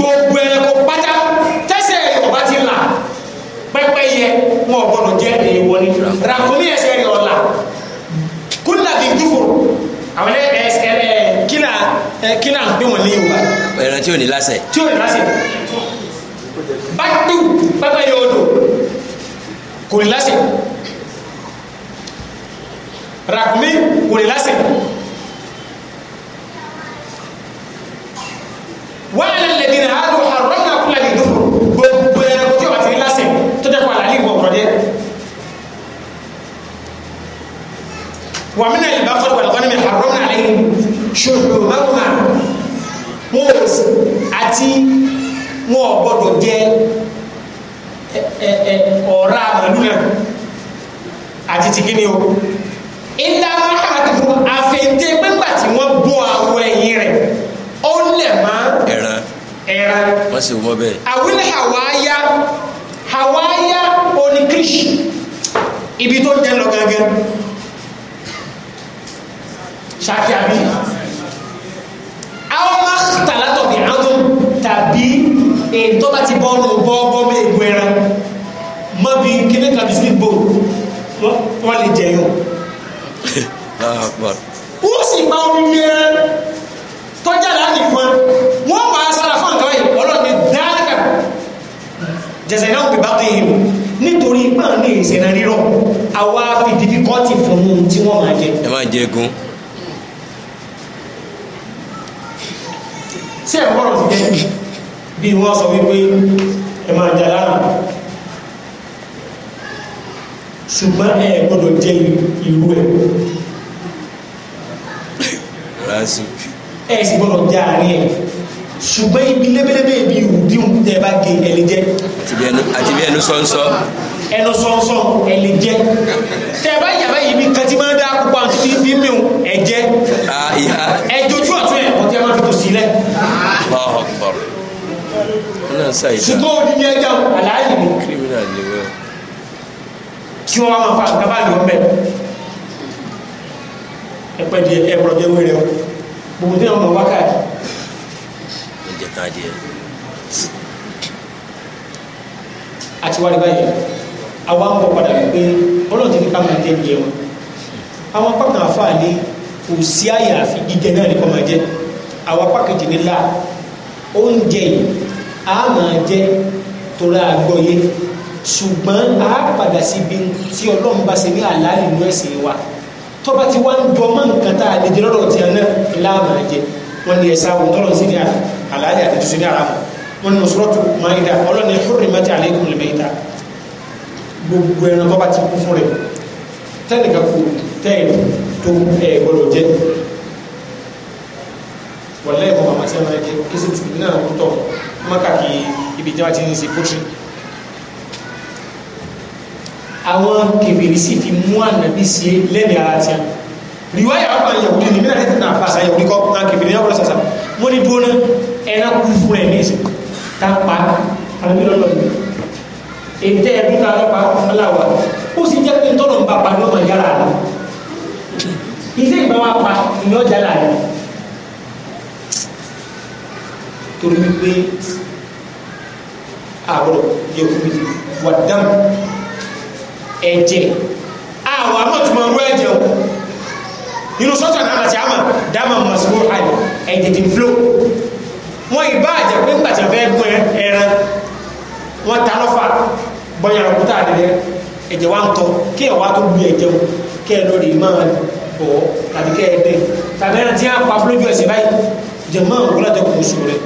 Speaker 2: wọn gbogbo ẹranko pátá tẹ́sẹ̀ ọba ti là pẹ́pẹ́ yẹ wọn ò gbọ́dọ̀ jẹ́ èyí wọlé ràkúnmí ẹsẹ̀ rẹ̀ ọ̀la kúlà fi dúfò àwọn ẹ ẹ ẹ kílà kílà ń pè wọn ní
Speaker 1: ẹran tí ò ní láṣẹ. tí ò ní láṣẹ
Speaker 2: bátú pápá yóò dò kò ní lásì ràkúnmí kò ní lásì wàhálà lẹ́dínà àdó àrọ́nà kúlà ní dúró gbogbo ẹ̀rọ tí wọ́n ti lásì tó jẹ́ kó àlàyé ìwọ̀n kọ̀dẹ́ wàmínà ìbáfọ́dọ̀ wà lọ́nà mi àrọ́nà àlẹ́ ṣòro báwọn máa àti wọn ò gbọdọ̀ jẹ ọ̀rá màlúù náà àti ti kíni o ilá mahamadu fún àfẹ̀ǹtẹ pẹ́pà tí wọ́n bọ́ awọ ẹ̀yìn rẹ̀ ó lẹ̀ mọ́ ẹ̀ràn ẹ̀ràn
Speaker 1: wọ́n sì wọ́ bẹ́ẹ̀.
Speaker 2: àwílẹ̀ hawaya hawaya onikrish ibi tó jẹ́ lọ gángan ṣáàkì àbí àwọn máa tàlátọ̀ bí àwọn tàbí èyí tó bá ti bọ́ọ̀nù bọ́ọ̀bọ́ mẹ́ ègbò ẹran mọ́ bí kíní kan bí sí gbò wọ́n lè jẹyọ. ó [LAUGHS] sì máa ń mú ẹran tọ́jà láti
Speaker 1: fún ẹ wọ́n wàá sára fún nǹkan yìí ọlọ́ọ̀ni dáadáa
Speaker 2: jẹ̀sẹ̀ náà bí bá tó yìí nítorí ipá ní ìṣẹ̀nà rírọ̀ àwa fi dìfíkọ́tì fún un tí wọ́n máa jẹ.
Speaker 1: ẹ máa jẹ egun.
Speaker 2: sí ẹ̀kọ́ ọ̀rọ̀ ti bí wọ́n sọ wípé ẹ máa jà lára ṣùgbọ́n ẹ gbọ́dọ̀ jẹ́ irú ẹ̀ ẹ sì gbọ́dọ̀ jẹ́ àárín ẹ̀ ṣùgbọ́n ibi lébélébé ibi ìrùdíhùn tẹ́ ẹ bá gé ẹ lè jẹ́ àti bí ẹnu sọ́nsọ́ ẹnu sọ́nsọ́ ẹ lè jẹ́
Speaker 1: tẹ́ ẹ bá yàrá yìí bí kẹtí máa dá púpọ̀ àti tí
Speaker 2: fi mìíràn ẹ jẹ́
Speaker 1: ah, ẹ jojú ọ̀tún ẹ̀ ọ̀tí ẹ máa fi tò sílẹ̀
Speaker 2: náà ṣàìdá ṣùgbọ́n òdìdí ẹja aláàjì ni
Speaker 1: kírímìnà ni wọ́n
Speaker 2: kí wọ́n máa fa nǹkan báyìí wọ́n bẹ̀ ẹ̀pẹ́ di ẹ̀pọ̀ jẹ́ wẹ́rẹ́ o gbogbo tí wọ́n mọ̀ wákàtí.
Speaker 1: ẹ jẹ ká díẹ̀. a ti wá rí báyìí
Speaker 2: àwa ń bọ̀ padà wípé ọlọ́run ti fi ká máa jẹ́ ìjẹ wọn àwọn apá kan àfa ni kò sí àyàfi jíjẹ náà ní kọ́ máa jẹ àwọn apá kejì ní là oúnjẹ yìí a máa jẹ́ tora àgbọ̀yé ṣùgbọ́n a padà síbi tí ọlọ́run bá ṣe ní àlàyé inú ẹ̀sìn wa tọ́ba ti wá ń bọ mọ́ nǹkan tá a lè jẹ lọ́dọ̀ tí a náà láàmà jẹ wọn ni ẹ̀sà àwọn tọ́lọ̀ sí ní àlàyé àti tùsí ní àràmù wọn ni sọ́ọ̀tù Maida ọlọ́ni hurrimat alaykum al-mayta gbogbo ẹran tọ́ba ti kú fún rẹ̀ tẹ́nìkan kú tẹ́yìn tó ẹ̀ gbọ́dọ̀ jẹ́ wọ́n lẹ́yìn màmá tí a jẹ kí mọ́kà kí ibi tí wọ́n ti ń ṣe pọ́tírì àwọn kèbèrè sì fi mú ànàbí sí lẹ́mìí ara tiẹ̀ riwaya ọgbà yahudi ni mílẹ̀ tẹ́tẹ́ náà fàṣà yahudi kọ́ náà kèbèrè náà wọ́n sàṣà wọ́n ní dúró náà ẹran kú fún ẹ̀ ní ìsìn tá a pa ànàbí lọ́lọ́ yìí ètè ẹ̀dún tá a lọ́pa ó sì jẹ́ pé tọ́lọ̀ ń bá pa ní ọmọ ìyára rẹ̀ ìdí ìgbà wa pa ìyọ́jà láàrin torí wípé àwọ̀rọ̀ yẹ fún mi wà dáhùn ẹ̀jẹ̀ àwọn amọ̀túnmọ̀ ọ̀rọ̀ ẹ̀jẹ̀ o nínú sọ́tọ̀ náà àti àmà dáàmà mọ̀síwò àìmọ̀ ẹ̀jẹ̀ ti flow wọ́n ìbá àjẹ́ pé ńgbàjà fẹ́ gún ẹran wọ́n ta lọ́fà gbọ́nyà òkúta àdìrẹ́ ẹ̀jẹ̀ wa ń tọ́ kí ẹ̀wà tó gbé ẹ̀jẹ̀ o kí ẹ̀ lórí máa bọ̀ tàbí kẹ́ ẹ̀ dẹ̀ tàbí ẹ̀ràn tí a pa lójú ẹ̀sẹ̀ báyìí jẹ̀ máa wọ́n kò sùn rẹ̀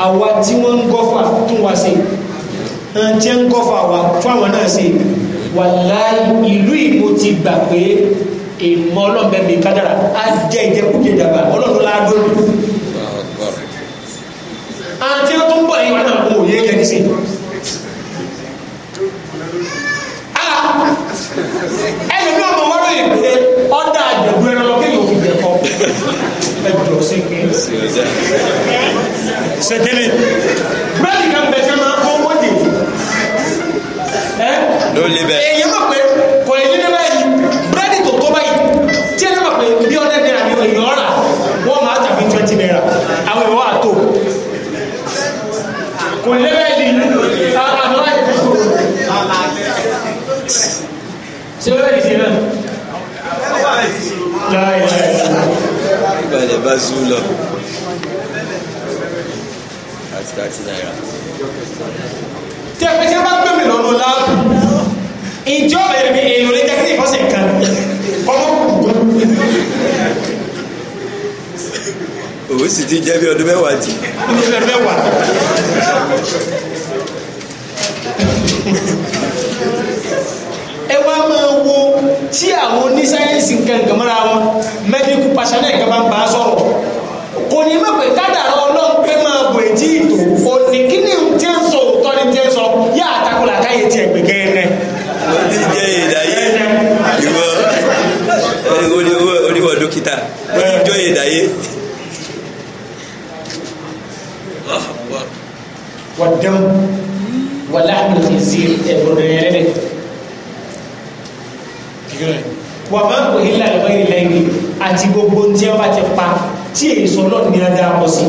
Speaker 2: àwa tí wọ́n ń gọ́fà tún wa ṣe ẹn tí ń gọ́fà wa tún àwọn náà ṣe wàláhì ìlú ìbò ti gbà pé èèmọ̀ ọlọ́mọbẹ̀ mi kádàrà á jẹ́ ìjẹkújẹ dàgbà ọlọ́run láàdó lù
Speaker 1: àti tó ń bọ̀ yìí wọn náà kò yé yẹn ní sí
Speaker 2: ẹni ní ọmọ wọ́n lóye pé ọ̀dà àjọ̀dún ẹran lọ kéèyàn òfin jẹ̀kọ́
Speaker 1: ẹjọ́ sí pé kisɛ kelen
Speaker 2: bɛɛ ka bɛn caman ko ko ten
Speaker 1: ɛ n'olu bɛ ɛ
Speaker 2: yamma pe kɔlɛ yi ne b'a ye bɛrɛdi tó tó b'a ye tiɲɛ ne ma pe bi ɔdɛ bɛ yan nin yɔrɔ la wɔn ma ta fi twenty naira awɔ wɔn a to kɔlɛ bɛ di a a nɔra yi ko sɛbɛn yi sɛbɛn.
Speaker 1: Bale basu lọ thirty naira.
Speaker 2: tí ẹ pèsè bá gbẹ̀mí lọ́nu láàbù ìjọ bẹ̀rẹ̀ mi èèyàn lè jẹ́ kí ní ìfọ́sẹ̀ kan ọmọ kùkù.
Speaker 1: òun sì ti jẹ́ bí ọdún mẹ́wàá jì. ọdún mẹ́wàá.
Speaker 2: ẹ wá máa wo tí àwọn oníṣáyẹ́nsì nǹkan nǹkan mọ́ra wọn mẹ́díkù pàṣẹ náà ìkàbá ń bá a sọ̀rọ̀ kò ní mọ̀ pé ká. dókítà mo ti jọ ìdáyé. wàdán wàláhùn ìzí ẹ̀bùrọ̀ yẹn lẹ́lẹ̀ wà máa ń kò ilé àlọ́ ilẹ̀ ìwé àti gbogbo tí wọ́n bá ti pa tí èso náà ní adá pọ̀ sí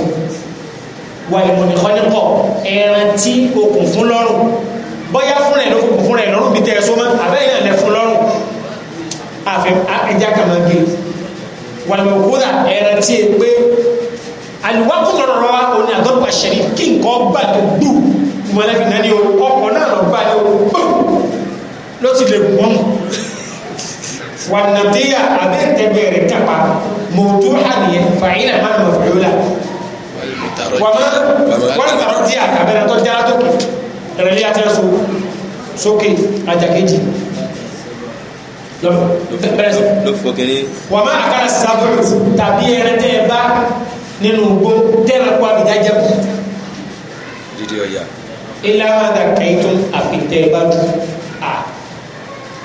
Speaker 2: wà ìmọ̀nìkọ́nìkọ̀ ẹran tí okùn fún lọ́rùn bọ́yá fún ẹ̀ ló fún okùn fún ẹ̀ lọ́rùn bí tẹ̀ ẹ̀ sọ́mọ́ àbẹ́yìn àlẹ́ fún lọ́rùn àfẹ́ ẹja kàmáńgé wàlúwòkúdà ẹran tí e pé àlùwákùnrọ̀rọ̀ wa òun ni àdọ́gba ṣẹ̀rí kí nǹkan gbà tó gbù mọ̀lẹ́bí náà ni o ọkọ̀ náà lọ gbà ní o gbù ló ti lè wọ́n mu wànàdíyà àbí ìtẹ́gbẹ́ rẹ̀ kápá mọ̀tò àníyẹ fàyínà máa mọ̀ fẹ́ yóla
Speaker 1: wọ́n ní díà àbẹ̀rẹ̀ tó jára
Speaker 2: tó kù ẹ̀rẹ̀lẹ́ àti sókè àjàkejì
Speaker 1: ló fọ kiri. wà á má a kára sábà tàbí ẹrẹ tẹ ẹ bá
Speaker 2: nínú gbó tẹ́lá kó àbídá jẹ kù. dídí ọ̀yà. ilé àwọn àgbà kẹ́yìn tó àfitẹ́ ẹ bá dùn à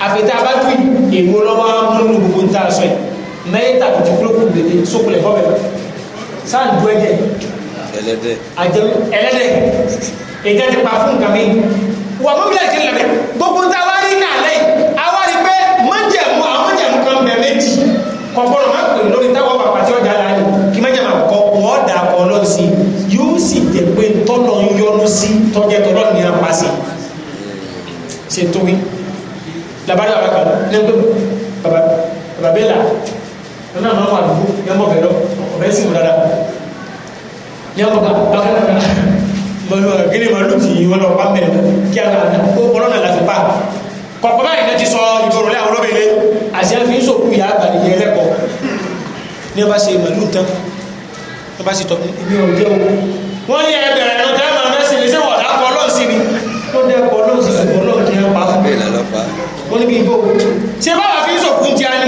Speaker 2: àfitẹ́ ẹ bá dùn yìí èwo lọ́wọ́ amúnú gbogbo ń tà sọ yìí mẹ́yìn tàbí dùkúrò kù lè dé sókulẹ̀ fọ́ bẹ́ẹ̀ sáà ń dún ẹ̀jẹ̀. ẹlẹ́dẹ̀. àjẹm ẹlẹ́dẹ̀ ètò ẹ̀ ti pa fún nǹkan mi wà mọ́bílẹ̀ ti lẹ̀ gbogbo ń tà ọ̀gbọ́dọ̀ má pè lórí táwọn bàbá tí ọjà láàyè kí má jàmà kọ wọ́n dà kọ́ lọ sí yóò sì jẹ́ pé tọ́lọ̀ ń yọnu sí tọ́jẹ́ tọ́lọ̀ ní apá sí ṣe tó wí labarí àwọn kan ní pé bàbá bàbá bẹ́ẹ̀ là nínú àwọn ọmọ àdúgbò ní ọmọ bẹ̀rẹ̀ ọ̀bẹ̀ sì mú dáadáa ní ọmọ bàbá bàbá bàbá mọ̀lúwà gíní màlúù tì í wọ́n lọ pa mẹ́rin kí a kà ó kọ́lọ́nà láti pa kọ̀pọ̀ báyìí náà ti sọ ìgbòrò lẹ́yìn olóbìnrin àti ẹ̀ fi ń sòkú ìyá àgbà nìyẹn lẹ́kọ̀ọ́ ní ọba ṣe màlúù tán ọba ṣe tọ́kùn ibi ọ̀jẹ́ owó wọ́n ní ẹbẹ̀rẹ̀ lọ tẹ́ màá mẹ́sì ní sẹ́wọ̀n ọ̀dà kọ́ ọlọ́run sí ni ó dẹ́ kọ́ ọlọ́run sí ṣùgbọ́n ọlọ́run
Speaker 1: ti pa fún mi
Speaker 2: wọ́n ní bí ibo ṣe bá wà fi ń sòkú ti ani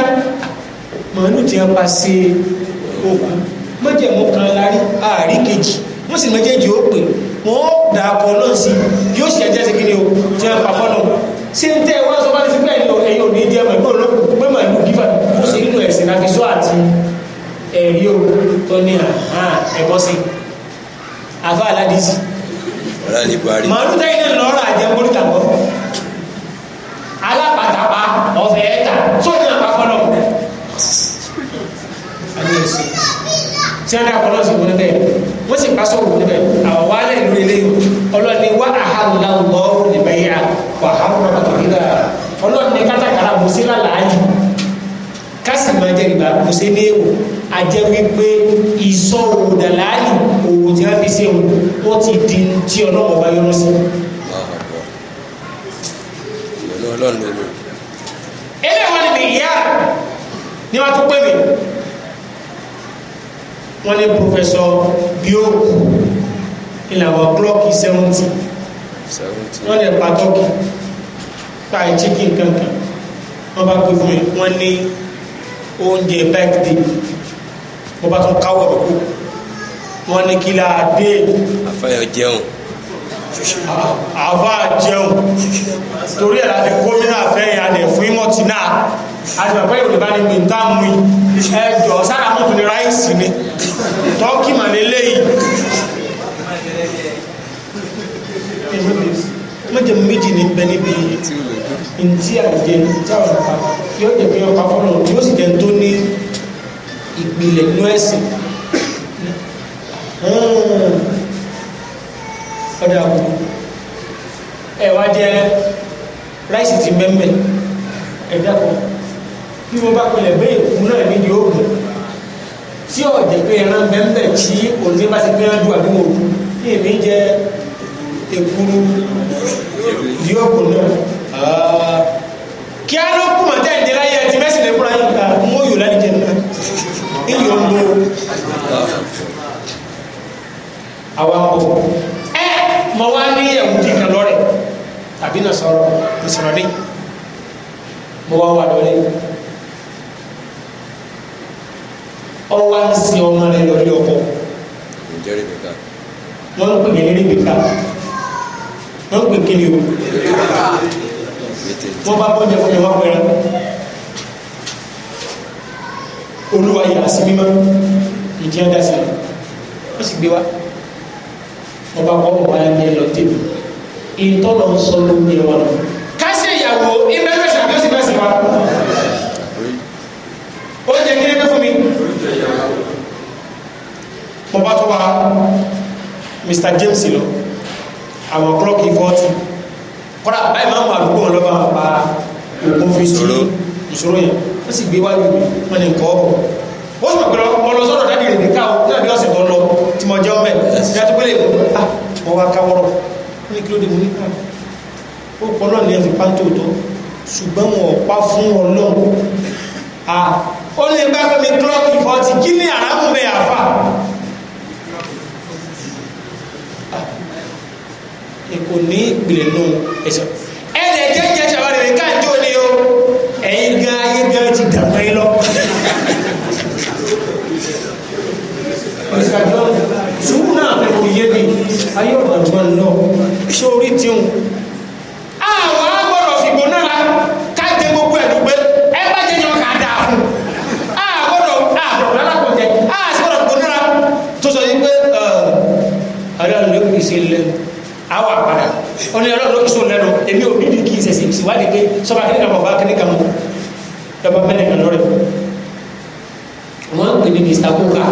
Speaker 2: màlúù ti pa sí okùn mọ́jẹ̀mú kan lárí àárí kejì wọ́n sì méjèèjì ó pè wọ́n dà kọ́ ọlọ́run sí yóò ṣẹ̀jẹ̀ sí kí ni o ti pa fọ́lọ́run ṣé ń tẹ́ wá sọ bá ti pẹ́ ẹ̀yìn ẹ̀yìn òní jẹ́ mọ̀ ìgbọ́n lọ́kùn pé màá lù gífà kó ṣe nínú ẹ̀sìn láti sọ àti ẹ̀rí o tó ní ẹ̀kọ́ sí àfa aládìsí.
Speaker 1: màálù táyì náà lọ́rọ̀ àjẹ
Speaker 2: mórítà kọ́ alápàtàpá ọ̀fẹ́ ẹ̀ta tó ní àpá fọ́nà tí a dá àpọ̀lọ́ sí ìwọ̀n bẹ́ẹ̀ wọ́n sì bá sọ̀rọ̀ ìwọ̀n bẹ́ẹ̀ àwọn wàhálà ìlú ọlọ́run ní kátàkárà kò sí lálàájú kásì máa jẹ ìgbà kò sí ní èèwọ̀ àjẹ́ wípé ìsọ òòdà láàyè òwò tí wọ́n fi ṣe òun ó ti di tí ọlọ́run ọba yọ́nú sí. ilé wọn ni ìyá ni wọ́n tún pè mí wọ́n ní pòfẹ́sọ̀ bíókù ìlànà clock seventy wọ́n lè pa pa ẹtí kí nǹkan kan wọ́n bá gbé fún mi wọ́n ní oúnjẹ bẹ́ẹ̀kì wọ́n bá tún káwọ̀ rẹ̀ kú wọ́n ní kí la dé. àfàyọ jẹun. àfa jẹun
Speaker 1: torí ẹ̀ láti gómìnà àfẹ́yìn adẹ̀ fún ìmọ̀tì náà
Speaker 2: àti bàbá yìí ò lè bá ní gbìntà mú i ẹ jọ sára mọ́tò ní ráìsì ni
Speaker 1: tọ́kì mà lé léyìí.
Speaker 2: méje méjì ní bẹ níbi ntí àjẹ ntí àwọn ọ̀pá yóò jẹ́ pé ọ̀pá fọ́nà tí ó sì jẹ́ tó ní ìpìlẹ̀ inú ẹ̀sìn ọ̀dà kù ẹ wá jẹ ráìsì ti mẹ́mẹ́ ẹ̀dá kan bí mo bá pẹlẹ̀ bẹ́ẹ̀ kú náà ní yóò gùn tí ọ̀jẹ̀ pé ẹran mẹ́mẹ́ tí òní bá ti pé ẹran dùn àdúgbò èmi jẹ èkuru yóò gùn náà kí á ló kùmọ̀ tẹ́
Speaker 1: ìdí láyé ẹ ti mẹ́sìn lè fúnra yín gbà ń ó yò láyé jẹ nǹkan ń yọ ń
Speaker 2: bó àwa ń bó ẹ mọ wá ní ẹ̀wù dì kan lọ́rẹ̀ tàbí nà sọ̀rọ̀ ìsọ̀rọ̀dé mo wá wà lọ́rẹ̀ ọwọ́ ń sin ọmọ rẹ lórí ọkọ̀ wọ́n ń pè mí ní rìbìkà wọ́n ń pè kí ni o wọ́n bá bọ́ jẹ̀fọ́ yẹn wá pẹ́ra olúwa yà sí mímọ́ ìdí ẹ̀dá sí i wọ́n sì gbé wa wọ́n bá kọ́ ọ̀pá ẹni ẹ̀ lọ tèmi ìtọ́nà ń sọ ló ń yẹ wọn lọ. kásì ìyàwó ibẹ̀ ló ṣàbí ó sì bẹ́ẹ̀ sì wá. ó jẹ kí ẹgbẹ́ fún mi. mo bá tó wa Mr James lọ àwọn kúlọ́ọ̀kì fọ́ọ̀tì kọ́ra báyìí máa ń wà lóko wọn lọ́ba pa òkú fi sí ìṣòro yẹn wọ́n sì gbé wájú wọn ni nǹkan ọ̀bọ̀ ó sì pẹ̀lú ọlọ́sọ̀rọ̀ dáàbì rẹ̀ nìka o náà bí ọ̀sẹ̀ tó lọ tí mo jẹ́ ọmọ ẹ̀ ní atúpẹ́lẹ̀ ah mo wá káwọ́rọ̀ ní kí ló dé mo ní ká ah, ó pọ̀ náà ní ẹ̀fìn pàǹtó tó ṣùgbọ́n wọn ò pa fún ọlọ́run ah ó ní gbàgbé mi kílọ̀kì fọ́ọ̀tì kí ni àràmù bẹ́ẹ̀ àfà kò ní ìpìlẹ̀ nù ẹ̀sẹ̀ ẹ̀rẹ̀ jẹ́jẹ́ ṣàwọn èrè káàjó ni o ẹ̀yin gan ayé bí wọ́n ti dàgbà yín lọ. ìṣàjọ sùúrù náà kò yé mi ayé ọ̀nà àgbọn lọ sórí tíun àwọn agbọ́dọ̀ fìgbò náà káàdé gbogbo ẹ̀ dùgbẹ́ ẹ bá jẹ́ yan kàdá fún
Speaker 1: àgbọ̀dọ̀ àgbọ̀dọ̀ alákọ̀jẹ́
Speaker 2: àgbọ̀dọ̀ gbogbo náà tó sọ yín pé ààrẹ àwa padà ọ̀nà ọlọ́run ló kí sóun lẹ́nu èmi ò nídìí kì í ṣẹ̀ṣẹ̀ ìṣèwádìí pé sọ́ba kí ní kàmọ́ bá kí ní kàmọ́ lọ́ba mẹ́lẹ̀ kan lọ́rẹ̀ wọ́n ń pè ní mr coca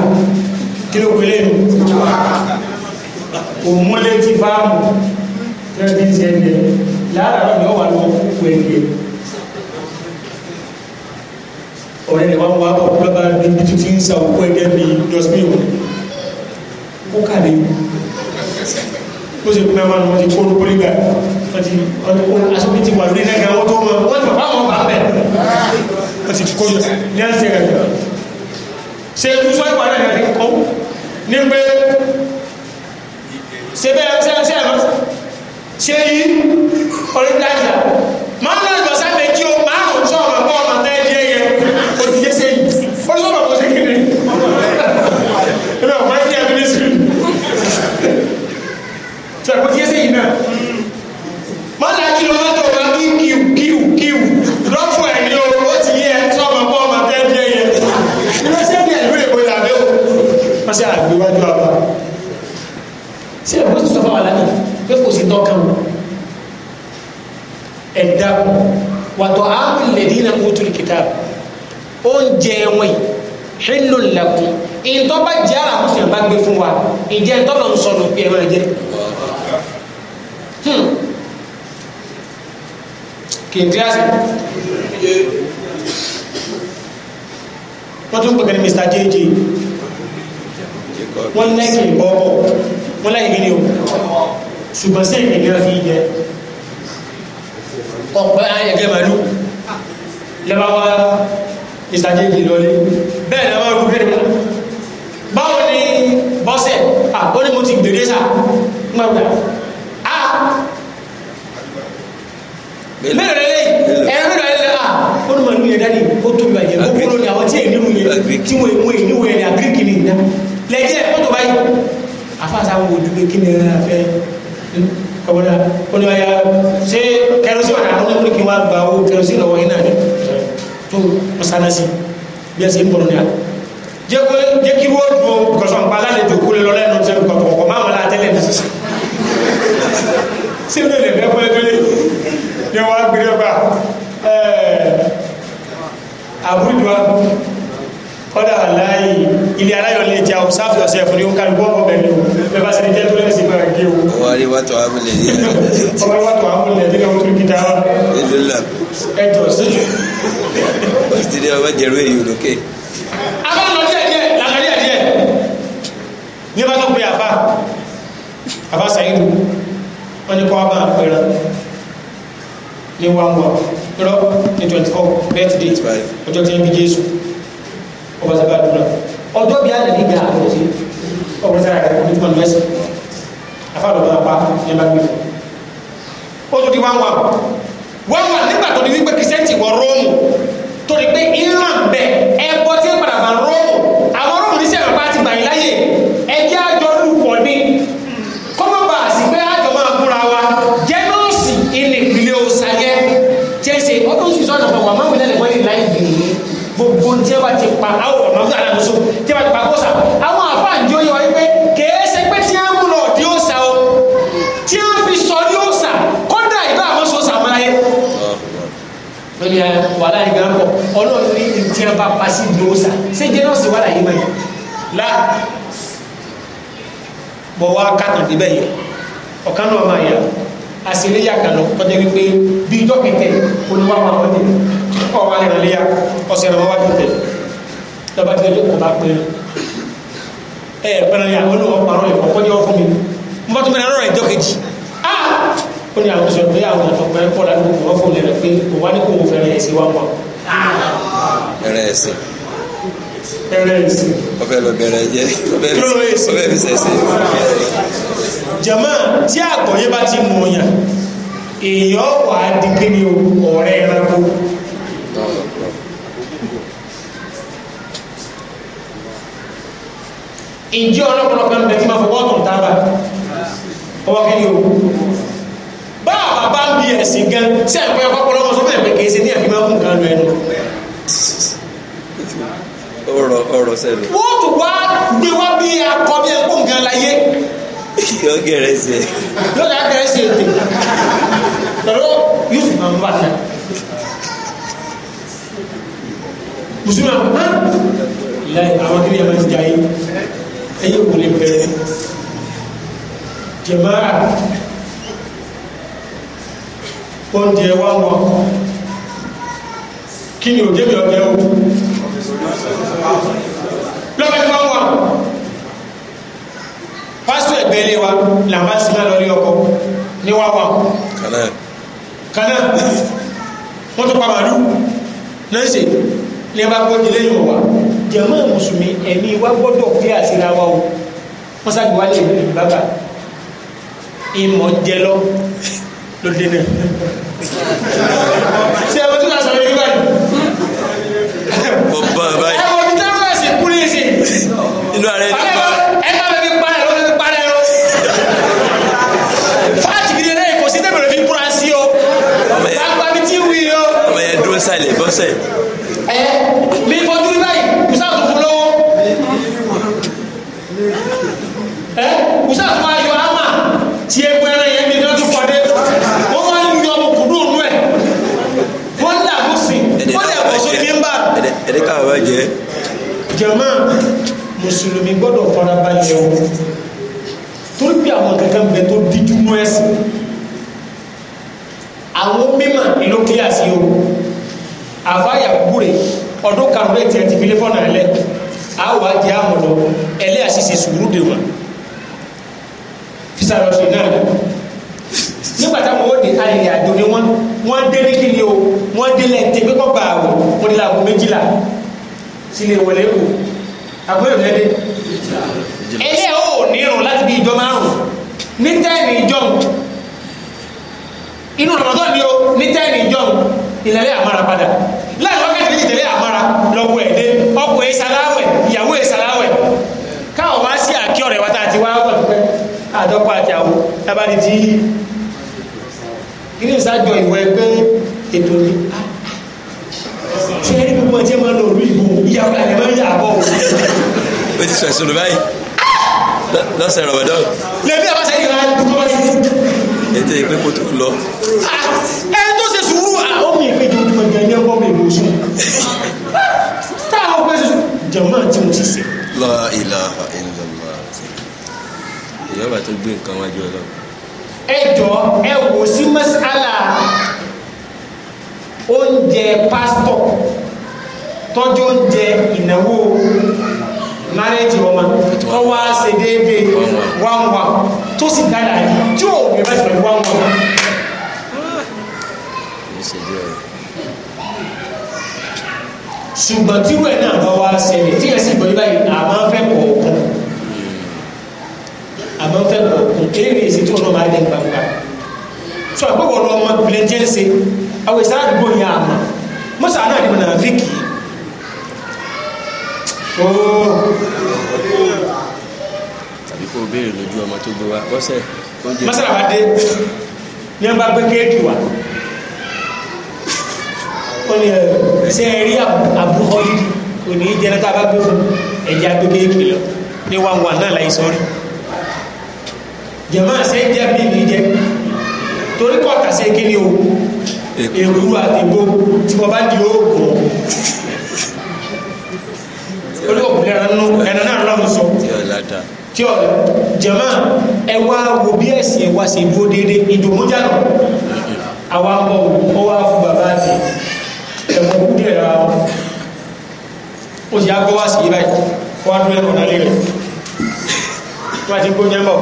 Speaker 2: kí ló gbélé nu òmúlé ti fáàmù tẹ́lẹ̀ bí ń ṣe ẹ̀jẹ̀ láàárọ̀ ni ó wà lọ́wọ́ kúkú ẹ̀jẹ̀ ọ̀rẹ́ rẹ̀ wọ́n wá bọ̀ lọ́ba níbi tó ti ń sa òkú ẹ̀jẹ̀ bíi dọ́sbíò kókà lè ó sì pẹ́ wọn ti kó lórí gbà aṣọ́bí ti wà lórí lẹ́gbẹ̀ẹ́ wọn tó mọ wọ́n ti bàbá wọn bá bẹ̀ wọ́n ti kó ní ẹsẹ̀ rẹ̀ ṣe é tún sọ ìwà náà ní àdínkù ní pé ṣe bẹ́ẹ̀ ṣe ẹ̀ṣẹ̀ rẹ̀ ṣe yí ọ̀rẹ́dájà máa ń lọ tí a gbé wájú àbá sí ẹ̀kọ́ sì sọ fáwọn aláàbí pé kò sí tọ́ka wọn ẹ̀dá wàtọ̀ áàmì lẹ́dí iná utul kitab oúnjẹ wọn yìí hillul lakum ìtọ́ bá jẹ́ ara kùsùn bá gbé fún wa ìjẹ́ ìtọ́ lọ ń sọnù pé ẹ máa hmm. kì í tí a sì wọ́n tún pẹ̀lú Mr. JJ wọ́n lẹ́yìn ìbọ́bọ̀ wọ́n lẹ́yìn gíní o ṣùgbọ́n sí èyí náà fi jẹ
Speaker 1: ọ̀pẹ́ ayẹ̀kẹ́
Speaker 2: màlú lẹ́bà wá ìsàjẹ́jì lọlé bẹ́ẹ̀ lẹ́bà rú bẹ́ẹ̀ mọ́ báwo ni bọ́sẹ̀ ó ní mo ti gbèrè sà gbàgbà
Speaker 1: á mélòó lẹ́lẹ́ ẹ̀rọ mélòó lẹ́lẹ́ à ó ní
Speaker 2: mo ní ẹ̀dá ni ó tóbi bàjẹ́ ó kúrò ní àwọn tí èyí nínú yẹn tí mo èyí níwò ẹ̀rẹ̀ àgíríkì ní ìdá lẹ́jẹ̀ mọ́tò báyìí afáàsá wo dúpẹ́ kí ni a fẹ́ kọ́bọ́dá olùwàyà ṣé kẹrọsí wà láwọn ọmọdé kí wọ́n gba owó kẹrọsí lọ́wọ́ yín náà ni tó mọ́sálásí bí ẹ ṣe ń bọ̀ lọ́dẹ àná jẹ́ kí wọ́n dùn kọ̀sán pàlá lè dùn kúlẹ̀ lọ́lẹ́ nù sẹ́nu kọ̀kọ̀ kọ̀ máa wọn la tẹ́lẹ̀ nù sísè sínú lè bẹ́ pẹ́ tó lé ní wọ́n á gbé lọ́gbà ẹ̀ẹ́ àbúrò wa kọ́dà láàyè yourself. ilé aláyọ̀ lè jẹ́ àwọn sáfì ọ̀sẹ̀ fún ní ó kálukú ọkọ̀ bẹ̀rẹ̀ o bẹ́ẹ̀ bá sẹ́ni jẹ́ tó lẹ́sìn máa gé o. wàhálì wàtò àmúlẹ̀ ní ìlànà. wàhálì wàtò àmúlẹ̀ ní ìlànà tó kíta wa. ìdúlà. ẹ jọ sí.
Speaker 1: pásítìrì ọba jẹrú èyí olókè.
Speaker 2: abáàlọ́ díẹ̀ díẹ̀ làkàrí àdíẹ̀ ní bá tó pe àbá àbá sàyídù wọ́n ní kọ́ abá àpẹẹrẹ ní one one irọ́ ní twenty four birthday ọjọ́ tí wọ́n bí Jésù ọba sábà dúró ọjọ́ bíi àdàbí gbà àkọsí ọ̀rọ̀ sára rẹ̀ kọ́ni tí wọ́n lọ ẹ̀sìn afáàlọ́ bá pa ẹ̀ bá gbé ó tún di wá wà wọ́n wà nígbà tó di wípé kìsẹ́ǹtì wọ róòmù torí pé ìran bẹ̀ ẹ̀bọ tí ń padà bá ró ọlọ́run ní ìjẹba pàṣẹ ìdòwòsà ṣé jẹ́nọ́ọ̀sì wà láyé mọ́ ẹ̀ la bọ̀ wá kàtàn débẹ̀ yẹ ọ̀kan náà máa yà àṣìléyà kan lọ tọ́jú wípé bí ijọ́ kẹ̀kẹ́ oníwà máa wọ́n dé ọ̀ wá ìrànlẹ́yà ọ̀sẹ̀ rẹ̀ wọ́n wá kẹ̀kẹ́ lọ́ba tí ọjọ́ kọ̀ bá pẹ́ ẹ̀ pẹ́rẹ́ yà ọlọ́wọ́ parọ́ ẹ̀ kọ́kọ́jọ́ fún mi mo bá tún bẹ̀rẹ̀ lọ́rọ̀ ìjọ kejì ah ó ní àwọn sọ̀rọ̀ pé àwọn àtọ̀pẹ́ pọ̀ ládùúgbò wọ́n fún mi rẹ̀ pé òwá ní kò wọ́n fẹ́rẹ̀ ẹ̀ sí wá wọn
Speaker 1: ẹrẹ ẹsìn ọbẹ̀ lọ bẹ̀rẹ̀ jẹ́ ọbẹ̀ fi sẹ̀sẹ̀. jama
Speaker 2: tí àgbọ̀yé bá ti mú ọyàn èèyàn wà á di kíni ọ̀rẹ́ ẹranko. ìjọ ọlọ́pọ̀lọpọ̀ ń bẹ tí máa fọwọ́ tún tábà ọwọ́ kíni o.
Speaker 1: bá a bá ń bí ẹ̀sìn gan sẹ́yìn pé ọkọ. ọ̀rọ̀ sẹ́nu.
Speaker 2: wọ́n tún wá gbé wá bí akọ bí ẹ̀kọ́ nǹkan láyé.
Speaker 1: yóò gẹ̀rẹ́ sí ẹ.
Speaker 2: yóò dá gẹ̀rẹ́ sí ètè. lọ́dọ̀ yóò sùn náà ń bá tẹ̀. àwọn hàn ilé àwọn kiri ẹ̀ma ti yìí ẹ̀yẹ wò lè bẹ̀rẹ̀ jẹ̀máà oúnjẹ wá wọn kí ni òjèbí ọjọ́ o lọ́bẹ̀ máa wà pásítọ̀ ẹ̀gbẹ́ ilé wa làbá sí náà lórí ọkọ̀ ní wá wà kaná wọ́n tó pa màálù náà ṣe ní ẹbá gbọ́ ìdílé yìí wà jẹ̀mọ́ mùsùlùmí ẹ̀mí wa gbọ́dọ̀ pé àṣírà wa o wọ́n sáré wá lè rí bàbá ìmọ̀ jẹ
Speaker 1: báyìí inú ara ẹni kan.
Speaker 2: ẹ má bẹ fi parẹ́ ló fi parẹ́ ló. fáàtì gidi lẹ́yìn kò sí tẹ́bẹ̀rẹ̀ fi búra sí o. lápá mi ti wí o.
Speaker 1: ọmọ yẹn dúró sálẹ̀ bọ́sẹ̀. ẹ mi fojú rí báyìí musa tó fún lọ́wọ́. ẹ musa tó máa yọ ama
Speaker 2: tí egbò ẹran yẹn mi ní ọdún kọ́dé. wọ́n máa ń yọ ọmọkùn dùn nú ẹ̀. wọ́n dàgbò sí. wọ́n dàgbò sí ní bá.
Speaker 1: ẹ̀ẹ́dẹ́ká bàbá
Speaker 2: jẹ́ mùsùlùmí gbọ́dọ̀ farabalẹ̀ o torí pé àwọn kankan bẹ tó díjú mọ́ ẹ̀sìn àwọn mímọ̀ inú kíláàsì o àfáyà gbúre ọdún karùnún ètí ẹtì fílẹ̀ fọ́nà ẹ̀lẹ́ àwọn àjẹ́ àmọ̀dọ̀ ẹ̀lẹ́ àṣìṣe sùúrù dè wọ́n fisarọ̀ṣì náà nígbà táwọn ó di arìnrìn àjò ni wọ́n wọ́n dé ní kíni o wọ́n dé lẹ́tẹ̀ pípọ̀ gbà àwọ̀ wọ́n dé láàbò méjìlá sílé wọlé kù àbúrò lẹ́dẹ̀
Speaker 1: ẹlẹ́ ò nírun láti bí ìjọ márùn
Speaker 2: ní tẹ́ẹ̀nì ìjọun inú rọ̀mọ́tọ́ ni ó ní tẹ́ẹ̀nì ìjọun ìlẹ̀lẹ́ àmọ́ra padà láàrín wákàtí méjì tẹ̀lé àmọ́ra lọ́wọ́ ẹ̀dẹ́ ọkọ̀ ìsàláwẹ̀ ìyàwó ìsàláwẹ̀ káwọn wá sí àkí ọ̀rẹ́ wa tá àti wá wọ̀ pẹ́ àdọ́kọ̀ àti àwọ̀ tábàdì tí kí ní ìsájọ ìwẹ̀ pé ètò yìí ṣé ẹni gbogbo ọjọ́ máa ń lọ òru ìbò ìyá ọ̀la ni máa ń yà bọ̀.
Speaker 1: ó ti sọ ẹ̀sùn lọ báyìí lọ́sẹ̀ rọ̀bọ̀dọ́.
Speaker 2: lèmi àbáṣe ìlà àdúgbò bá yẹn.
Speaker 1: ètò ìpè kò tó lọ.
Speaker 2: Ah, ẹ tó ṣe sùúrù àwọn ah, mi ìpè jòjú gbẹngàn ní ọgbọ́n mi ìwòsàn. táwọn ọgbẹ́ sùn
Speaker 1: jàmá tí mo ti sè. lọ ìlà ìlọlọ ìyọba tó gbé nǹkan wájú Ọlọ́run.
Speaker 2: ẹ jọ ẹ wò sí mọ́sálà oúnjẹ pásítọ̀ tọ́jú oúnjẹ ìnáwó márẹ́jì ọmọ tó wá ṣe déédéé wáńwá tó sì dára yìí tí ò bí bá ṣe wáńwá. ṣùgbọ́n tí wẹ́ẹ̀ náà bá wá ṣẹlẹ̀ tí yẹn sì gbọ́ nípa yìí àmọ́ fẹ́ pọ̀ ọ̀kun àmọ́ fẹ́ pọ̀ ọ̀kun kéèrè èsì tí wọ́n máa dẹ̀ gbangba sọ pé wọ́n lọ ọmọ ìpìlẹ̀ jẹ́ ṣe àwọn ìsára àdúgbò yẹn àmọ́ mọ́sà náà ni mọ̀nàfíkì
Speaker 1: tàbí kò béèrè lójú ọmọ tó gbé wa bọ́sẹ̀ oúnjẹ. mọ́sálà bá dé
Speaker 2: ní ọba gbé kéèkì wa ó ní ṣe é rí àbúkọ yìí kò ní í jẹ́ náà tá a bá gbé fún ẹ̀jẹ̀ agbé kéèkì lọ ní wàhùn náà láì sọ́rí jẹ̀mọ́ àṣẹ jẹ́ bí mi jẹ́ torí kọ̀ọ̀tà sí ekele o èrú àtìgbò tí wọ́n bá di oògùn orí òkùnrin ẹran náà lọ́rùn sọ tí ọ jẹ̀mọ́ ẹ wá wo bí ẹ̀sìn ẹ̀wá sí dúró déédé ìdòmújànà àwa ń bọ̀ ó wá fún bàbá àti ẹ̀mọ́ kúndé ẹ̀rọ àwọn ó sì á gbọ́ wá sí ibà yìí wọ́n á dúró ẹ̀kọ́ náà rẹ̀ wọ́n á ti gbóyè bọ̀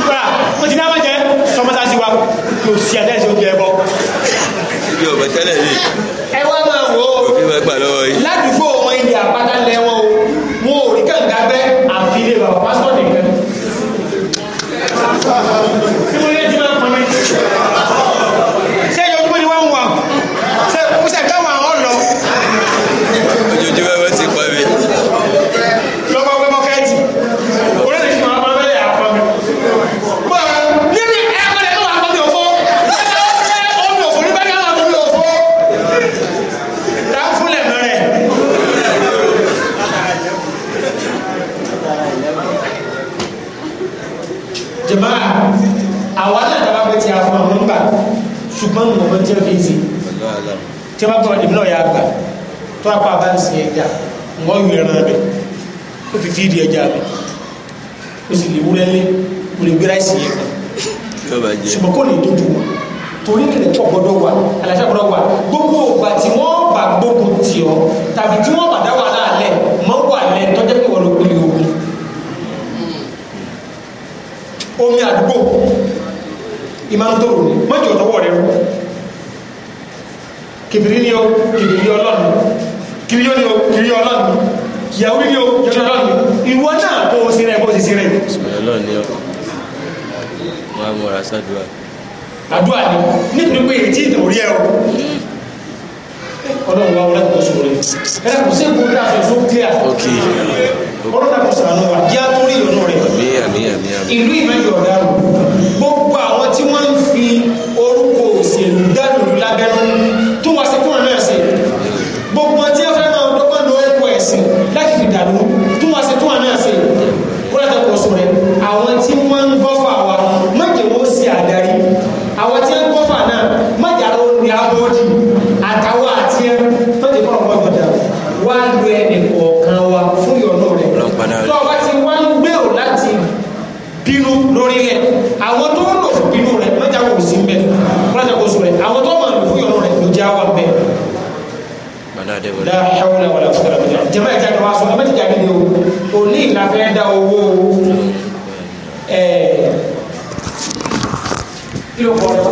Speaker 2: kúrà wọ́n ti dáwọ́ jẹ́ sọmọ́sá sí wa yóò sí ẹ̀dá ìṣe oúnjẹ ẹbọ.
Speaker 1: ibi ọ̀bẹ tẹ́lẹ̀ yìí. ẹ wá máa wò ó. òfin máa gbà lọ́wọ́ yìí.
Speaker 2: ládùúgbò wọn ibi àpáta lẹ wọn o wọn ò rí kàǹgà bẹ́ àfi ilé bàbá pásítọ̀ nìkan. tí wọ́n gbọ́dọ̀ dèmí náà yà gbà tó apá bá ń sin ẹja wọ́n yù ẹran rẹ̀ ó fi fídì ẹja rẹ̀ ó sì lè wúrẹ́ lé ó lè gbéra ìsìn yẹn kan ṣùgbọ́n kò ní dojú wọn torí kìlẹ̀ pọ̀ gbọ́dọ̀ wà àlàáfíà gbọ́dọ̀ wà gbogbo ògbà tí wọ́n bá gbógun tì ọ́ tàbí tí wọ́n bá dá wà láàlẹ̀ mọ́ wà lẹ́ tọ́jẹ́ pé wọ́n ló pè é ogun omi àdúgbò ìmáàmù tó rò ní mọ́jọ́ tọwọ́ rẹ̀ rú kìbìrì ni o kìbìrì ọlọ́run kìbìrì ni o kìbìrì ọlọ́run yàwó ni náà bó o sí rẹ o sì sí rẹ. ọlọ́run
Speaker 1: ni ọ wọn á múra sádùá. àdúrà ni
Speaker 2: nítorí pé èyí tí ìtàn orí ẹ o ọlọ́run wa ọlọ́run tó sọ̀rọ̀ ẹ ẹ kò sí ìbò bí a sọ fún clear. ok ọlọ́run kò sànù wa tó rí ìyọnu rẹ. ìlú ìmẹjọ ọdaràn gbogbo àwọn tí wọn ń fi orúkọ òṣèlú dánù lábẹ́rún Tu must have la hawla wala quwwata illa billah jama ìjà kan wá sọ ẹ bá ti jáde ní o òní da owó ẹ kí ló